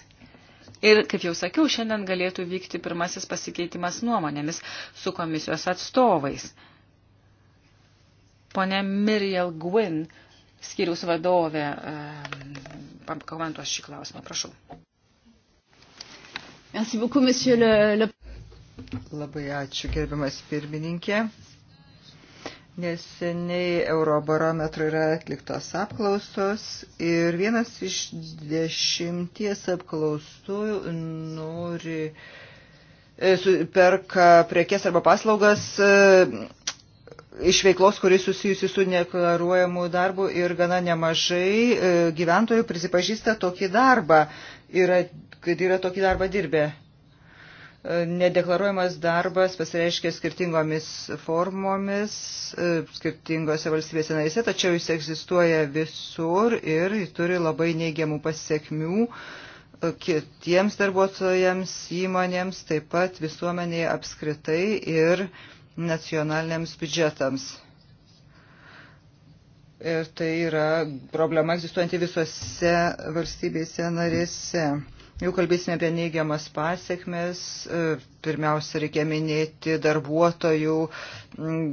Ir, kaip jau sakiau, šiandien galėtų vykti pirmasis pasikeitimas nuomonėmis su komisijos atstovais. Pone Miriel Gwyn, skiriaus vadovė, pakomentuos šį klausimą, prašau. Merci beaucoup, monsieur le, le... Labai ačiū, gerbiamas pirmininkė. Neseniai Eurobarometro yra atliktos apklausos ir vienas iš dešimties apklaustų nori e, perka prekes arba paslaugas e, iš veiklos, kuris susijusi su neklaruojamu darbu ir gana nemažai e, gyventojų prisipažįsta tokį darbą, yra, kad yra tokį darbą dirbę. E, nedeklaruojamas darbas pasireiškia skirtingomis formomis, e, skirtingose valstybėse narėse, tačiau jis egzistuoja visur ir turi labai neigiamų pasiekmių kitiems darbuotojams, įmonėms, taip pat visuomenėje apskritai ir uh, nacionaliniams biudžetams. Ir tai yra problema egzistuojanti visose valstybėse narėse. Jau kalbėsime apie neigiamas pasiekmes. Pirmiausia, reikia minėti darbuotojų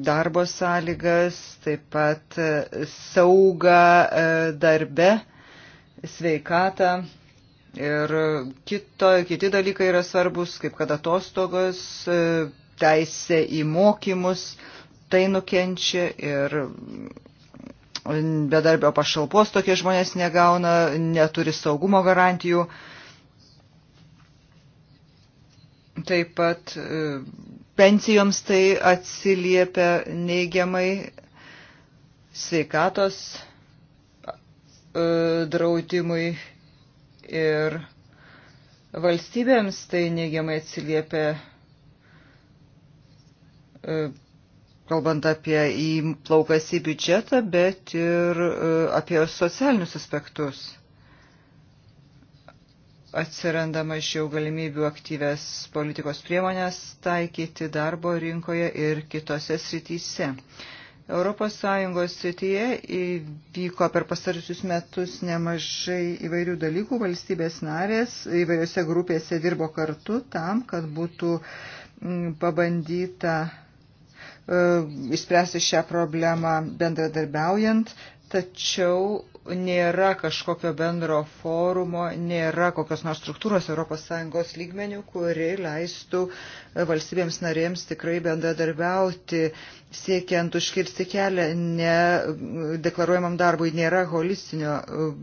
darbo sąlygas, taip pat e, saugą e, darbe, sveikatą. Ir kito, kiti dalykai yra svarbus, kaip kad atostogos, e, teisė į mokymus, tai nukenčia ir bedarbio pašalpos tokie žmonės negauna, neturi saugumo garantijų. Taip pat e, pensijoms tai atsiliepia neigiamai sveikatos e, draudimui ir valstybėms tai neigiamai atsiliepia E, kalbant apie įplaukas į biudžetą, bet ir e, apie socialinius aspektus. Atsiranda mažiau galimybių aktyvės politikos priemonės taikyti darbo rinkoje ir kitose srityse. ES srityje įvyko per pastarusius metus nemažai įvairių dalykų. Valstybės narės įvairiose grupėse dirbo kartu tam, kad būtų pabandyta E, išspręsti šią problemą bendradarbiaujant, tačiau nėra kažkokio bendro forumo, nėra kokios nors struktūros ES lygmenių, kuri leistų valstybėms narėms tikrai bendradarbiauti, siekiant užkirsti kelią nedeklaruojamam darbui. Nėra holistinio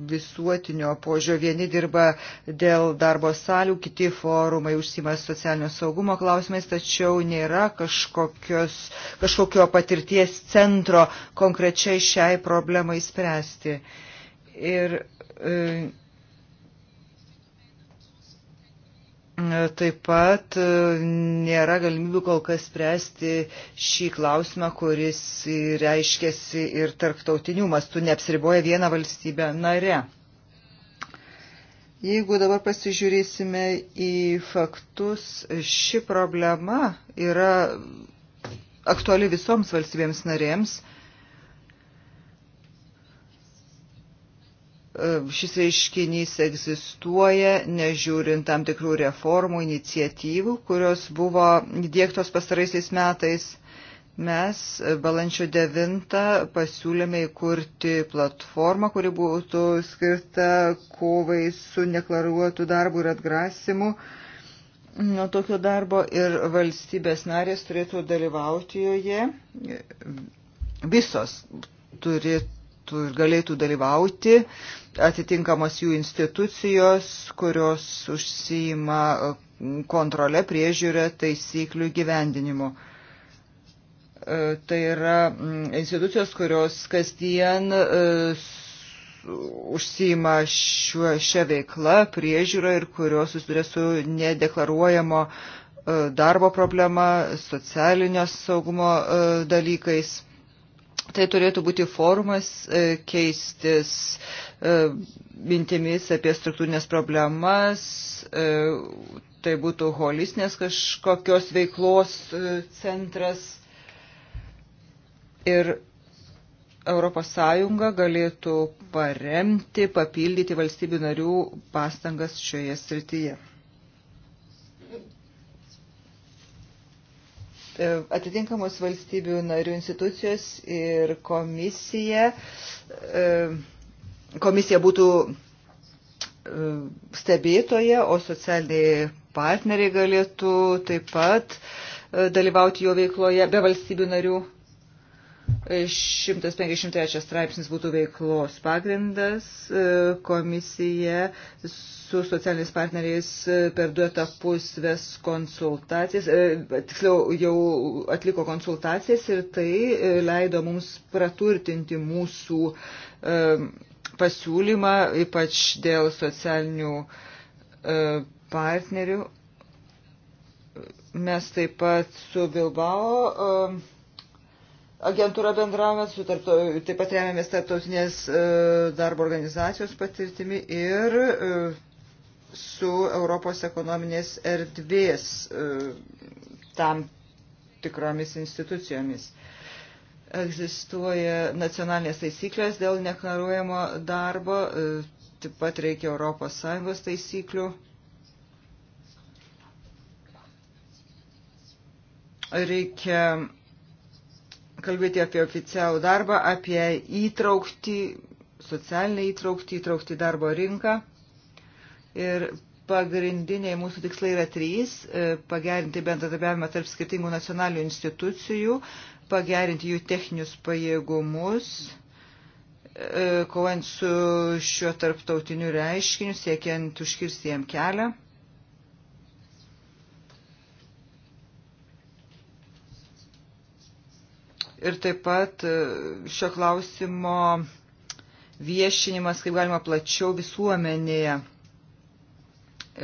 visuotinio požio. Vieni dirba dėl darbo salių, kiti forumai užsima socialinio saugumo klausimais, tačiau nėra kažkokios, kažkokio patirties centro konkrečiai šiai problemai spręsti. Ir e, E, taip pat e, nėra galimybių kol kas spręsti šį klausimą, kuris reiškiasi ir tarptautinių mastų, neapsiriboja vieną valstybę nare. Jeigu dabar pasižiūrėsime į faktus, ši problema yra aktuali visoms valstybėms narėms E, šis reiškinys egzistuoja, nežiūrint tam tikrų reformų, iniciatyvų, kurios buvo dėktos pastaraisiais metais. Mes e, balančio 9 pasiūlėme įkurti platformą, kuri būtų skirta kovai su neklaruotų darbų ir atgrasimu nuo tokio darbo ir valstybės narės turėtų dalyvauti joje. Visos turėtų galėtų dalyvauti atitinkamos jų institucijos, kurios užsijima e, kontrolę, priežiūrę taisyklių gyvendinimu. E, tai yra mm, institucijos, kurios kasdien e, užsijima šiuo, šią veiklą, priežiūrą ir kurios susiduria su nedeklaruojamo darbo problema, socialinio saugumo dalykais. Tai turėtų būti formas e, keistis e, mintimis apie struktūrinės problemas, e, tai būtų holistinės kažkokios veiklos centras. Ir ES galėtų paremti, papildyti valstybių narių pastangas šioje srityje. E, atitinkamos valstybių narių institucijos ir komisija. E, komisija būtų e, stebėtoje, o socialiniai partneriai galėtų taip pat dalyvauti jo veikloje be valstybių narių 153 straipsnis būtų veiklos pagrindas. E, komisija su socialiniais partneriais e, per du etapus ves konsultacijas, e, tiksliau jau atliko konsultacijas ir tai leido mums praturtinti mūsų pasiūlymą, ypač dėl socialinių partnerių. Mes taip pat su Bilbao agentūra bendravome, su tarpto, taip pat remiamės tarptautinės e, darbo organizacijos patirtimi ir e, su Europos ekonominės erdvės e, tam tikromis institucijomis. Egzistuoja nacionalinės taisyklės dėl neklaruojamo darbo, taip pat reikia Europos Sąjungos taisyklių. Reikia kalbėti apie oficialų darbą, apie įtraukti, socialinę įtraukti, įtraukti darbo rinką. Ir pagrindiniai mūsų tikslai yra trys - e, pagerinti bendradarbiavimą tarp skirtingų nacionalinių institucijų, pagerinti jų techninius pajėgumus, e, kovant su šiuo tarptautiniu reiškiniu, siekiant užkirsti jam kelią. ir taip pat e, šio klausimo viešinimas, kaip galima plačiau visuomenėje.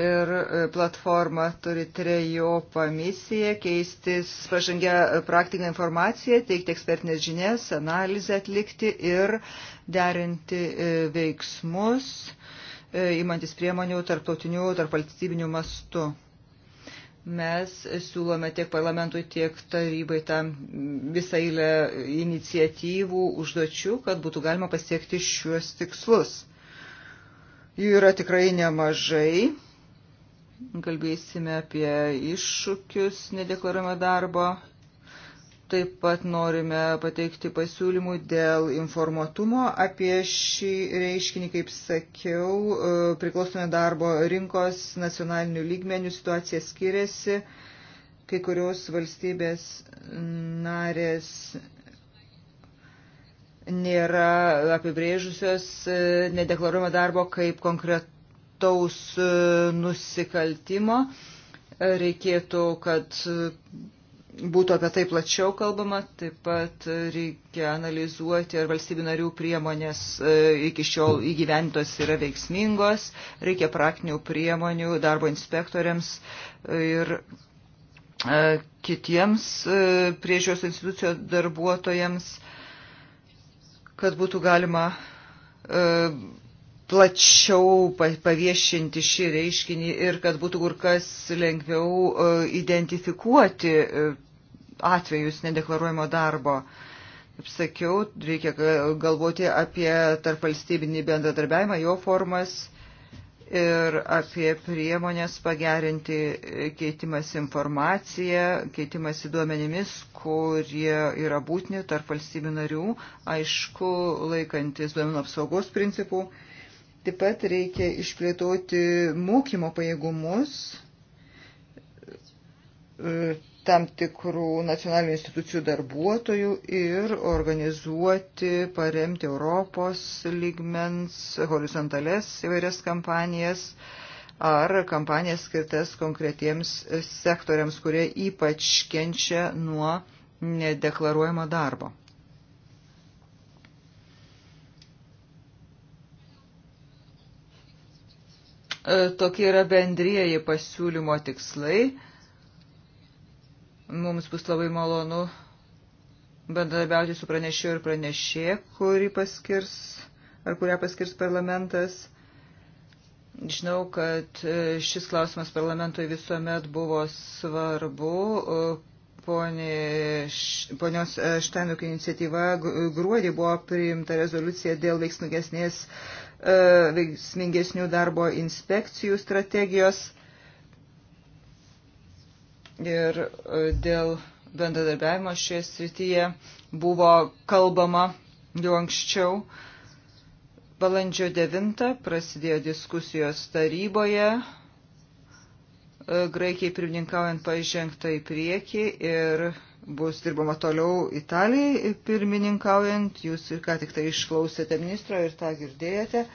Ir e, platforma turi trejopą misiją - keistis pažangę praktinę informaciją, teikti ekspertinės žinias, analizę atlikti ir derinti e, veiksmus, įmantis priemonių tarptautinių, tarp valstybinių mastų. Mes siūlome tiek parlamentui, tiek tarybai tam visą eilę iniciatyvų, užduočių, kad būtų galima pasiekti šiuos tikslus. Jų yra tikrai nemažai. Kalbėsime apie iššūkius nedeklaruojamo darbo Taip pat norime pateikti pasiūlymų dėl informatumo apie šį reiškinį, kaip sakiau, e, priklausome darbo rinkos nacionalinių lygmenių, situacija skiriasi, kai kurios valstybės narės nėra apibrėžusios e, nedeklaruojamo darbo kaip konkretaus e, nusikaltimo. Reikėtų, kad būtų apie tai plačiau kalbama, taip pat reikia analizuoti, ar valstybių narių priemonės e, iki šiol įgyventos yra veiksmingos, reikia praktinių priemonių darbo inspektoriams ir e, kitiems e, priežios institucijos darbuotojams, kad būtų galima plačiau paviešinti šį reiškinį ir kad būtų kur kas lengviau identifikuoti atvejus nedeklaruojamo darbo. Kaip sakiau, reikia galvoti apie tarpvalstybinį bendradarbiavimą, jo formas ir apie priemonės pagerinti keitimas informaciją, keitimas duomenimis, kurie yra būtini tarp valstybių narių, aišku, laikantis duomenų apsaugos principų. Taip pat reikia išplėtoti mokymo pajėgumus e, tam tikrų nacionalinių institucijų darbuotojų ir organizuoti, paremti Europos lygmens horizontales įvairias kampanijas ar kampanijas skirtas konkretiems sektoriams, kurie ypač kenčia nuo nedeklaruojamo darbo. E, tokie yra bendrieji pasiūlymo tikslai Mums bus labai malonu bendradarbiauti su pranešėju ir pranešė, kuri paskirs ar kurią paskirs parlamentas. Žinau, kad e, šis klausimas parlamentui visuomet buvo svarbu. E, ponios e, Štainuk iniciatyva gruodį buvo priimta rezoliucija dėl veiksmingesnės, veiksmingesnių darbo inspekcijų strategijos ir e, dėl bendradarbiavimo šioje srityje buvo kalbama jau anksčiau. Balandžio 9 prasidėjo diskusijos taryboje. E, Graikijai pirmininkaujant pažengta į priekį ir bus dirbama toliau Italijai pirmininkaujant. Jūs ir ką tik tai išklausėte ministro ir tą girdėjote.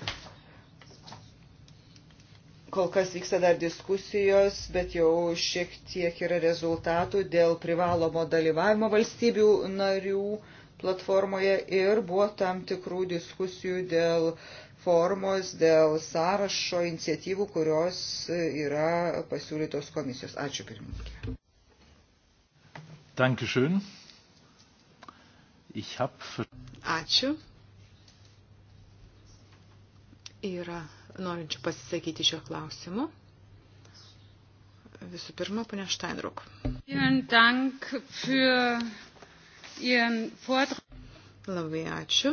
Kol kas vyksta dar diskusijos, bet jau šiek tiek yra rezultatų dėl privalomo dalyvavimo valstybių narių platformoje ir buvo tam tikrų diskusijų dėl formos, dėl sąrašo iniciatyvų, kurios yra pasiūlytos komisijos. Ačiū pirmininkė. Dankeschön. Ich hab... Ačiū. Yra norinčių pasisakyti šio klausimu. Visų pirma, ponia Steinruk. Labai ačiū.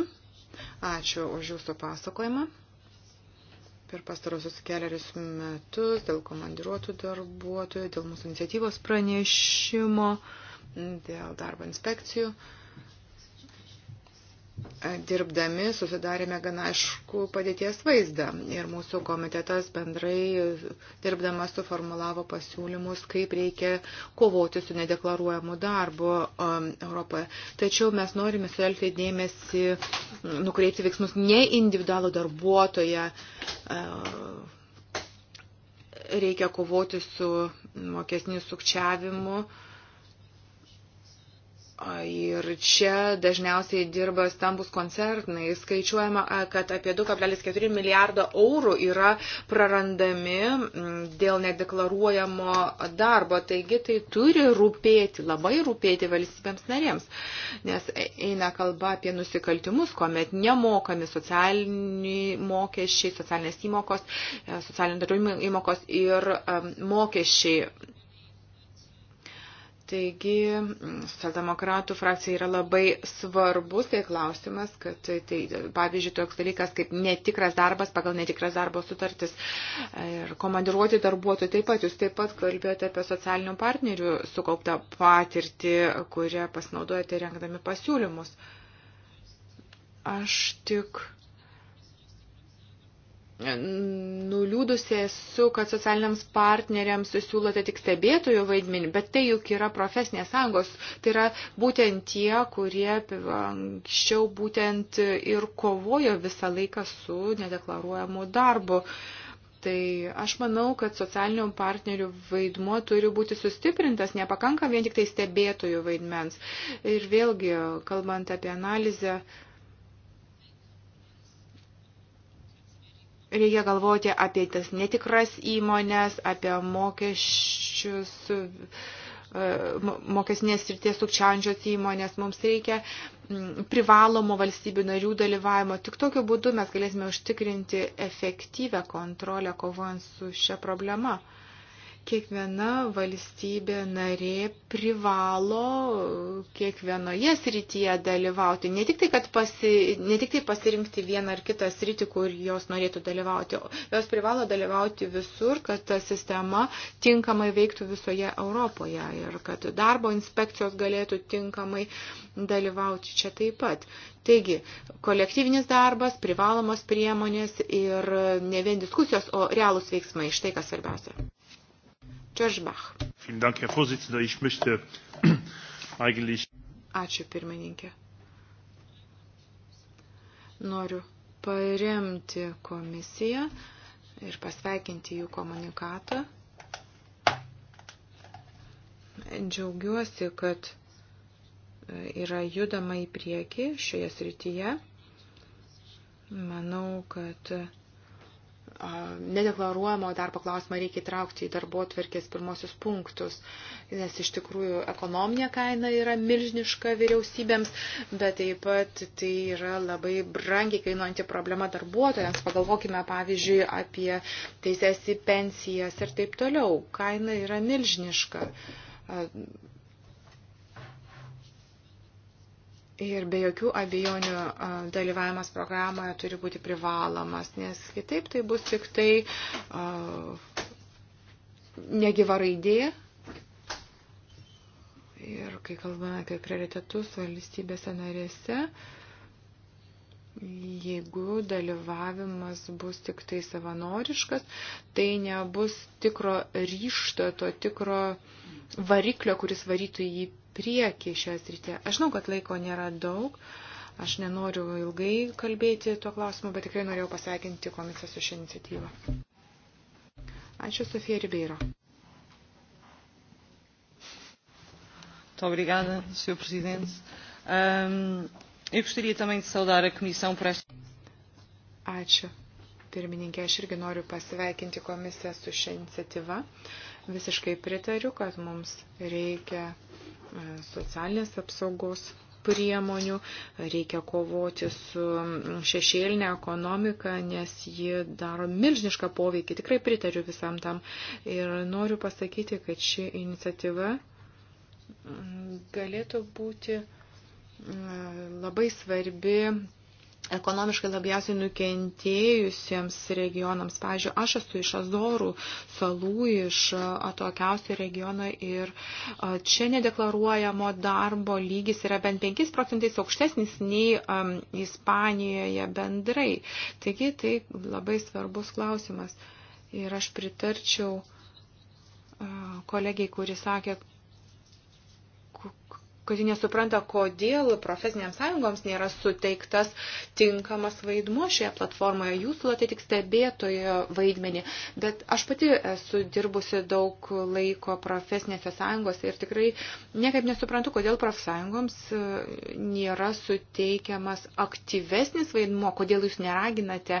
Ačiū už jūsų pasakojimą. Per pastarosius keliarius metus dėl komandiruotų darbuotojų, dėl mūsų iniciatyvos pranešimo, dėl darbo inspekcijų. Uh, dirbdami susidarėme gana aišku padėties vaizdą ir mūsų komitetas bendrai dirbdamas suformulavo pasiūlymus, kaip reikia kovoti su nedeklaruojamu darbu um, Europoje. Tačiau mes norime suelgti dėmesį, nukreipti veiksmus ne individualų darbuotoją uh, reikia kovoti su mokesniu sukčiavimu, Ir čia dažniausiai dirba stambus koncernai. Skaičiuojama, kad apie 2,4 milijardo eurų yra prarandami mm, dėl nedeklaruojamo darbo. Taigi tai turi rūpėti, labai rūpėti valstybėms narėms. Nes e, eina kalba apie nusikaltimus, kuomet nemokami socialiniai mokesčiai, socialinės įmokos, e, socialinio darbo įmokos ir mokesčiai Taigi, socialdemokratų frakcija yra labai svarbus, tai klausimas, kad tai, tai, pavyzdžiui, toks dalykas kaip netikras darbas pagal netikras darbo sutartis ir komandiruoti darbuotojų taip pat. Jūs taip pat kalbėjote apie socialinių partnerių sukauptą patirtį, kurią pasinaudojate rengdami pasiūlymus. Aš tik nuliūdusi esu, kad socialiniams partneriams siūlote tik stebėtojų vaidmenį, bet tai juk yra profesinės sąjungos. Tai yra būtent tie, kurie anksčiau būtent ir kovojo visą laiką su nedeklaruojamu darbu. Tai aš manau, kad socialinių partnerių vaidmuo turi būti sustiprintas, nepakanka vien tik tai stebėtojų vaidmens. Ir vėlgi, kalbant apie analizę, uh, Reikia galvoti apie tas netikras įmonės, apie mokesčius, e, mokesnės ir ties sukčiaujančios įmonės. Mums reikia privalomo valstybių narių dalyvavimo. Tik tokiu būdu mes galėsime užtikrinti efektyvę kontrolę kovojant su šia problema kiekviena valstybė narė privalo kiekvienoje srityje dalyvauti. Ne tik tai, kad pasi, ne tik tai pasirinkti vieną ar kitą sritį, kur jos norėtų dalyvauti, jos privalo dalyvauti visur, kad ta sistema tinkamai veiktų visoje Europoje ir kad darbo inspekcijos galėtų tinkamai dalyvauti čia taip pat. Taigi, kolektyvinis darbas, privalomos priemonės ir ne vien diskusijos, o realūs veiksmai. Štai kas svarbiausia. Kiršbach. Ačiū pirmininkė. Noriu paremti komisiją ir pasveikinti jų komunikatą. Džiaugiuosi, kad yra judama į priekį šioje srityje. Manau, kad nedeklaruojamo darbo klausimą reikia įtraukti į darbo atverkės pirmosius punktus, nes iš tikrųjų ekonominė kaina yra milžiniška vyriausybėms, bet taip pat tai yra labai brangiai kainuojanti problema darbuotojams. Pagalvokime, pavyzdžiui, apie teisės į pensijas ir taip toliau. Kaina yra milžiniška Ir be jokių abejonių dalyvavimas programoje turi būti privalomas, nes kitaip tai bus tik tai negyva raidė. Ir kai kalbame apie prioritetus valstybėse narėse, jeigu dalyvavimas bus tik tai savanoriškas, tai nebus tikro ryšto, to tikro variklio, kuris varytų jį priekį šią sritį. Aš žinau, kad laiko nėra daug. Aš nenoriu ilgai kalbėti tuo klausimu, bet tikrai norėjau pasveikinti komisiją su šią iniciatyvą. Ačiū, Sofija Ribeiro. Obrigada, Sr. Presidente. Um, eu gostaria também de saudar a Comissão por esta. Ačiū. Pirmininkė, aš irgi noriu pasveikinti komisiją su šią iniciatyvą. Uh, Visiškai pritariu, kad mums reikia e, socialinės apsaugos priemonių, reikia kovoti su šešėlinė ekonomika, nes ji daro milžinišką poveikį. Tikrai pritariu visam tam. Ir noriu pasakyti, kad ši iniciatyva galėtų būti labai svarbi ekonomiškai labiausiai nukentėjusiems regionams. Pavyzdžiui, aš esu iš Azorų salų, iš atokiausio regiono ir čia nedeklaruojamo darbo lygis yra bent 5 procentais aukštesnis nei um, Ispanijoje bendrai. Taigi tai labai svarbus klausimas. Ir aš pritarčiau kolegiai, kuris sakė, kad jie nesupranta, kodėl profesiniams sąjungoms nėra suteiktas tinkamas vaidmuo šioje platformoje. Jūs siūlote tai tik stebėtojo vaidmenį, bet aš pati esu dirbusi daug laiko profesinėse sąjungose ir tikrai niekaip nesuprantu, kodėl profsąjungoms e, nėra suteikiamas aktyvesnis vaidmuo, kodėl jūs neraginate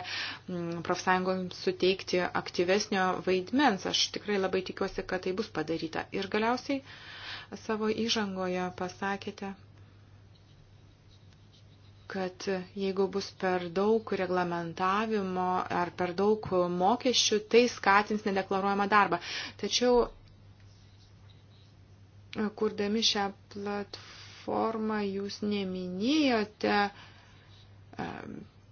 profsąjungoms suteikti aktyvesnio vaidmens. Aš tikrai labai tikiuosi, kad tai bus padaryta. Ir galiausiai savo įžangoje pasakėte, kad jeigu bus per daug reglamentavimo ar per daug mokesčių, tai skatins nedeklaruojamą darbą. Tačiau, kurdami šią platformą, jūs neminėjote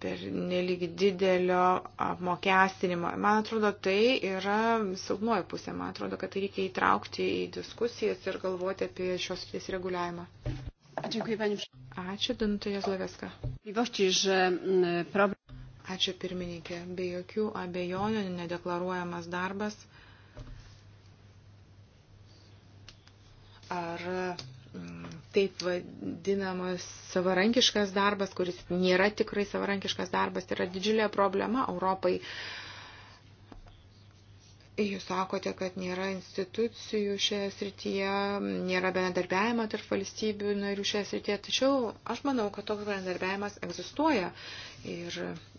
per neligi didelio apmokestinimo. Man atrodo, tai yra silpnoji pusė. Man atrodo, kad tai reikia įtraukti į diskusijas ir galvoti apie šios srities reguliavimą. Dziękuję Pani. Ačiū, Danutė Jazloveska. Mm, Ačiū, pirmininkė. Be jokių abejonių nedeklaruojamas darbas. Ar taip vadinamas savarankiškas darbas, kuris nėra tikrai savarankiškas darbas, tai yra didžiulė problema Europai. Jūs sakote, kad nėra institucijų šioje srityje, nėra bendradarbiavimo tarp valstybių narių šioje srityje, tačiau aš manau, kad toks bendradarbiavimas egzistuoja. Ir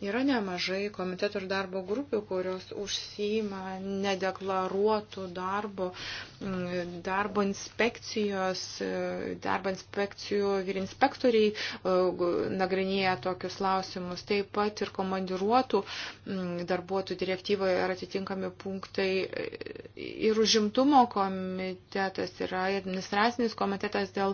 yra nemažai komitetų ir darbo grupių, kurios užsima nedeklaruotų darbo, mm, darbo inspekcijos, darbo inspekcijų ir inspektoriai e, nagrinėja tokius klausimus. Taip pat ir komandiruotų mm, darbuotojų direktyvoje yra atitinkami punktai. Ir užimtumo komitetas yra administracinis komitetas dėl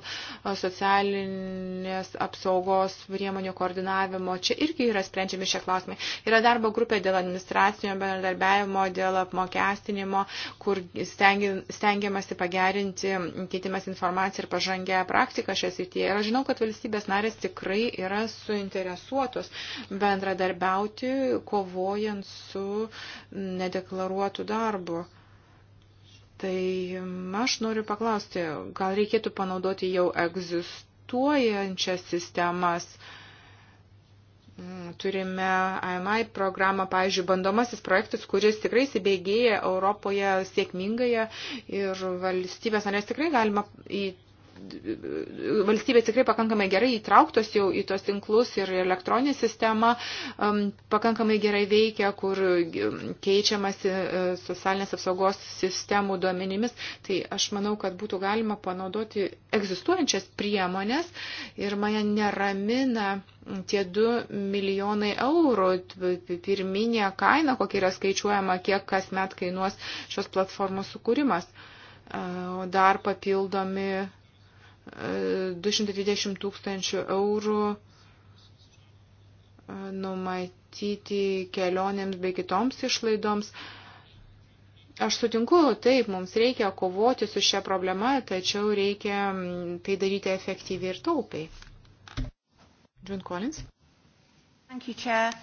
socialinės apsaugos priemonių koordinavimo. Čia ir irgi yra sprendžiami šie klausimai. Yra darbo grupė dėl administracinio bendradarbiavimo, dėl apmokestinimo, kur stengi, stengiamasi pagerinti keitimas informaciją ir pažangę praktiką šią srityje. Ir aš žinau, kad valstybės narės tikrai yra suinteresuotos bendradarbiauti, kovojant su nedeklaruotu darbu. Tai mm, aš noriu paklausti, gal reikėtų panaudoti jau egzistuojančias sistemas, uh, Mm, turime AMI programą, pavyzdžiui, bandomasis projektas, kuris tikrai įsibėgėja Europoje sėkmingai ir valstybės narės tikrai galima į valstybės tikrai pakankamai gerai įtrauktos jau į tos tinklus ir elektroninė sistema um, pakankamai gerai veikia, kur um, keičiamasi uh, socialinės apsaugos sistemų duomenimis. Tai aš manau, kad būtų galima panaudoti egzistuojančias priemonės ir mane neramina tie 2 milijonai eurų pirminė kaina, kokia yra skaičiuojama, kiek kas met kainuos šios platformos sukūrimas. Uh, o dar papildomi 220 tūkstančių eurų e, numatyti kelionėms bei kitoms išlaidoms. Aš sutinku, taip, mums reikia kovoti su šia problema, tačiau reikia tai daryti efektyviai ir taupiai. June Collins. Thank you, Chair.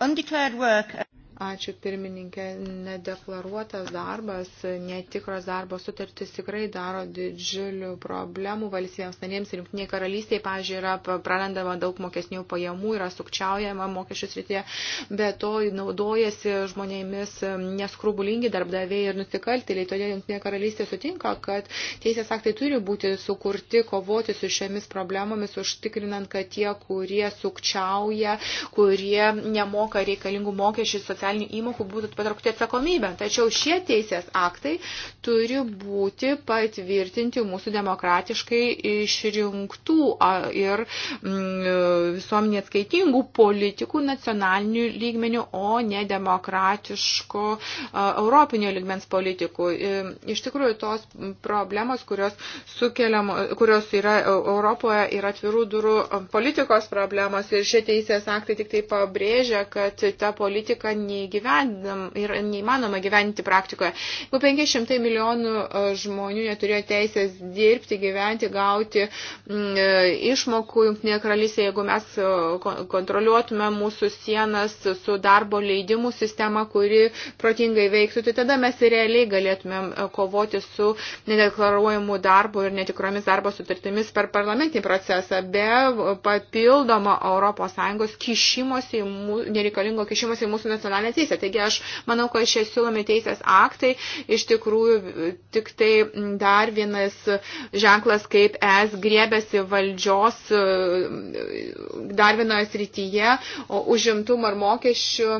Undeclared work. Ačiū pirmininkė, nedeklaruotas darbas, netikros darbo sutartis tikrai daro didžiulių problemų valstybėms narėms ir jungtiniai karalystiai, pažiūrėjau, yra prarandama daug mokesnių pajamų, yra sukčiaujama mokesčių srityje, bet to naudojasi žmonėmis neskrubulingi darbdaviai ir nusikaltėliai. Todėl jungtinė karalystė sutinka, kad teisės aktai turi būti sukurti, kovoti su šiomis problemomis, užtikrinant, kad tie, kurie sukčiauja, kurie nemoka reikalingų mokesčių socialinių socialinių įmokų būtų patraukti atsakomybę. Tačiau šie teisės aktai turi būti patvirtinti mūsų demokratiškai išrinktų ir mm, visuomenė atskaitingų politikų nacionalinių lygmenių, o ne demokratiško europinio lygmens politikų. Iš tikrųjų, tos problemos, kurios, sukeliam, kurios yra e, Europoje, yra atvirų durų e, politikos problemos ir šie teisės aktai tik tai pabrėžia, kad ta politika nė ir neįmanoma gyventi praktikoje. Jeigu 500 milijonų e, žmonių neturėjo teisės dirbti, gyventi, gauti mm, e, išmokų Junktinėje karalystėje, jeigu mes e, kontroliuotume mūsų sienas su darbo leidimų sistema, kuri protingai veiktų, tai tada mes realiai galėtumėm kovoti su nedeklaruojamu darbu ir netikromis darbo sutartimis per parlamentinį procesą be papildomo ES kišimosi, nereikalingo kišimosi į mūsų nacionalinę nacionalinę teisę. Taigi aš manau, kad šie siūlomi teisės aktai iš tikrųjų e, tik tai dar vienas ženklas, kaip es griebėsi valdžios e, dar vienoje srityje, o užimtumo ar mokesčių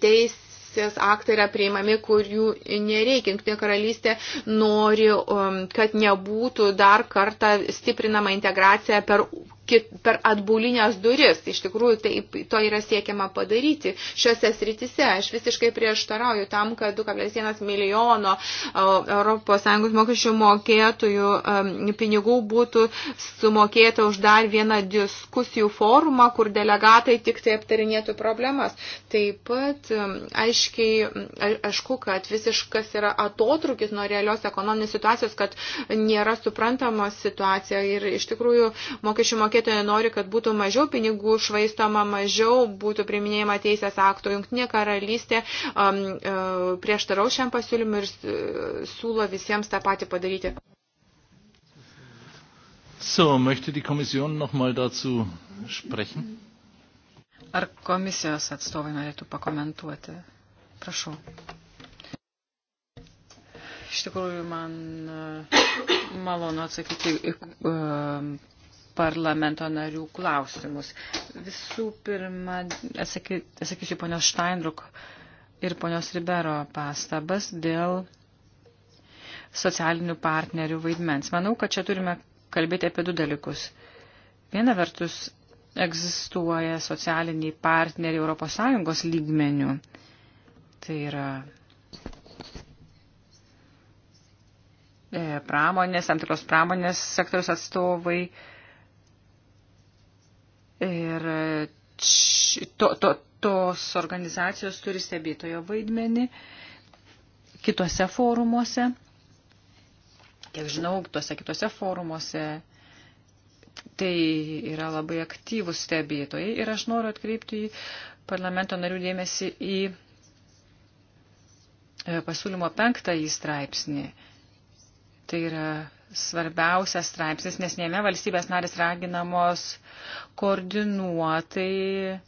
teis teisės aktai yra priimami, kurių nereikia. Junktinė karalystė nori, um, kad nebūtų dar kartą stiprinama integracija per kit, per atbulinės duris. Iš tikrųjų, taip, to yra siekiama padaryti šiuose sritise. Aš visiškai prieštarauju tam, kad 2,1 milijono ES mokesčių mokėtojų pinigų būtų sumokėta už dar vieną diskusijų forumą, kur delegatai tik tai aptarinėtų problemas. Taip pat aiškiai, aišku, kad visiškas yra atotrukis nuo realios ekonominės situacijos, kad nėra suprantama situacija ir iš tikrųjų mokesčių mokėtojų mokėtojai nori, kad būtų mažiau pinigų švaistoma, mažiau būtų priminėjama teisės akto. Junktinė karalystė um, uh, prieštarau šiam pasiūlymui ir e, siūlo visiems tą patį padaryti. So, möchte die Kommission noch mal dazu sprechen? Ar komisijos atstovai norėtų pakomentuoti? Prašau. Iš tikrųjų, man e, malonu atsakyti į parlamento narių klausimus. Visų pirma, atsaky, atsakysiu ponios Steinruk ir ponios Ribero pastabas dėl socialinių partnerių vaidmens. Manau, kad čia turime kalbėti apie du dalykus. Viena vertus, egzistuoja socialiniai partneriai ES lygmenių. Tai yra e, pramonės, tam tikros pramonės sektoriaus atstovai, Ir to, to, tos organizacijos turi stebėtojo vaidmenį kitose forumuose. Kiek žinau, tuose kitose forumuose tai yra labai aktyvus stebėtojai ir aš noriu atkreipti į parlamento narių dėmesį į e, pasiūlymo penktąjį straipsnį. Tai yra svarbiausias straipsnis, nes jame valstybės narės raginamos koordinuotai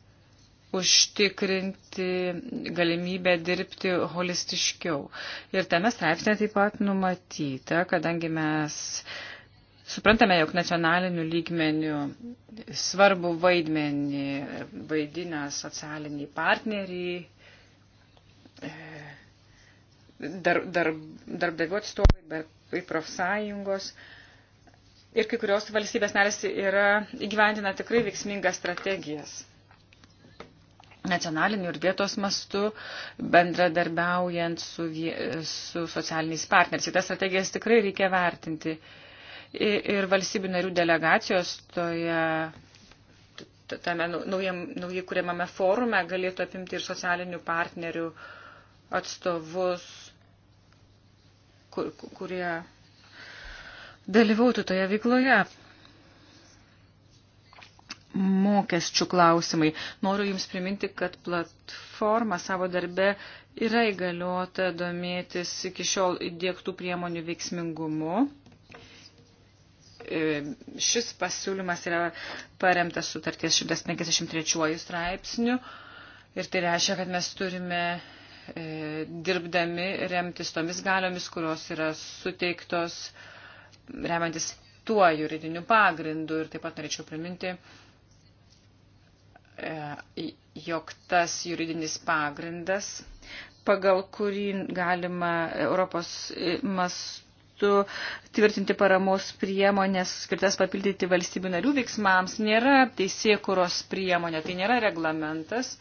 užtikrinti galimybę dirbti holistiškiau. Ir tame straipsnė taip pat numatyta, kadangi mes suprantame, jog nacionaliniu lygmeniu svarbu vaidmenį vaidina socialiniai partneriai, e, dar, dar, darbdavių atstovai, bet profsąjungos. Ir kai kurios valstybės narės yra įgyvendina tikrai veiksmingas strategijas. Nacionaliniu ir vietos mastu bendradarbiaujant su, vie, su socialiniais partneriais. Tas strategijas tikrai reikia vertinti. Ir, ir valstybių narių delegacijos toje tame naujam, naujai kuriamame forume galėtų apimti ir socialinių partnerių atstovus kur, kurie dalyvautų toje veikloje. Mokesčių klausimai. Noriu Jums priminti, kad platforma savo darbe yra įgaliota domėtis iki šiol įdėktų priemonių veiksmingumu. E, šis pasiūlymas yra paremtas sutarties 153 straipsniu ir tai reiškia, kad mes turime E, dirbdami remtis tomis galiomis, kurios yra suteiktos remiantis tuo juridiniu pagrindu. Ir taip pat norėčiau priminti, e, jog tas juridinis pagrindas, pagal kurį galima Europos mastu mastu tvirtinti paramos priemonės, skirtas papildyti valstybių narių veiksmams, nėra teisėkuros priemonė, tai nėra reglamentas.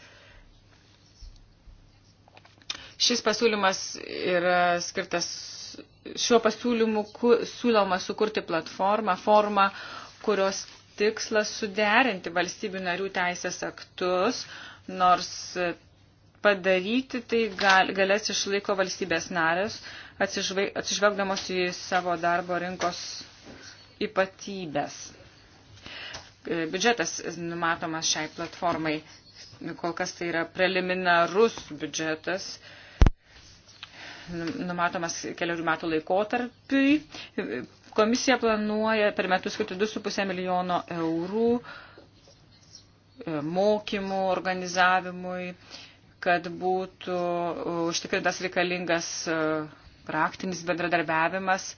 Šis pasiūlymas yra skirtas, šiuo pasiūlymu ku, siūloma sukurti platformą, formą, kurios tikslas suderinti valstybių narių teisės aktus, nors padaryti tai gal, galės išlaiko valstybės narės, atsižvelgdamos į savo darbo rinkos ypatybės. Biudžetas numatomas šiai platformai. Kol kas tai yra preliminarus biudžetas, numatomas keliarių metų laikotarpiui. Komisija planuoja per metus skirti 2,5 milijono eurų e, mokymų organizavimui, kad būtų užtikrintas reikalingas e, praktinis bendradarbiavimas,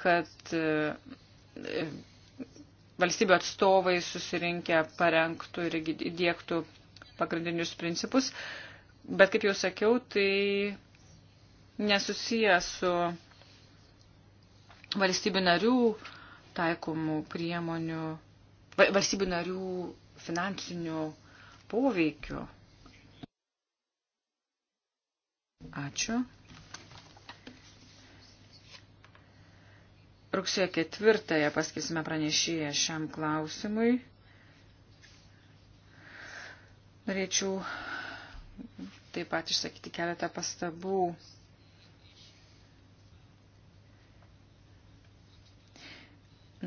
kad e, valstybių atstovai susirinkę parengtų ir įdėktų pagrindinius principus. Bet kaip jau sakiau, tai nesusijęs su valstybių narių taikomų priemonių, valstybių narių finansinių poveikių. Ačiū. Rugsėjo ketvirtąją paskirsime pranešėją šiam klausimui. Norėčiau taip pat išsakyti keletą pastabų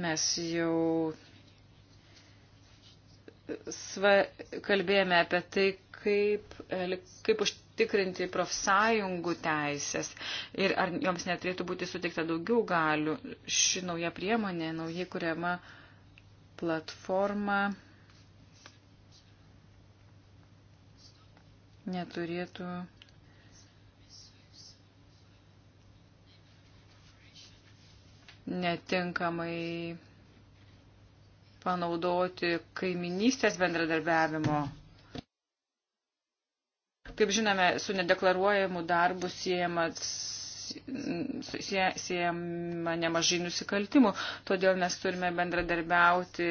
Mes jau sva, kalbėjome apie tai, kaip, kaip užtikrinti profsąjungų teisės ir ar joms neturėtų būti suteikta daugiau galių. Ši nauja priemonė, naujai kuriama platforma neturėtų netinkamai panaudoti kaiminystės bendradarbiavimo. Kaip žinome, su nedeklaruojamu darbu siejamas siejama nemažai nusikaltimų, todėl mes turime bendradarbiauti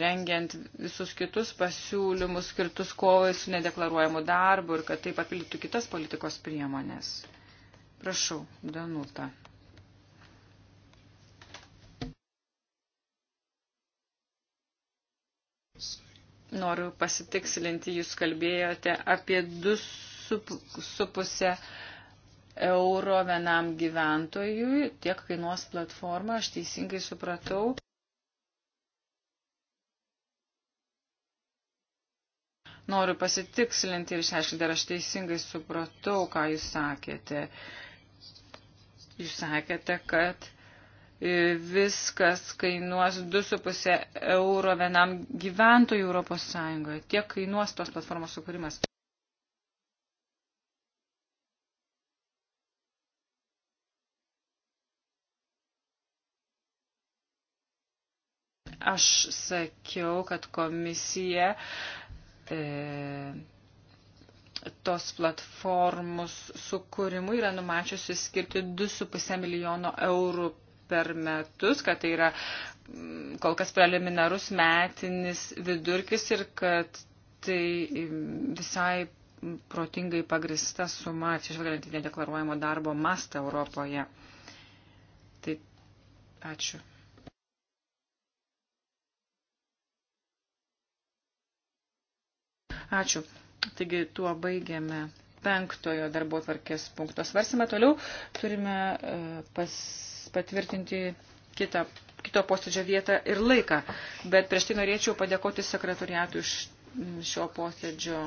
rengiant visus kitus pasiūlymus skirtus kovai su nedeklaruojamu darbu ir kad tai papildytų kitas politikos priemonės. Prašau, Danuta. Noriu pasitikslinti, jūs kalbėjote apie 2,5 euro vienam gyventojui, tiek kainuos platforma, aš teisingai supratau. Noriu pasitikslinti ir išaiškinti, ar aš teisingai supratau, ką jūs sakėte. Jūs sakėte, kad viskas kainuos 2,5 euro vienam gyventojui Europos Sąjungoje. Tiek kainuos tos platformos sukūrimas. Aš sakiau, kad komisija e, tos platformos sukūrimui yra numačiusi skirti 2,5 milijono eurų per metus, kad tai yra mm, kol kas preliminarus metinis vidurkis ir kad tai mm, visai protingai pagrista suma, atsižvelgiant į nedeklaruojamo darbo mastą Europoje. Tai ačiū. Ačiū. Taigi tuo baigiame penktojo darbo tvarkės punkto svarsimą. Toliau turime e, pas patvirtinti kitą, kito posėdžio vietą ir laiką. Bet prieš tai norėčiau padėkoti sekretoriatui iš šio posėdžio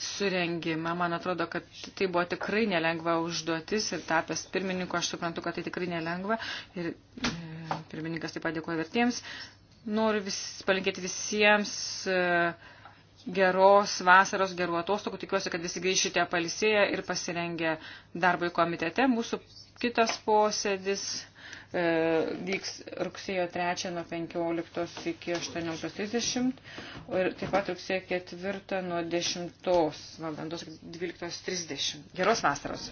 surengimą. Man atrodo, kad tai buvo tikrai nelengva užduotis ir tapęs pirmininku, aš suprantu, kad tai tikrai nelengva. Ir e, pirmininkas taip pat dėkoja vertiems. Noriu vis, palinkėti visiems. Uh, geros vasaros, gerų atostogų. Tikiuosi, kad visi grįšite palisėję ir pasirengę darbui komitete. Mūsų Kitas posėdis e, vyks rugsėjo 3 nuo 15 iki 18.30 ir taip pat rugsėjo 4 nuo 10 val. 12.30. Geros vasaros.